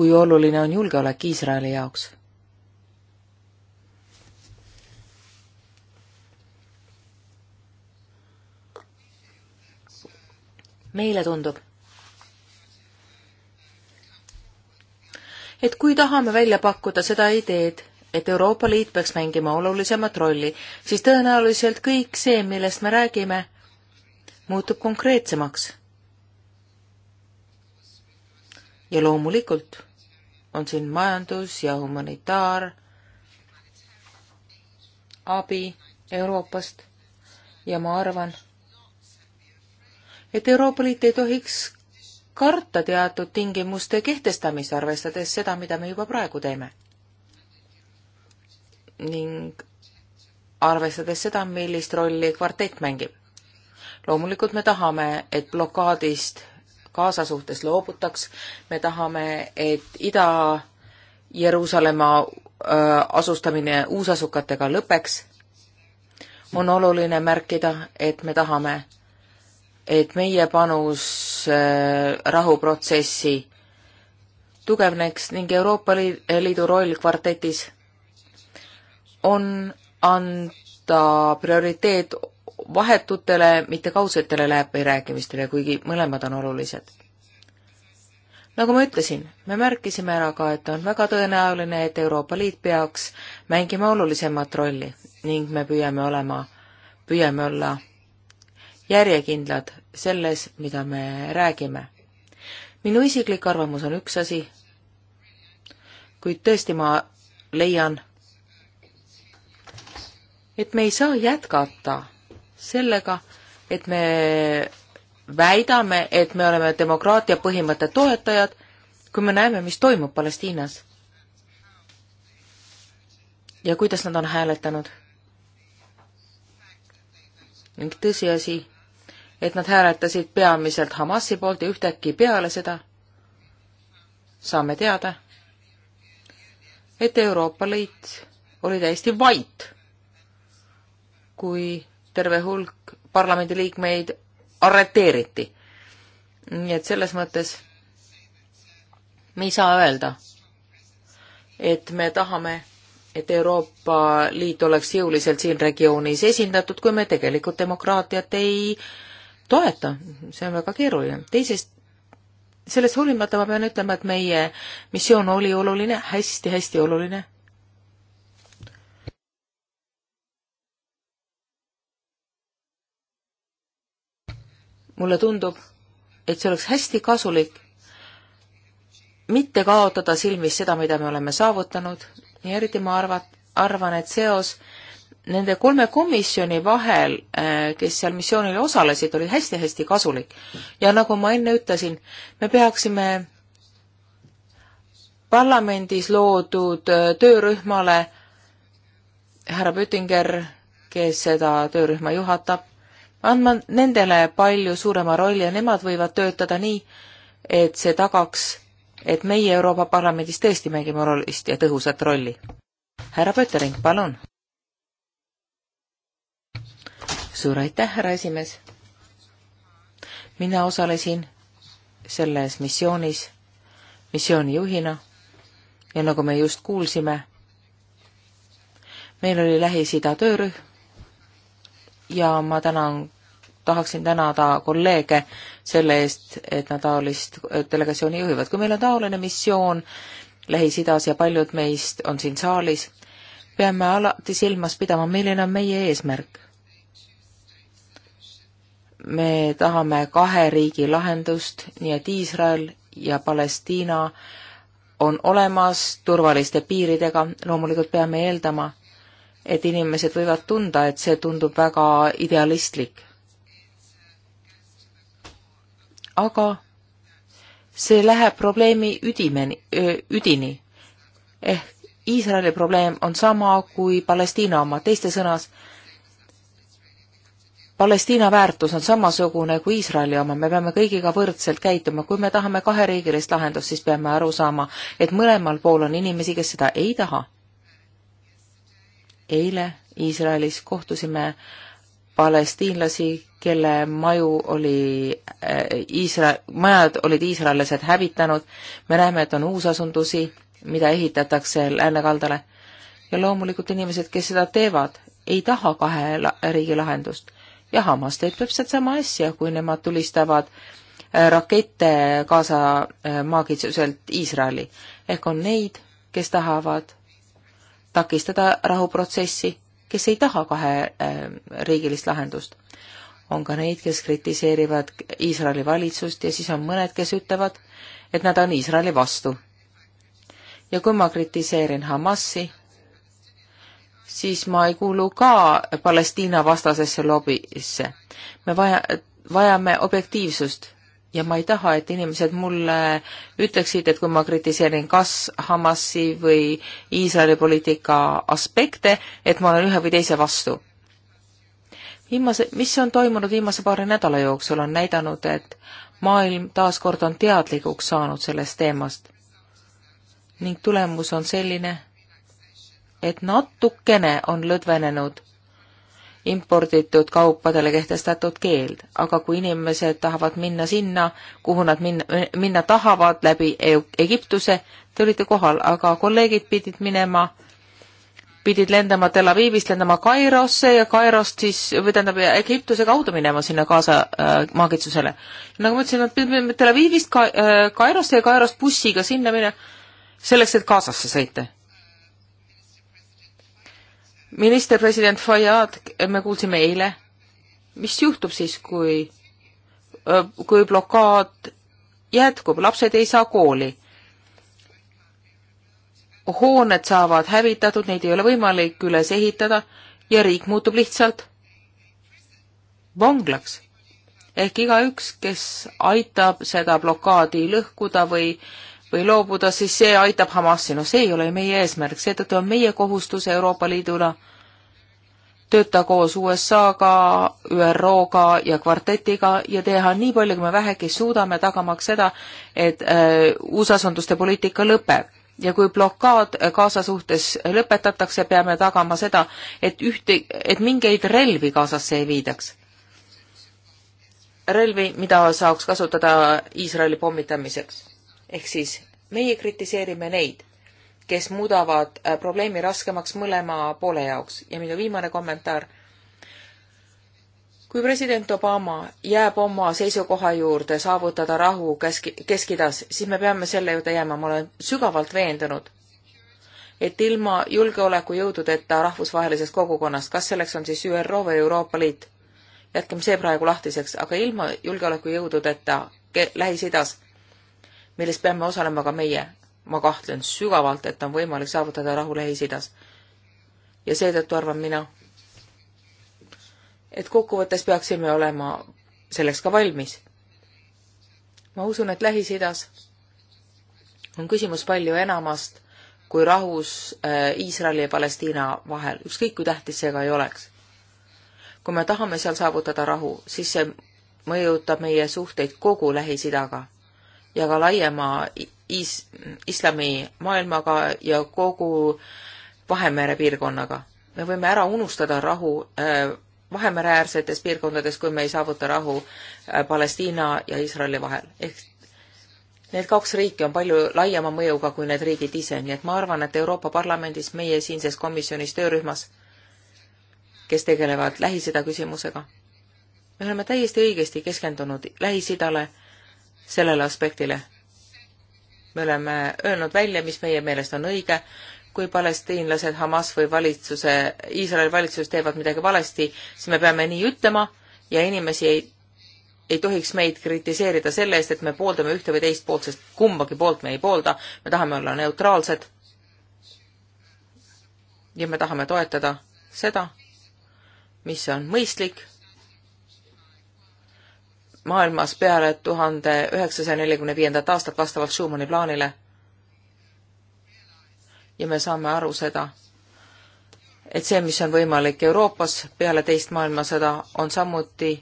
kui oluline on julgeolek Iisraeli jaoks? meile tundub, et kui tahame välja pakkuda seda ideed, et Euroopa Liit peaks mängima olulisemat rolli, siis tõenäoliselt kõik see, millest me räägime, muutub konkreetsemaks. ja loomulikult on siin majandus ja humanitaar abi Euroopast ja ma arvan, et Euroopa Liit ei tohiks karta teatud tingimuste kehtestamist, arvestades seda, mida me juba praegu teeme. ning arvestades seda, millist rolli kvartett mängib. loomulikult me tahame, et blokaadist Gaza suhtes loobutaks, me tahame, et Ida-Jeruusalemma asustamine uusasukatega lõpeks. on oluline märkida, et me tahame, et meie panus rahuprotsessi tugevneks ning Euroopa Liidu roll kvartetis on anda prioriteet vahetutele, mitte kaudsetele läbirääkimistele, kuigi mõlemad on olulised. nagu ma ütlesin, me märkisime ära ka, et on väga tõenäoline, et Euroopa Liit peaks mängima olulisemat rolli ning me püüame olema, püüame olla järjekindlad selles, mida me räägime. minu isiklik arvamus on üks asi, kuid tõesti ma leian, et me ei saa jätkata sellega, et me väidame, et me oleme demokraatia põhimõtte toetajad, kui me näeme, mis toimub Palestiinas. ja kuidas nad on hääletanud. ning tõsiasi, et nad hääletasid peamiselt Hamasi poolt ja ühtäkki peale seda saame teada, et Euroopa Liit oli täiesti vait, kui terve hulk parlamendiliikmeid arreteeriti. nii et selles mõttes me ei saa öelda, et me tahame, et Euroopa Liit oleks jõuliselt siin regioonis esindatud, kui me tegelikult demokraatiat ei toeta, see on väga keeruline. teisest, sellest hoolimata ma pean ütlema, et meie missioon oli oluline hästi,, hästi-hästi oluline. mulle tundub, et see oleks hästi kasulik mitte kaotada silmis seda, mida me oleme saavutanud ja eriti ma arvat-, arvan, et seos nende kolme komisjoni vahel, äh, kes seal missioonil osalesid, oli hästi-hästi kasulik. ja nagu ma enne ütlesin, me peaksime parlamendis loodud äh, töörühmale, härra Pütinger, kes seda töörühma juhatab, andma nendele palju suurema rolli ja nemad võivad töötada nii, et see tagaks, et meie Euroopa Parlamendis tõesti mängime olulist ja tõhusat rolli. härra Pöttering, palun. suur aitäh, härra esimees. mina osalesin selles missioonis missioonijuhina ja nagu me just kuulsime, meil oli Lähis-Ida töörühm, ja ma tänan, tahaksin tänada kolleege selle eest, et nad taolist delegatsiooni juhivad. kui meil on taoline missioon Lähis-Idas ja paljud meist on siin saalis, peame alati silmas pidama, milline on meie eesmärk. me tahame kahe riigi lahendust, nii et Iisrael ja Palestiina on olemas turvaliste piiridega, loomulikult peame eeldama, et inimesed võivad tunda, et see tundub väga idealistlik. aga see läheb probleemi üdimeni, üdini. ehk Iisraeli probleem on sama kui Palestiina oma, teiste sõnas, Palestiina väärtus on samasugune kui Iisraeli oma, me peame kõigiga võrdselt käituma, kui me tahame kaheriigilist lahendust, siis peame aru saama, et mõlemal pool on inimesi, kes seda ei taha eile Iisraelis kohtusime palestiinlasi, kelle maju oli äh, Iisra- äh,, majad olid iisraellased hävitanud. me näeme, et on uusasundusi, mida ehitatakse läänekaldale. ja loomulikult inimesed, kes seda teevad, ei taha kahe la riigi lahendust. ja Hamas teeb täpselt sama asja, kui nemad tulistavad äh, rakette Gaza äh, maakitsuselt Iisraeli. ehk on neid, kes tahavad takistada rahuprotsessi, kes ei taha kaheriigilist äh, lahendust. on ka neid, kes kritiseerivad Iisraeli valitsust ja siis on mõned, kes ütlevad, et nad on Iisraeli vastu. ja kui ma kritiseerin Hamasi, siis ma ei kuulu ka Palestiina vastasesse lobisse. me vaja, vajame objektiivsust ja ma ei taha, et inimesed mulle ütleksid, et kui ma kritiseerin kas Hamasi või Iisraeli poliitika aspekte, et ma olen ühe või teise vastu. viimase, mis on toimunud viimase paari nädala jooksul, on näidanud, et maailm taaskord on teadlikuks saanud sellest teemast. ning tulemus on selline, et natukene on lõdvenenud imporditud kaupadele kehtestatud keeld, aga kui inimesed tahavad minna sinna, kuhu nad minna, minna tahavad läbi e-, Egiptuse, te olite kohal, aga kolleegid pidid minema, pidid lendama Tel Avivist, lendama Kairosse ja Kairost siis, või tähendab, Egiptuse kaudu minema sinna kaasa äh, maagitsusele. nagu ma ütlesin, nad pidid minema Tel Avivist ka, äh, Kairosse ja Kairost bussiga sinna minema, selleks, et Gazasse sõita ministerpresident Fayyad, me kuulsime eile, mis juhtub siis, kui, äh, kui blokaad jätkub, lapsed ei saa kooli. hooned saavad hävitatud, neid ei ole võimalik üles ehitada ja riik muutub lihtsalt vanglaks. ehk igaüks, kes aitab seda blokaadi lõhkuda või äh, või loobuda, siis see aitab Hamasi, no see ei ole ju meie eesmärk, seetõttu on meie kohustus Euroopa Liiduna tööta koos USA-ga, ÜRO-ga ja kvartetiga ja teha nii palju, kui me vähegi suudame, tagamaks seda, et äh, uusasunduste poliitika lõpeb ja kui blokaad äh, Gaza suhtes lõpetatakse, peame tagama seda, et ühte, et mingeid relvi Gazasse ei viidaks. relvi, mida saaks kasutada Iisraeli pommitamiseks ehk siis meie kritiseerime neid, kes muudavad äh, probleemi raskemaks mõlema poole jaoks ja minu viimane kommentaar. kui president Obama jääb oma seisukoha juurde saavutada rahu kesk, Kesk-Idas, siis me peame selle juurde jääma, ma olen sügavalt veendunud, et ilma julgeolekujõududeta rahvusvahelisest kogukonnast, kas selleks on siis ÜRO või Euroopa Liit, jätkem see praegu lahtiseks, aga ilma julgeolekujõududeta Lähis-Idas milles peame osalema ka meie. ma kahtlen sügavalt, et on võimalik saavutada rahu Lähis-Idas. ja seetõttu arvan mina, et kokkuvõttes peaksime olema selleks ka valmis. ma usun, et Lähis-Idas on küsimus palju enamast kui rahus äh, Iisraeli ja Palestiina vahel, ükskõik kui tähtis see ka ei oleks. kui me tahame seal saavutada rahu, siis see mõjutab meie suhteid kogu Lähis-Idaga ja ka laiema is-, islamimaailmaga ja kogu Vahemere piirkonnaga. me võime ära unustada rahu äh, Vahemereäärsetes piirkondades, kui me ei saavuta rahu äh, Palestiina ja Iisraeli vahel. ehk need kaks riiki on palju laiema mõjuga kui need riigid ise, nii et ma arvan, et Euroopa Parlamendis, meie siinses komisjonis, töörühmas, kes tegelevad Lähis-Ida küsimusega, me oleme täiesti õigesti keskendunud Lähis-Idale sellele aspektile. me oleme öelnud välja, mis meie meelest on õige, kui palestiinlased, Hamas või valitsuse, Iisraeli valitsus teevad midagi valesti, siis me peame nii ütlema ja inimesi ei, ei tohiks meid kritiseerida selle eest, et me pooldame ühte või teist poolt, sest kumbagi poolt me ei poolda, me tahame olla neutraalsed ja me tahame toetada seda, mis on mõistlik maailmas peale tuhande üheksasaja neljakümne viiendat aastat vastavalt Schumanni plaanile. ja me saame aru seda, et see, mis on võimalik Euroopas peale teist maailmasõda, on samuti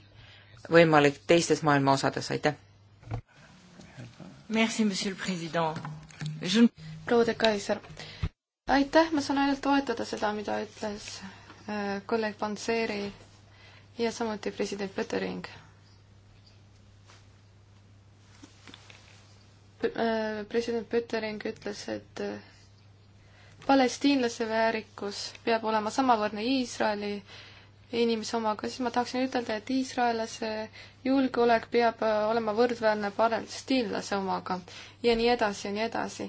võimalik teistes maailma osades, aitäh! proua de Kaiser, aitäh, ma saan ainult toetada seda, mida ütles äh, kolleeg Panseri ja samuti president Pöttering Äh, president Pöttering ütles, et äh, palestiinlase väärikus peab olema samavõrdne Iisraeli inimese omaga, siis ma tahaksin ütelda, et iisraellase julgeolek peab äh, olema võrdväärne palestiinlase omaga ja nii edasi ja nii edasi.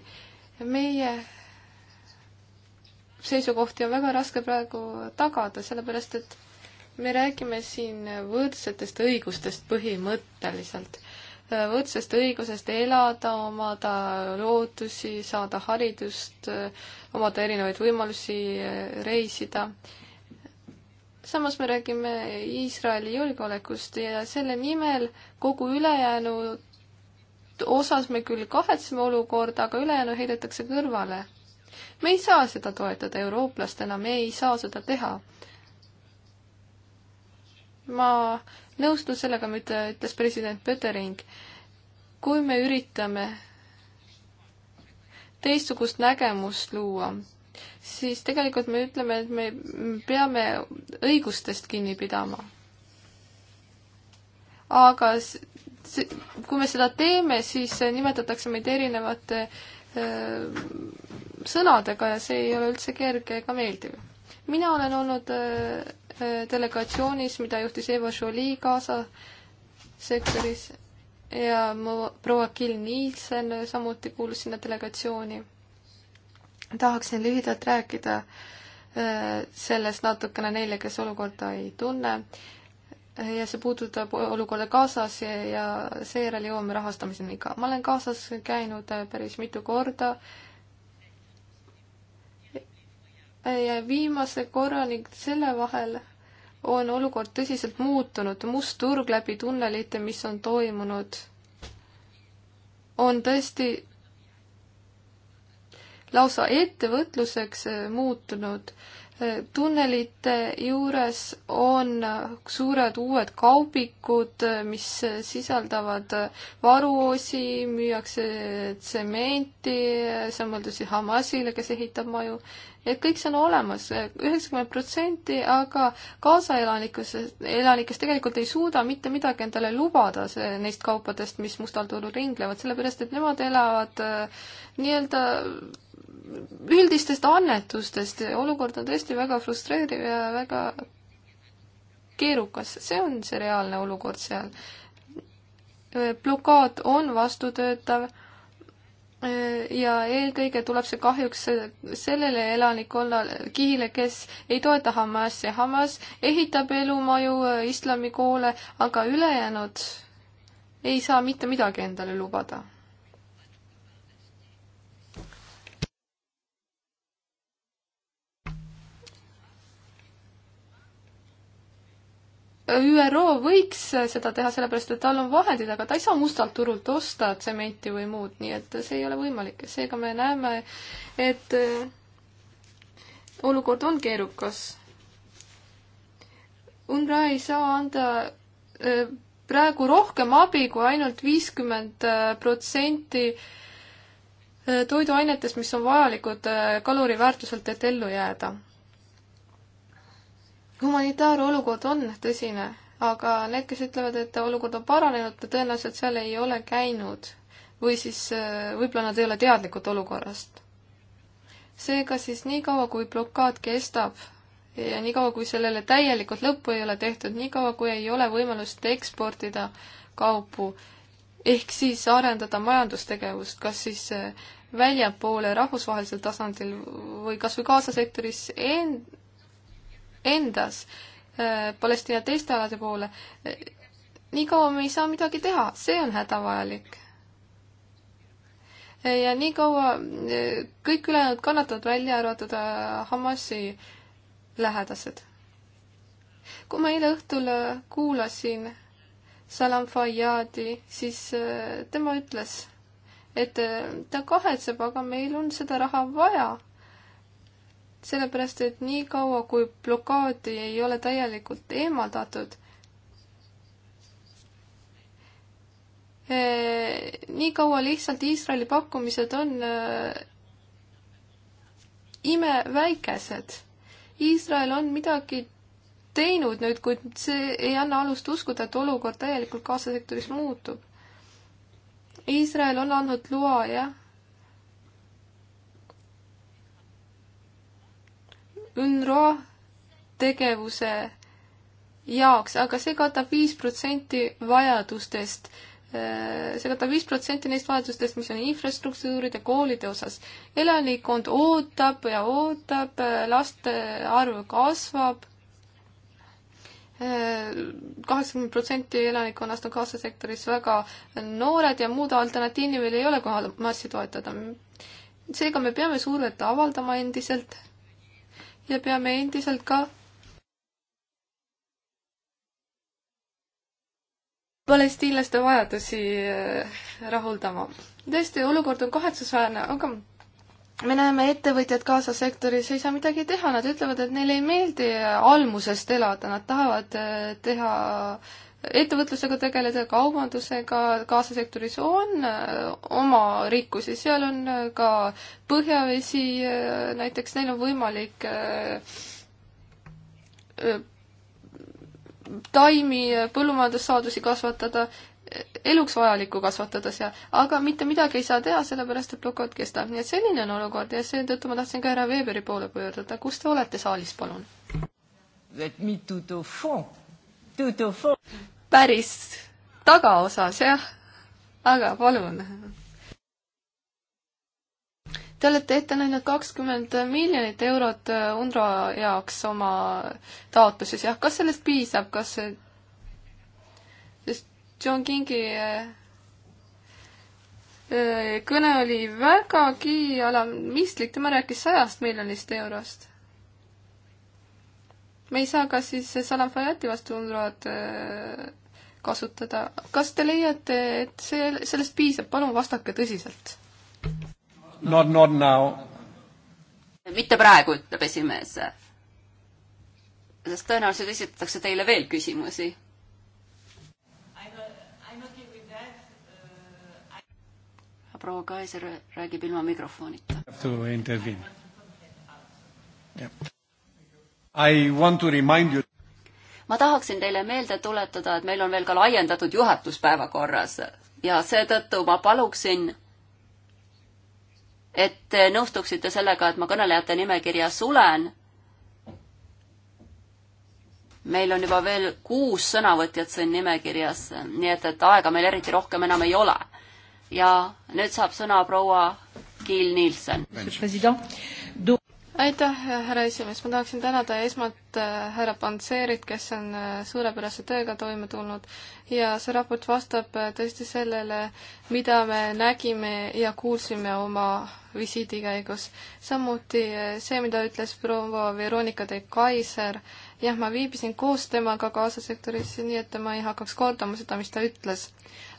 meie seisukohti on väga raske praegu tagada, sellepärast et me räägime siin võrdsetest õigustest põhimõtteliselt võrdsest õigusest elada, omada lootusi, saada haridust, omada erinevaid võimalusi reisida. samas me räägime Iisraeli julgeolekust ja selle nimel kogu ülejäänu osas me küll kahetseme olukorda, aga ülejäänu heidetakse kõrvale. me ei saa seda toetada eurooplastena, me ei saa seda teha ma nõustun sellega, mida ütles president Pöttering. kui me üritame teistsugust nägemust luua, siis tegelikult me ütleme, et me peame õigustest kinni pidama. aga see, kui me seda teeme, siis nimetatakse meid erinevate öö, sõnadega ja see ei ole üldse kerge ega meeldiv. mina olen olnud öö, Äh, delegatsioonis, mida juhtis Eva Jolie Gaza sektoris ja mu proua Kill Nielsen äh, samuti kuulus sinna delegatsiooni. tahaksin lühidalt rääkida äh, sellest natukene neile, kes olukorda ei tunne ja see puudutab olukorda Gazas ja, ja seejärel jõuame rahastamiseni ka. ma olen Gazas käinud päris mitu korda ja viimase korrani selle vahel on olukord tõsiselt muutunud, must turg läbi tunnelite, mis on toimunud, on tõesti lausa ettevõtluseks muutunud tunnelite juures on suured uued kaubikud, mis sisaldavad varuosi, müüakse tsementi, see on mõeldud siis Hamasile, kes ehitab maju, et kõik see on olemas, üheksakümmend protsenti, aga kaasaelanikest, elanikest tegelikult ei suuda mitte midagi endale lubada see, neist kaupadest, mis mustal turul ringlevad, sellepärast et nemad elavad äh, nii-öelda üldistest annetustest, olukord on tõesti väga frustreeriv ja väga keerukas, see on see reaalne olukord seal. blokaad on vastutöötav eh, ja eelkõige tuleb see kahjuks sellele elanikkonnale, kihile, kes ei toeta Hamasi. Hamas ehitab elumaju eh, islamikoole, aga ülejäänud ei saa mitte midagi endale lubada ÜRO võiks seda teha, sellepärast et tal on vahendid, aga ta ei saa mustalt turult osta tsementi või muud, nii et see ei ole võimalik. seega me näeme, et äh, olukord on keerukas. UNRWA ei saa anda äh, praegu rohkem abi kui ainult viiskümmend äh, protsenti toiduainetest, mis on vajalikud kaloriväärtuselt, et ellu jääda humanitaarolukord on tõsine, aga need, kes ütlevad, et olukord on paranenud, tõenäoliselt seal ei ole käinud või siis äh, võib-olla nad ei ole teadlikud olukorrast. seega siis niikaua, kui blokaad kestab ja niikaua, kui sellele täielikult lõppu ei ole tehtud, niikaua kui ei ole võimalust eksportida kaupu, ehk siis arendada majandustegevust, kas siis äh, väljapoole rahvusvahelisel tasandil või kas või Gaza sektoris end-, endas äh, Palestiina teiste alade poole, niikaua me ei saa midagi teha, see on hädavajalik. Äh, ja niikaua äh, kõik ülejäänud kannatavad, välja arvatud Hamasi lähedased. kui ma eile õhtul kuulasin Salam Fayyadi, siis tema ütles, et ta kahetseb, aga meil on seda raha vaja sellepärast et niikaua, kui blokaadi ei ole täielikult eemaldatud, eh, nii kaua lihtsalt Iisraeli pakkumised on eh, imeväikesed. Iisrael on midagi teinud nüüd, kuid see ei anna alust uskuda, et olukord täielikult Gaza sektoris muutub. Iisrael on andnud loa, jah, UNRWA tegevuse jaoks, aga see katab viis protsenti vajadustest. Äh, see katab viis protsenti neist vajadustest, mis on infrastruktuuride, koolide osas. elanikkond ootab ja ootab, äh, laste arv kasvab. Äh, kaheksakümmend protsenti elanikkonnast on kaasasektoris väga noored ja muud alternatiivi veel ei ole, kui massi toetada. seega me peame survet avaldama endiselt ja peame endiselt ka palestiinlaste vajadusi äh, rahuldama. tõesti, olukord on kahetsusväärne, aga me näeme ettevõtjad Gaza sektoris ei saa midagi teha, nad ütlevad, et neile ei meeldi äh, almusest elada, nad tahavad äh, teha ettevõtlusega tegeleda, kaubandusega, kaasasektoris on äh, oma rikkusi, seal on äh, ka põhjavesi, äh, näiteks neil on võimalik taimi, põllumajandussaadusi kasvatada, eluks vajalikku kasvatada seal, aga mitte midagi ei saa teha, sellepärast et blokaad kestab, nii et selline on olukord ja seetõttu ma tahtsin ka härra Weberi poole pöörduda, kus te olete saalis, palun? päris tagaosas, jah. aga palun. Te olete ette näinud kakskümmend miljonit eurot äh, UNRWA jaoks oma taotluses, jah. kas sellest piisab, kas äh, sest John Kingi äh, kõne oli vägagi alamistlik, tema rääkis sajast miljonist eurost me ei saa ka siis Salam Fayati vastu UNRWA-d äh, kasutada. kas te leiate, et see, sellest piisab, palun vastake tõsiselt. Not, not now. mitte praegu, ütleb esimees. sest tõenäoliselt esitatakse teile veel küsimusi. Uh, proua Kaiser räägib ilma mikrofonita. To intervene yeah ma tahaksin teile meelde tuletada, et meil on veel ka laiendatud juhatus päevakorras ja seetõttu ma paluksin, et te nõustuksite sellega, et ma kõnelejate nimekirja sulen. meil on juba veel kuus sõnavõtjat siin nimekirjas, nii et, et aega meil eriti rohkem enam ei ole. ja nüüd saab sõna proua Kiil Nielsen aitäh, härra esimees, ma tahaksin tänada esmalt äh, härra Panseerit, kes on äh, suurepärase tööga toime tulnud ja see raport vastab äh, tõesti sellele, mida me nägime ja kuulsime oma visiidi käigus. samuti see, mida ütles proua Veronika de Kaiser, jah, ma viibisin koos temaga kaasasektoris, nii et ma ei hakkaks kordama seda, mis ta ütles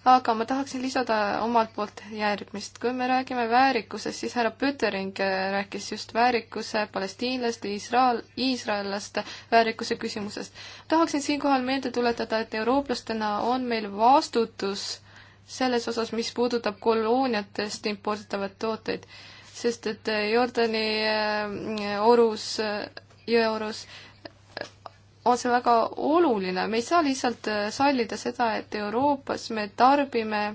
aga ma tahaksin lisada omalt poolt järgmist. kui me räägime väärikusest, siis härra Pütering äh, rääkis just väärikuse palestiinlaste, Iisrael, iisraellaste väärikuse küsimusest. tahaksin siinkohal meelde tuletada, et eurooplastena on meil vastutus selles osas, mis puudutab kolooniatest imporditavaid tooteid, sest et äh, Jordani äh, orus, jõeorus on see väga oluline, me ei saa lihtsalt äh, sallida seda, et Euroopas me tarbime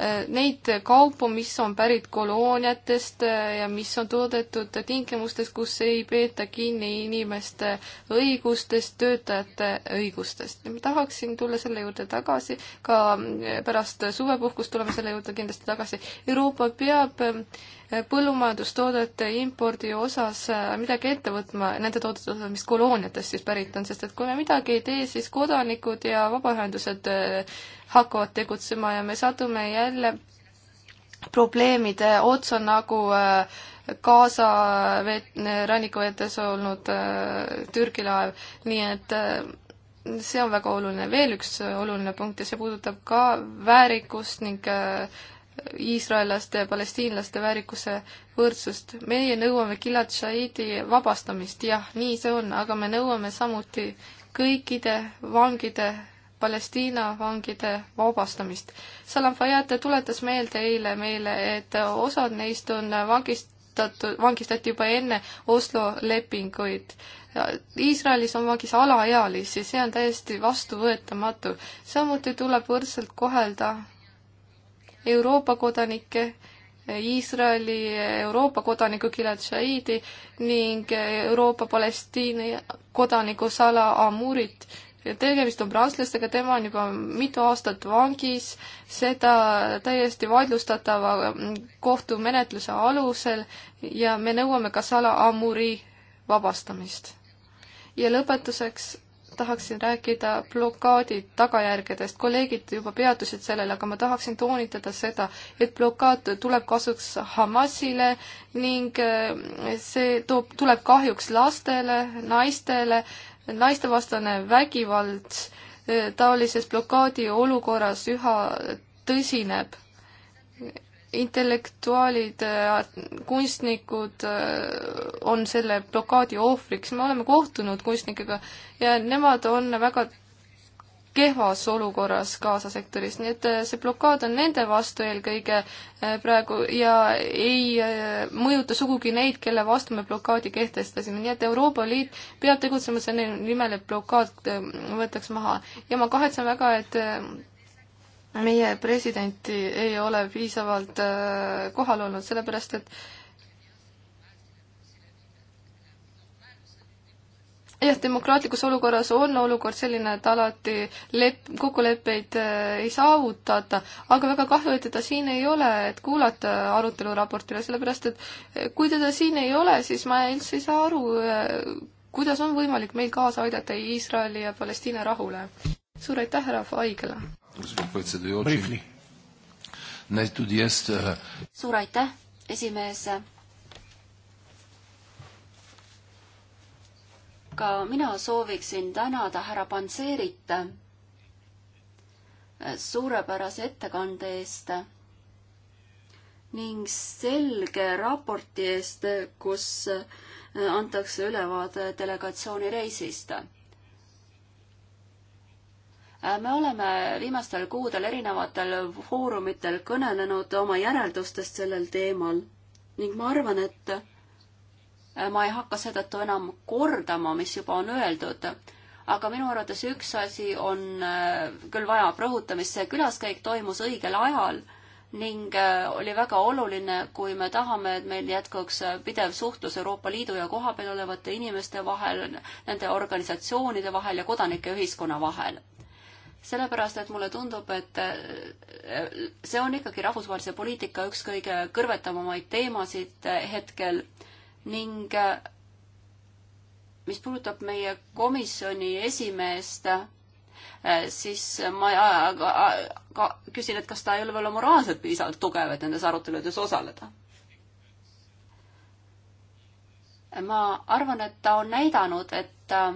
Äh, neid kaupu, mis on pärit kolooniatest äh, ja mis on toodetud tingimustes, kus ei peeta kinni inimeste õigustest, töötajate õigustest. ma tahaksin tulla selle juurde tagasi, ka äh, pärast suvepuhkust tuleme selle juurde kindlasti tagasi. Euroopa peab põllumajandustoodete impordi osas midagi ette võtma, nende toodete osas, mis kolooniatest siis pärit on, sest et kui me midagi ei tee, siis kodanikud ja vabaühendused hakkavad tegutsema ja me sadume jälle probleemide otsa, nagu äh, Gaza rannikuvetes olnud äh, Türgi laev, nii et äh, see on väga oluline. veel üks oluline punkt ja see puudutab ka väärikust ning iisraellaste ja palestiinlaste väärikuse võrdsust. meie nõuame Gilad Shaidi vabastamist, jah, nii see on, aga me nõuame samuti kõikide vangide Palestiina vangide vabastamist. Salam Fayate tuletas meelde eile meile, et osad neist on vangistatud, vangistati juba enne Oslo lepinguid. Iisraelis on vangis alaealisi, see on täiesti vastuvõetamatu. samuti tuleb võrdselt kohelda Euroopa kodanikke, Iisraeli Euroopa kodaniku Gilad Shaidi ning Euroopa Palestiini kodaniku Salah Amurit tegemist on prantslastega, tema on juba mitu aastat vangis, seda täiesti vaidlustatava mm, kohtumenetluse alusel ja me nõuame ka Sala Amuri vabastamist. ja lõpetuseks tahaksin rääkida blokaadi tagajärgedest, kolleegid juba peatusid sellele, aga ma tahaksin toonitada seda, et blokaad tuleb kasuks Hamasile ning eh, see toob, tuleb kahjuks lastele, naistele, naistevastane vägivald e, taolises blokaadi olukorras üha tõsineb. intellektuaalid, e, kunstnikud e, on selle blokaadi ohvriks, me oleme kohtunud kunstnikega ja nemad on väga kehvas olukorras Gaza sektoris, nii et äh, see blokaad on nende vastu eelkõige äh, praegu ja ei äh, mõjuta sugugi neid, kelle vastu me blokaadi kehtestasime, nii et Euroopa Liit peab tegutsema selle nimel, et blokaad võetaks maha. ja ma kahetsen väga, et meie presidenti ei ole piisavalt kohal olnud, sellepärast et äh, jah, demokraatlikus olukorras on olukord selline, et alati lep-, kokkuleppeid äh, ei saavutata, aga väga kahju, et teda siin ei ole, et kuulata arutelu raportile, sellepärast et äh, kui teda siin ei ole, siis ma üldse ei saa aru, äh, kuidas on võimalik meil kaasa aidata Iisraeli ja Palestiina rahule. suur aitäh, härra Faigla! Uh, suur aitäh, esimees! ka mina sooviksin tänada härra Panseerit eh, suurepärase ettekande eest ning selge raporti eest, kus eh, antakse ülevaade delegatsiooni reisist. Eh, me oleme viimastel kuudel erinevatel foorumitel kõnelenud oma järeldustest sellel teemal ning ma arvan, et Äh, ma ei hakka seetõttu enam kordama, mis juba on öeldud, aga minu arvates üks asi on äh, küll vajab rõhutamist, see külaskäik toimus õigel ajal ning äh, oli väga oluline, kui me tahame, et meil jätkuks pidev suhtlus Euroopa Liidu ja kohapeal olevate inimeste vahel, nende organisatsioonide vahel ja kodanike ühiskonna vahel sellepärast, et mulle tundub, et see on ikkagi rahvusvahelise poliitika üks kõige kõrvetamamaid teemasid hetkel ning äh, mis puudutab meie komisjoni esimeest, äh, siis ma ka, ka, küsin, et kas ta ei ole veel moraalselt piisavalt tugev, et nendes aruteludes osaleda. ma arvan, et ta on näidanud, et äh,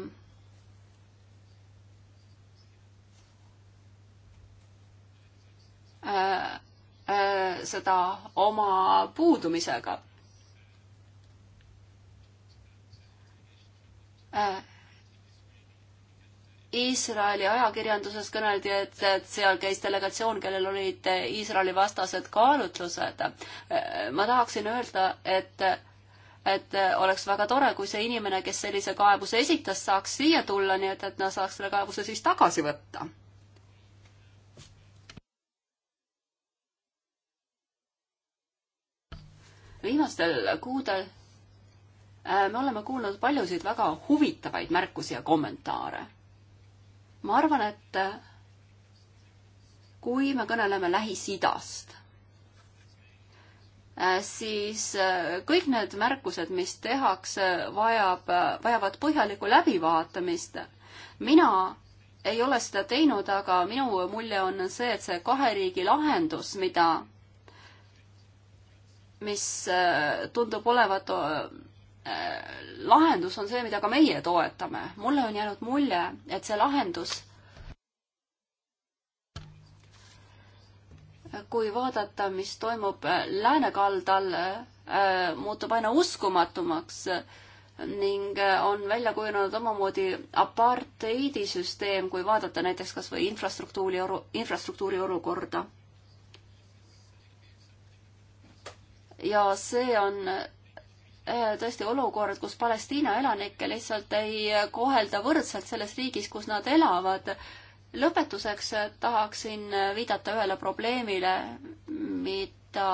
äh, seda oma puudumisega Äh, Iisraeli ajakirjanduses kõneldi, et, et seal käis delegatsioon, kellel olid Iisraeli vastased kaalutlused. Äh, ma tahaksin öelda, et, et oleks väga tore, kui see inimene, kes sellise kaebuse esitas, saaks siia tulla, nii et, et nad saaks selle kaebuse siis tagasi võtta. viimastel kuudel Äh, me oleme kuulnud paljusid väga huvitavaid märkusi ja kommentaare. ma arvan, et äh, kui me kõneleme Lähis-Idast, äh, siis kõik need märkused, mis tehakse, vajab, vajavad põhjalikku läbivaatamist. mina ei ole seda teinud, aga minu mulje on see, et see kahe riigi lahendus, mida mis tundub olevat Äh, lahendus on see, mida ka meie toetame. mulle on jäänud mulje, et see lahendus, kui vaadata, mis toimub äh, läänekaldal, äh, muutub aina uskumatumaks ning on välja kujunenud omamoodi apartheidisüsteem, kui vaadata näiteks kas või infrastruktuuri, infrastruktuuri olukorda. ja see on Äh, tõesti olukord, kus Palestiina elanikke lihtsalt ei kohelda võrdselt selles riigis, kus nad elavad. lõpetuseks tahaksin viidata ühele probleemile, mida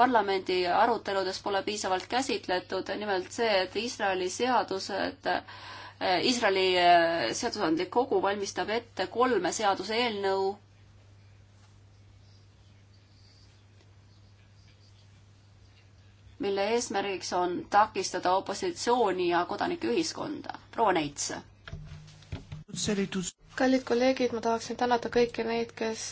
parlamendi aruteludes pole piisavalt käsitletud, nimelt see, et Iisraeli seadused äh, Iisraeli äh, seadusandlik kogu valmistab ette kolme seaduseelnõu, mille eesmärgiks on takistada opositsiooni ja kodanikeühiskonda. proua Neits. kallid kolleegid, ma tahaksin tänada kõiki neid, kes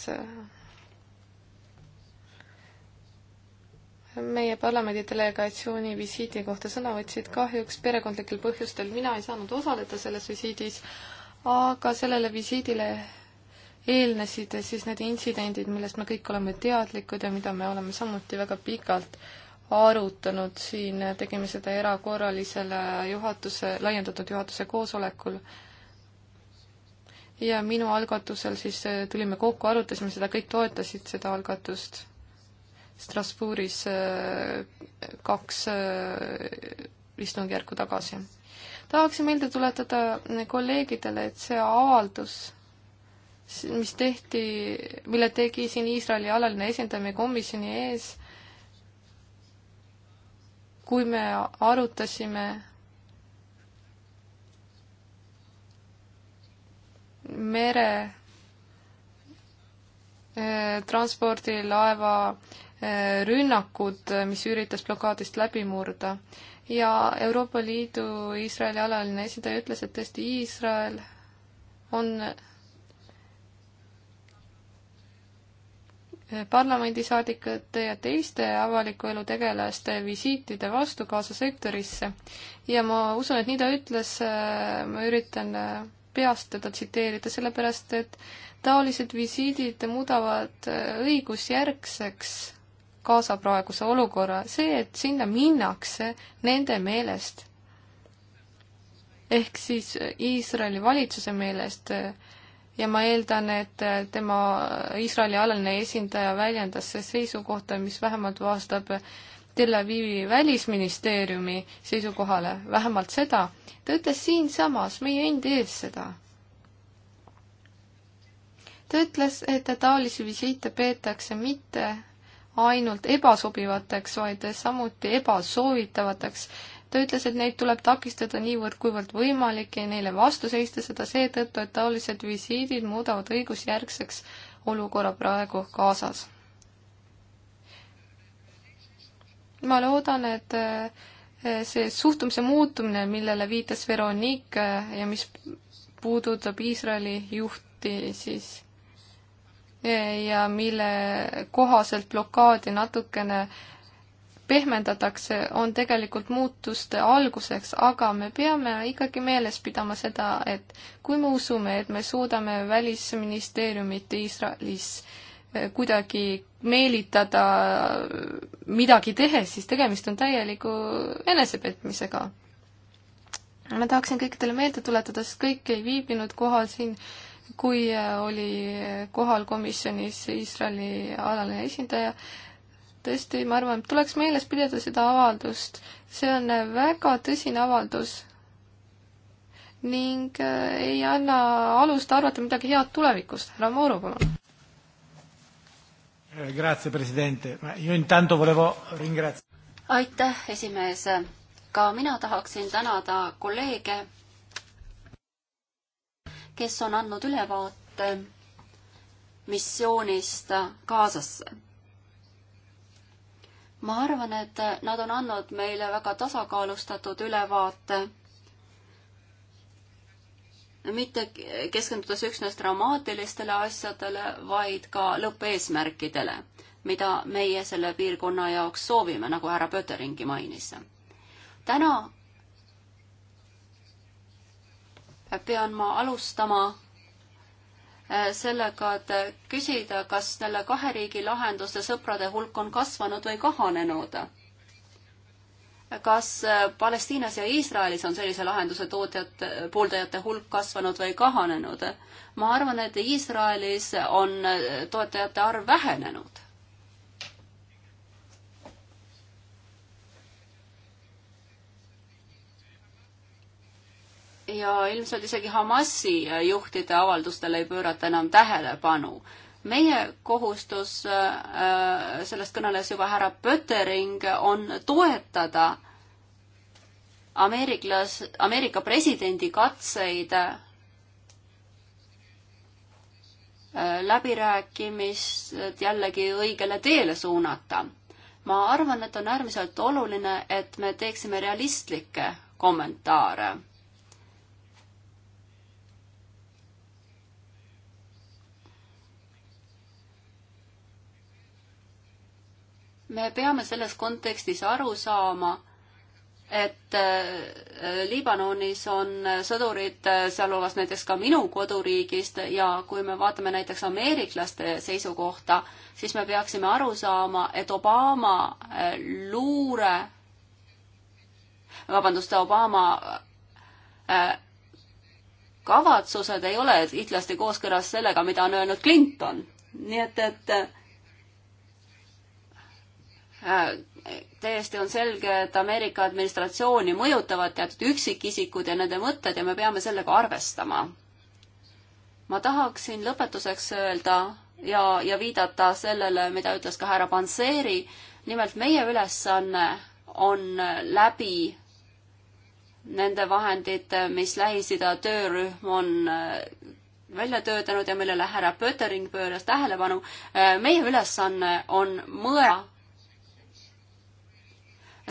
meie parlamendi delegatsiooni visiidi kohta sõna võtsid, kahjuks perekondlikel põhjustel mina ei saanud osaleda selles visiidis, aga sellele visiidile eelnesid siis need intsidendid, millest me kõik oleme teadlikud ja mida me oleme samuti väga pikalt äh, arutanud siin, tegime seda erakorralisele juhatuse, laiendatud juhatuse koosolekul. ja minu algatusel siis äh, tulime kokku, arutasime seda, kõik toetasid seda algatust. Strasbourgis äh, kaks äh, istungjärku tagasi. tahaksin meelde tuletada kolleegidele, et see avaldus mis tehti, mille tegi siin Iisraeli alaline esindamine komisjoni ees, kui me arutasime mere eh, transpordilaeva eh, rünnakud, mis üritas blokaadist läbi murda. ja Euroopa Liidu Iisraeli alaline esindaja ütles, et tõesti Iisrael on parlamendisaadikute ja teiste avaliku elu tegelaste visiitide vastu Gaza sektorisse ja ma usun, et nii ta ütles, äh, ma üritan äh, peast teda tsiteerida, sellepärast et taolised visiidid muudavad äh, õigusjärgseks Gaza praeguse olukorra, see, et sinna minnakse nende meelest ehk siis Iisraeli valitsuse meelest ja ma eeldan, et tema Iisraeli alaline esindaja väljendas seisukohta, mis vähemalt vastab Tel Avivi välisministeeriumi seisukohale, vähemalt seda. ta ütles siinsamas meie endi ees seda. ta ütles, et taolisi visiite peetakse mitte ainult ebasobivateks, vaid samuti ebasoovitavateks ta ütles, et neid tuleb takistada niivõrd-kuivõrd võimalik ja neile vastu seista seda seetõttu, et taolised visiidid muudavad õigusjärgseks olukorra praegu Gazas. ma loodan, et eh, see suhtumise muutumine, millele viitas Veronique eh, ja mis puudutab Iisraeli juhti, siis eh, ja mille kohaselt blokaadi natukene äh, pehmendatakse, on tegelikult muutuste alguseks, aga me peame ikkagi meeles pidama seda, et kui me usume, et me suudame Välisministeeriumit Iisraelis eh, kuidagi meelitada eh, midagi tehes, siis tegemist on täieliku enesepetmisega. ma tahaksin kõikidele meelde tuletada, sest kõik ei viibinud kohal siin kui eh, oli kohal komisjonis Iisraeli alaline esindaja, tõesti, ma arvan, tuleks meeles pidada seda avaldust. see on väga tõsine avaldus ning äh, ei anna alust arvata midagi head tulevikust. härra Mooru, palun. Eh, grazie, president. Io intanto volevo ringraziare. aitäh, esimees. ka mina tahaksin tänada kolleege, kes on andnud ülevaate missioonist Gazasse ma arvan, et nad on andnud meile väga tasakaalustatud ülevaate, mitte keskendudes üksnes dramaatilistele asjadele, vaid ka lõppeesmärkidele, mida meie selle piirkonna jaoks soovime, nagu härra Pöteringi mainis. täna pean ma alustama Äh, sellega, et küsida, kas selle kahe riigi lahenduste sõprade hulk on kasvanud või kahanenud. kas äh, Palestiinas ja Iisraelis on sellise lahenduse tootjate, pooldajate hulk kasvanud või kahanenud? ma arvan, et Iisraelis on äh, toetajate arv vähenenud ja ilmselt isegi Hamasi juhtide avaldustele ei pöörata enam tähelepanu. meie kohustus, äh, sellest kõneles juba härra Pöttering, on toetada ameeriklas, Ameerika presidendi katseid äh, läbirääkimist jällegi õigele teele suunata. ma arvan, et on äärmiselt oluline, et me teeksime realistlikke kommentaare me peame selles kontekstis aru saama, et äh, Liibanonis on äh, sõdurid, äh, sealhulgas näiteks ka minu koduriigist ja kui me vaatame näiteks ameeriklaste seisukohta, siis me peaksime aru saama, et Obama luure, vabandust, Obama kavatsused ei ole hitlasti kooskõlas sellega, mida on öelnud Clinton. nii et, et Äh, täiesti on selge, et Ameerika administratsiooni mõjutavad teatud üksikisikud ja nende mõtted ja me peame sellega arvestama. ma tahaksin lõpetuseks öelda ja, ja viidata sellele, mida ütles ka härra Panseri, nimelt meie ülesanne on läbi nende vahendite, mis Lähis-Ida töörühm on äh, välja töötanud ja millele härra Pöttering pööras tähelepanu, äh, meie ülesanne on mõelda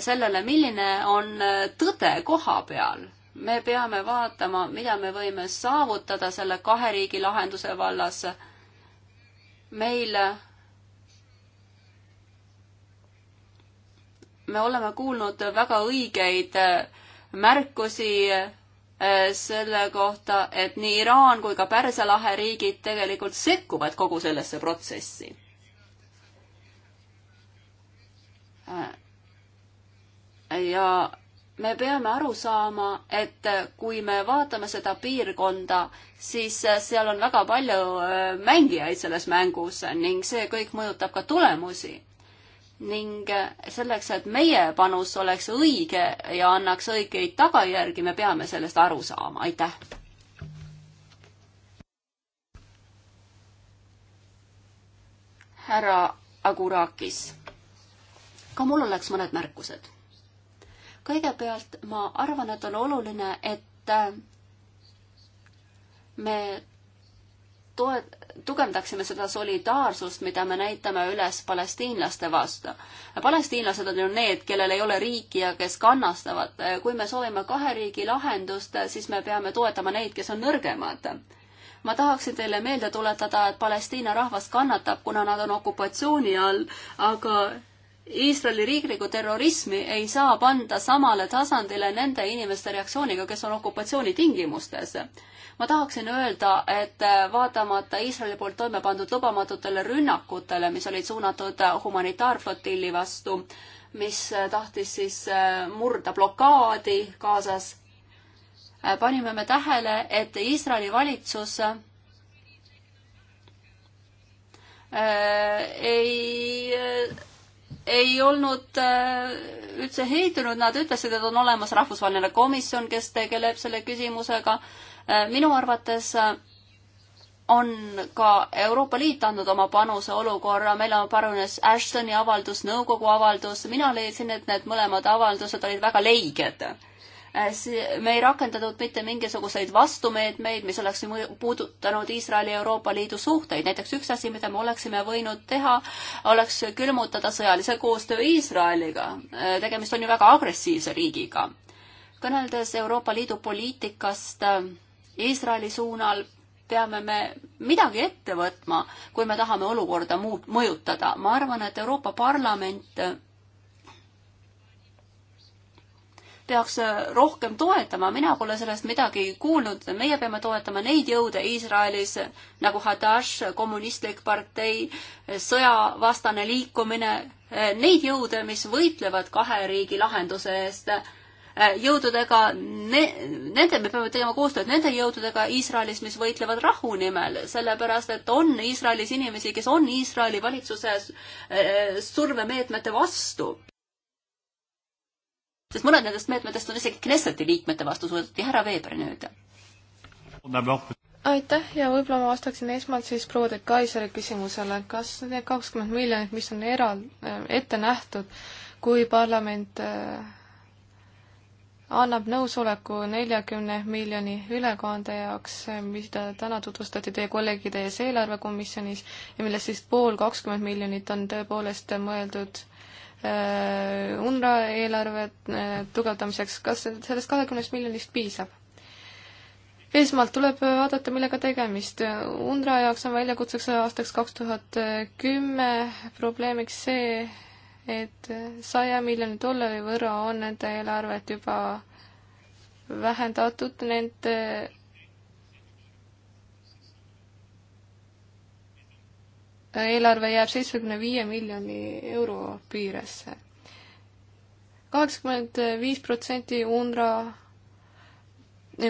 sellele, milline on äh, tõde koha peal. me peame vaatama, mida me võime saavutada selle kahe riigi lahenduse vallas. meil, me oleme kuulnud väga õigeid äh, märkusi äh, selle kohta, et nii Iraan kui ka Pärsia lahe riigid tegelikult sekkuvad kogu sellesse protsessi ja me peame aru saama, et kui me vaatame seda piirkonda, siis seal on väga palju äh, mängijaid selles mängus ning see kõik mõjutab ka tulemusi. ning selleks, et meie panus oleks õige ja annaks õigeid tagajärgi, me peame sellest aru saama, aitäh! härra Agurakis, ka mul oleks mõned märkused kõigepealt ma arvan, et on oluline, et äh, me toe-, tugevdaksime seda solidaarsust, mida me näitame üles palestiinlaste vastu. palestiinlased on ju need, kellel ei ole riiki ja kes kannastavad. kui me soovime kahe riigi lahendust, siis me peame toetama neid, kes on nõrgemad. ma tahaksin teile meelde tuletada, et Palestiina rahvas kannatab, kuna nad on okupatsiooni all, aga Iisraeli riiklikku terrorismi ei saa panda samale tasandile nende inimeste reaktsiooniga, kes on okupatsiooni tingimustes. ma tahaksin öelda, et vaatamata Iisraeli poolt toime pandud lubamatutele rünnakutele, mis olid suunatud humanitaarflotilli vastu, mis tahtis siis äh, murda blokaadi Gazas, äh, panime me tähele, et Iisraeli valitsus äh, ei ei olnud äh, üldse heidunud, nad ütlesid, et on olemas rahvusvaheline komisjon, kes tegeleb selle küsimusega. Äh, minu arvates äh, on ka Euroopa Liit andnud oma panuse olukorra, meil on parunes Ashtoni avaldus, nõukogu avaldus, mina leidsin, et need mõlemad avaldused olid väga leiged Äh, me ei rakendanud mitte mingisuguseid vastumeetmeid, mis oleks puudutanud Iisraeli ja Euroopa Liidu suhteid. näiteks üks asi, mida me oleksime võinud teha, oleks külmutada sõjalise koostöö Iisraeliga. Äh, tegemist on ju väga agressiivse riigiga. kõneldes Euroopa Liidu poliitikast äh, Iisraeli suunal, peame me midagi ette võtma, kui me tahame olukorda muud, mõjutada. ma arvan, et Euroopa Parlament peaks äh, rohkem toetama, mina pole sellest midagi kuulnud, meie peame toetama neid jõude Iisraelis äh, nagu Hadash, äh, kommunistlik partei, sõjavastane liikumine, neid jõude, mis võitlevad kahe riigi lahenduse eest jõududega ne,, nende, me peame tegema koostööd nende jõududega Iisraelis, mis võitlevad rahu nimel, sellepärast et on Iisraelis inimesi, kes on Iisraeli valitsuse survemeetmete vastu sest mõned nendest meetmetest on isegi Knesseti liikmete vastu suudetud ja härra Veeber nüüd. aitäh ja võib-olla ma vastaksin esmalt siis proua de Kaiseri küsimusele, kas need kakskümmend miljonit, mis on era-, ette nähtud, kui parlament äh, annab nõusoleku neljakümne miljoni ülekande jaoks, mida täna tutvustati teie kolleegide ees eelarvekomisjonis ja millest siis pool, kakskümmend miljonit on tõepoolest mõeldud Äh, UNRWA eelarve äh, tugevdamiseks, kas sellest kahekümnest miljonist piisab? esmalt tuleb vaadata, millega tegemist. UNRWA jaoks on väljakutseks aastaks kaks tuhat kümme probleemiks see, et saja miljoni dollari võrra on nende eelarvet juba vähendatud, nende eelarve jääb seitsmekümne viie miljoni euro piiresse. kaheksakümmend viis protsenti UNRWA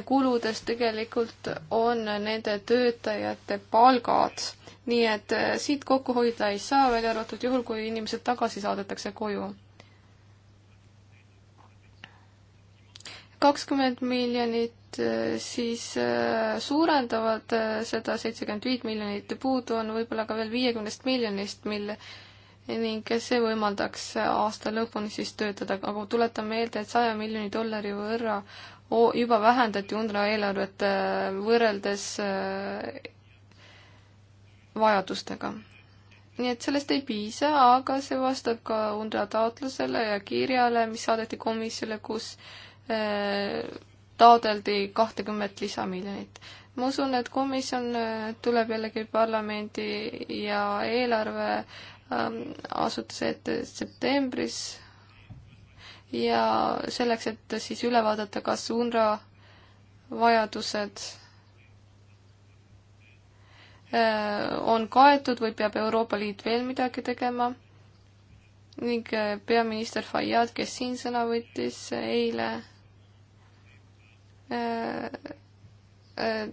kuludes tegelikult on nende töötajate palgad, nii et eh, siit kokku hoida ei saa, välja arvatud juhul, kui inimesed tagasi saadetakse koju. kakskümmend miljonit, eh, siis eh, suurendavad eh, seda seitsekümmend viit miljonit ja puudu on võib-olla ka veel viiekümnest miljonist, mille ning see võimaldaks aasta lõpuni siis töötada, aga tuletan meelde, et saja miljoni dollari võrra juba vähendati UNRWA eelarvet võrreldes vajadustega nii et sellest ei piisa, aga see vastab ka UNRWA taotlusele ja kirjale, mis saadeti komisjonile, kus Äh, taodeldi kahtekümmet lisamiljonit. ma usun, et komisjon äh, tuleb jällegi parlamendi ja eelarve ähm, asutuse ette septembris ja selleks, et siis üle vaadata, kas UNRWA vajadused äh, on kaetud või peab Euroopa Liit veel midagi tegema ning peaminister Fayyad, kes siin sõna võttis eile Äh, äh,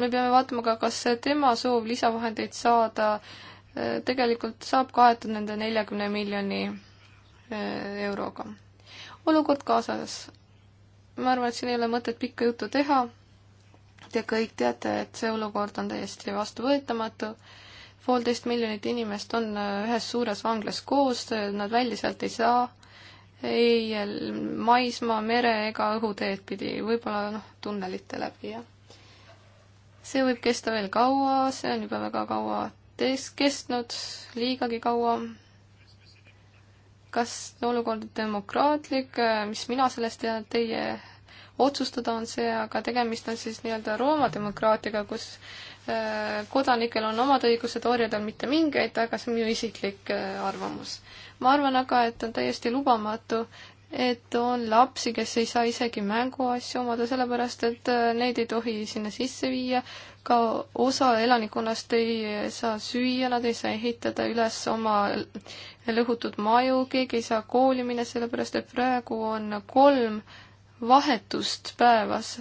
me peame vaatama ka, kas tema soov lisavahendeid saada äh, tegelikult saab kaetud nende neljakümne miljoni euroga. olukord Gazas. ma arvan, et siin ei ole mõtet pikka juttu teha. Te kõik teate, et see olukord on täiesti vastuvõetamatu. poolteist miljonit inimest on ühes suures vanglas koos, nad välja sealt ei saa ei maismaa, mere ega õhuteed pidi, võib-olla noh, tunnelite läbi, jah. see võib kesta veel kaua, see on juba väga kaua tes-, kestnud, liigagi kaua. kas olukord on demokraatlik, mis mina sellest tean, teie otsustada on see, aga tegemist on siis nii-öelda Rooma demokraatiaga, kus äh, kodanikel on omad õigused, orjadel mitte mingeid, aga see on minu isiklik äh, arvamus ma arvan aga, et on täiesti lubamatu, et on lapsi, kes ei saa isegi mänguasju omada, sellepärast et äh, neid ei tohi sinna sisse viia, ka osa elanikkonnast ei saa süüa, nad ei saa ehitada üles oma lõhutud maju, keegi ei saa kooli minna, sellepärast et praegu on kolm vahetust päevas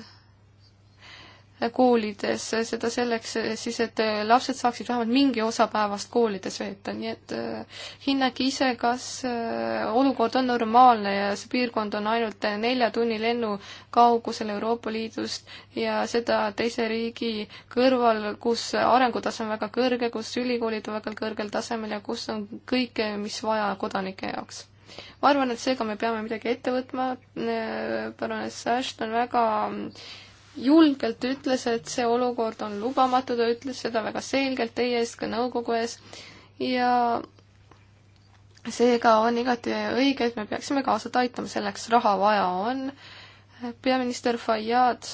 koolides, seda selleks siis, et lapsed saaksid vähemalt mingi osa päevast koolides veeta, nii et eh, hinnake ise, kas eh, olukord on normaalne ja see piirkond on ainult nelja tunni lennu kaugusel Euroopa Liidust ja seda teise riigi kõrval, kus arengutase on väga kõrge, kus ülikoolid on väga kõrgel tasemel ja kus on kõike, eh, mis vaja kodanike jaoks ma arvan, et seega me peame midagi ette võtma, baroness Ashton väga julgelt ütles, et see olukord on lubamatu, ta ütles seda väga selgelt teie ees, ka nõukogu ees ja seega on igati õige, et me peaksime kaasat aitama, selleks raha vaja on. peaminister Fayyad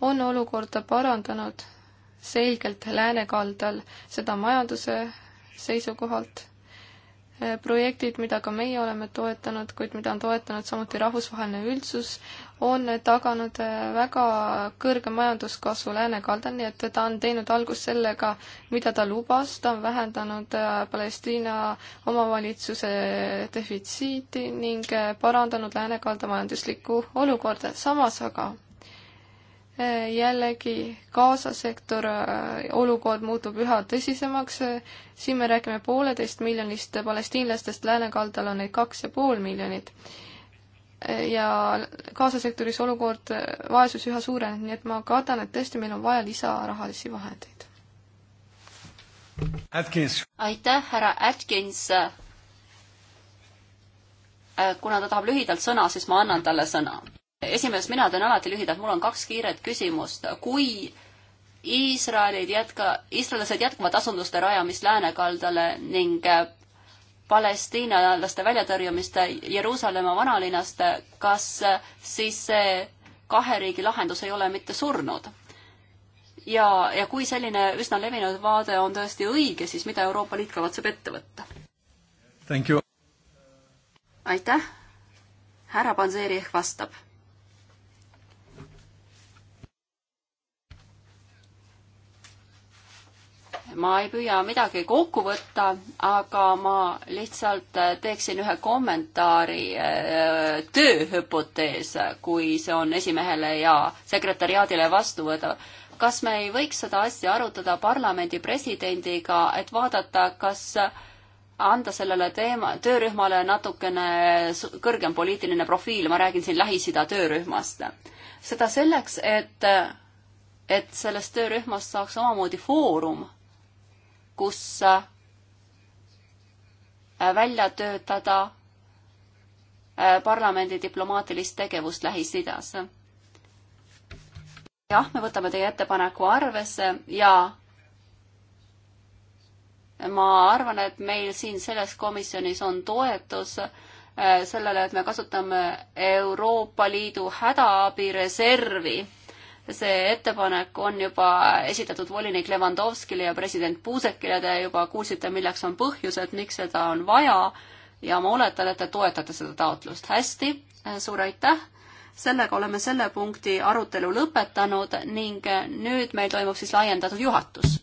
on olukorda parandanud selgelt läänekaldal, seda majanduse seisukohalt. projektid, mida ka meie oleme toetanud, kuid mida on toetanud samuti rahvusvaheline üldsus, on taganud äh, väga kõrge majanduskasvu läänekaldal, nii et ta on teinud algust sellega, mida ta lubas, ta on vähendanud äh, Palestiina omavalitsuse defitsiiti ning äh, parandanud läänekalda majanduslikku olukorda, samas aga jällegi Gaza sektor olukord muutub üha tõsisemaks. siin me räägime pooleteist miljonist palestiinlastest, läänekaldal on neid kaks ja pool miljonit ja kaasasektoris olukord, vaesus üha suureneb, nii et ma kardan, et tõesti meil on vaja lisarahalisi vahendeid. Atkins. aitäh, härra Atkins. Äh, kuna ta tahab lühidalt sõna, siis ma annan talle sõna. esimees, mina teen alati lühidalt, mul on kaks kiiret küsimust. kui Iisraelid jätka, iisraelased jätkavad asunduste rajamist läänekaldale ning äh, palestiinalaste väljatõrjumist Jeruusalemma vanalinnast, kas siis see kahe riigi lahendus ei ole mitte surnud? ja, ja kui selline üsna levinud vaade on tõesti õige, siis mida Euroopa Liit kavatseb ette võtta? aitäh! härra Panseri ehk vastab ma ei püüa midagi kokku võtta, aga ma lihtsalt äh, teeksin ühe kommentaari äh, tööhüpotees, kui see on esimehele ja sekretäriaadile vastuvõetav. kas me ei võiks seda asja arutada parlamendi presidendiga, et vaadata, kas anda sellele teema, töörühmale natukene kõrgem poliitiline profiil, ma räägin siin Lähis-Ida töörühmast. seda selleks, et et sellest töörühmast saaks omamoodi foorum, kus äh, välja töötada äh, parlamendi diplomaatilist tegevust Lähis-Idas. jah, me võtame teie ettepaneku arvesse ja ma arvan, et meil siin selles komisjonis on toetus äh, sellele, et me kasutame Euroopa Liidu hädaabireservi see ettepanek on juba esitatud volinik Levandovskile ja president Puusekile, te juba kuulsite, milleks on põhjused, miks seda on vaja ja ma oletan, et te toetate seda taotlust. hästi, suur aitäh! sellega oleme selle punkti arutelu lõpetanud ning nüüd meil toimub siis laiendatud juhatus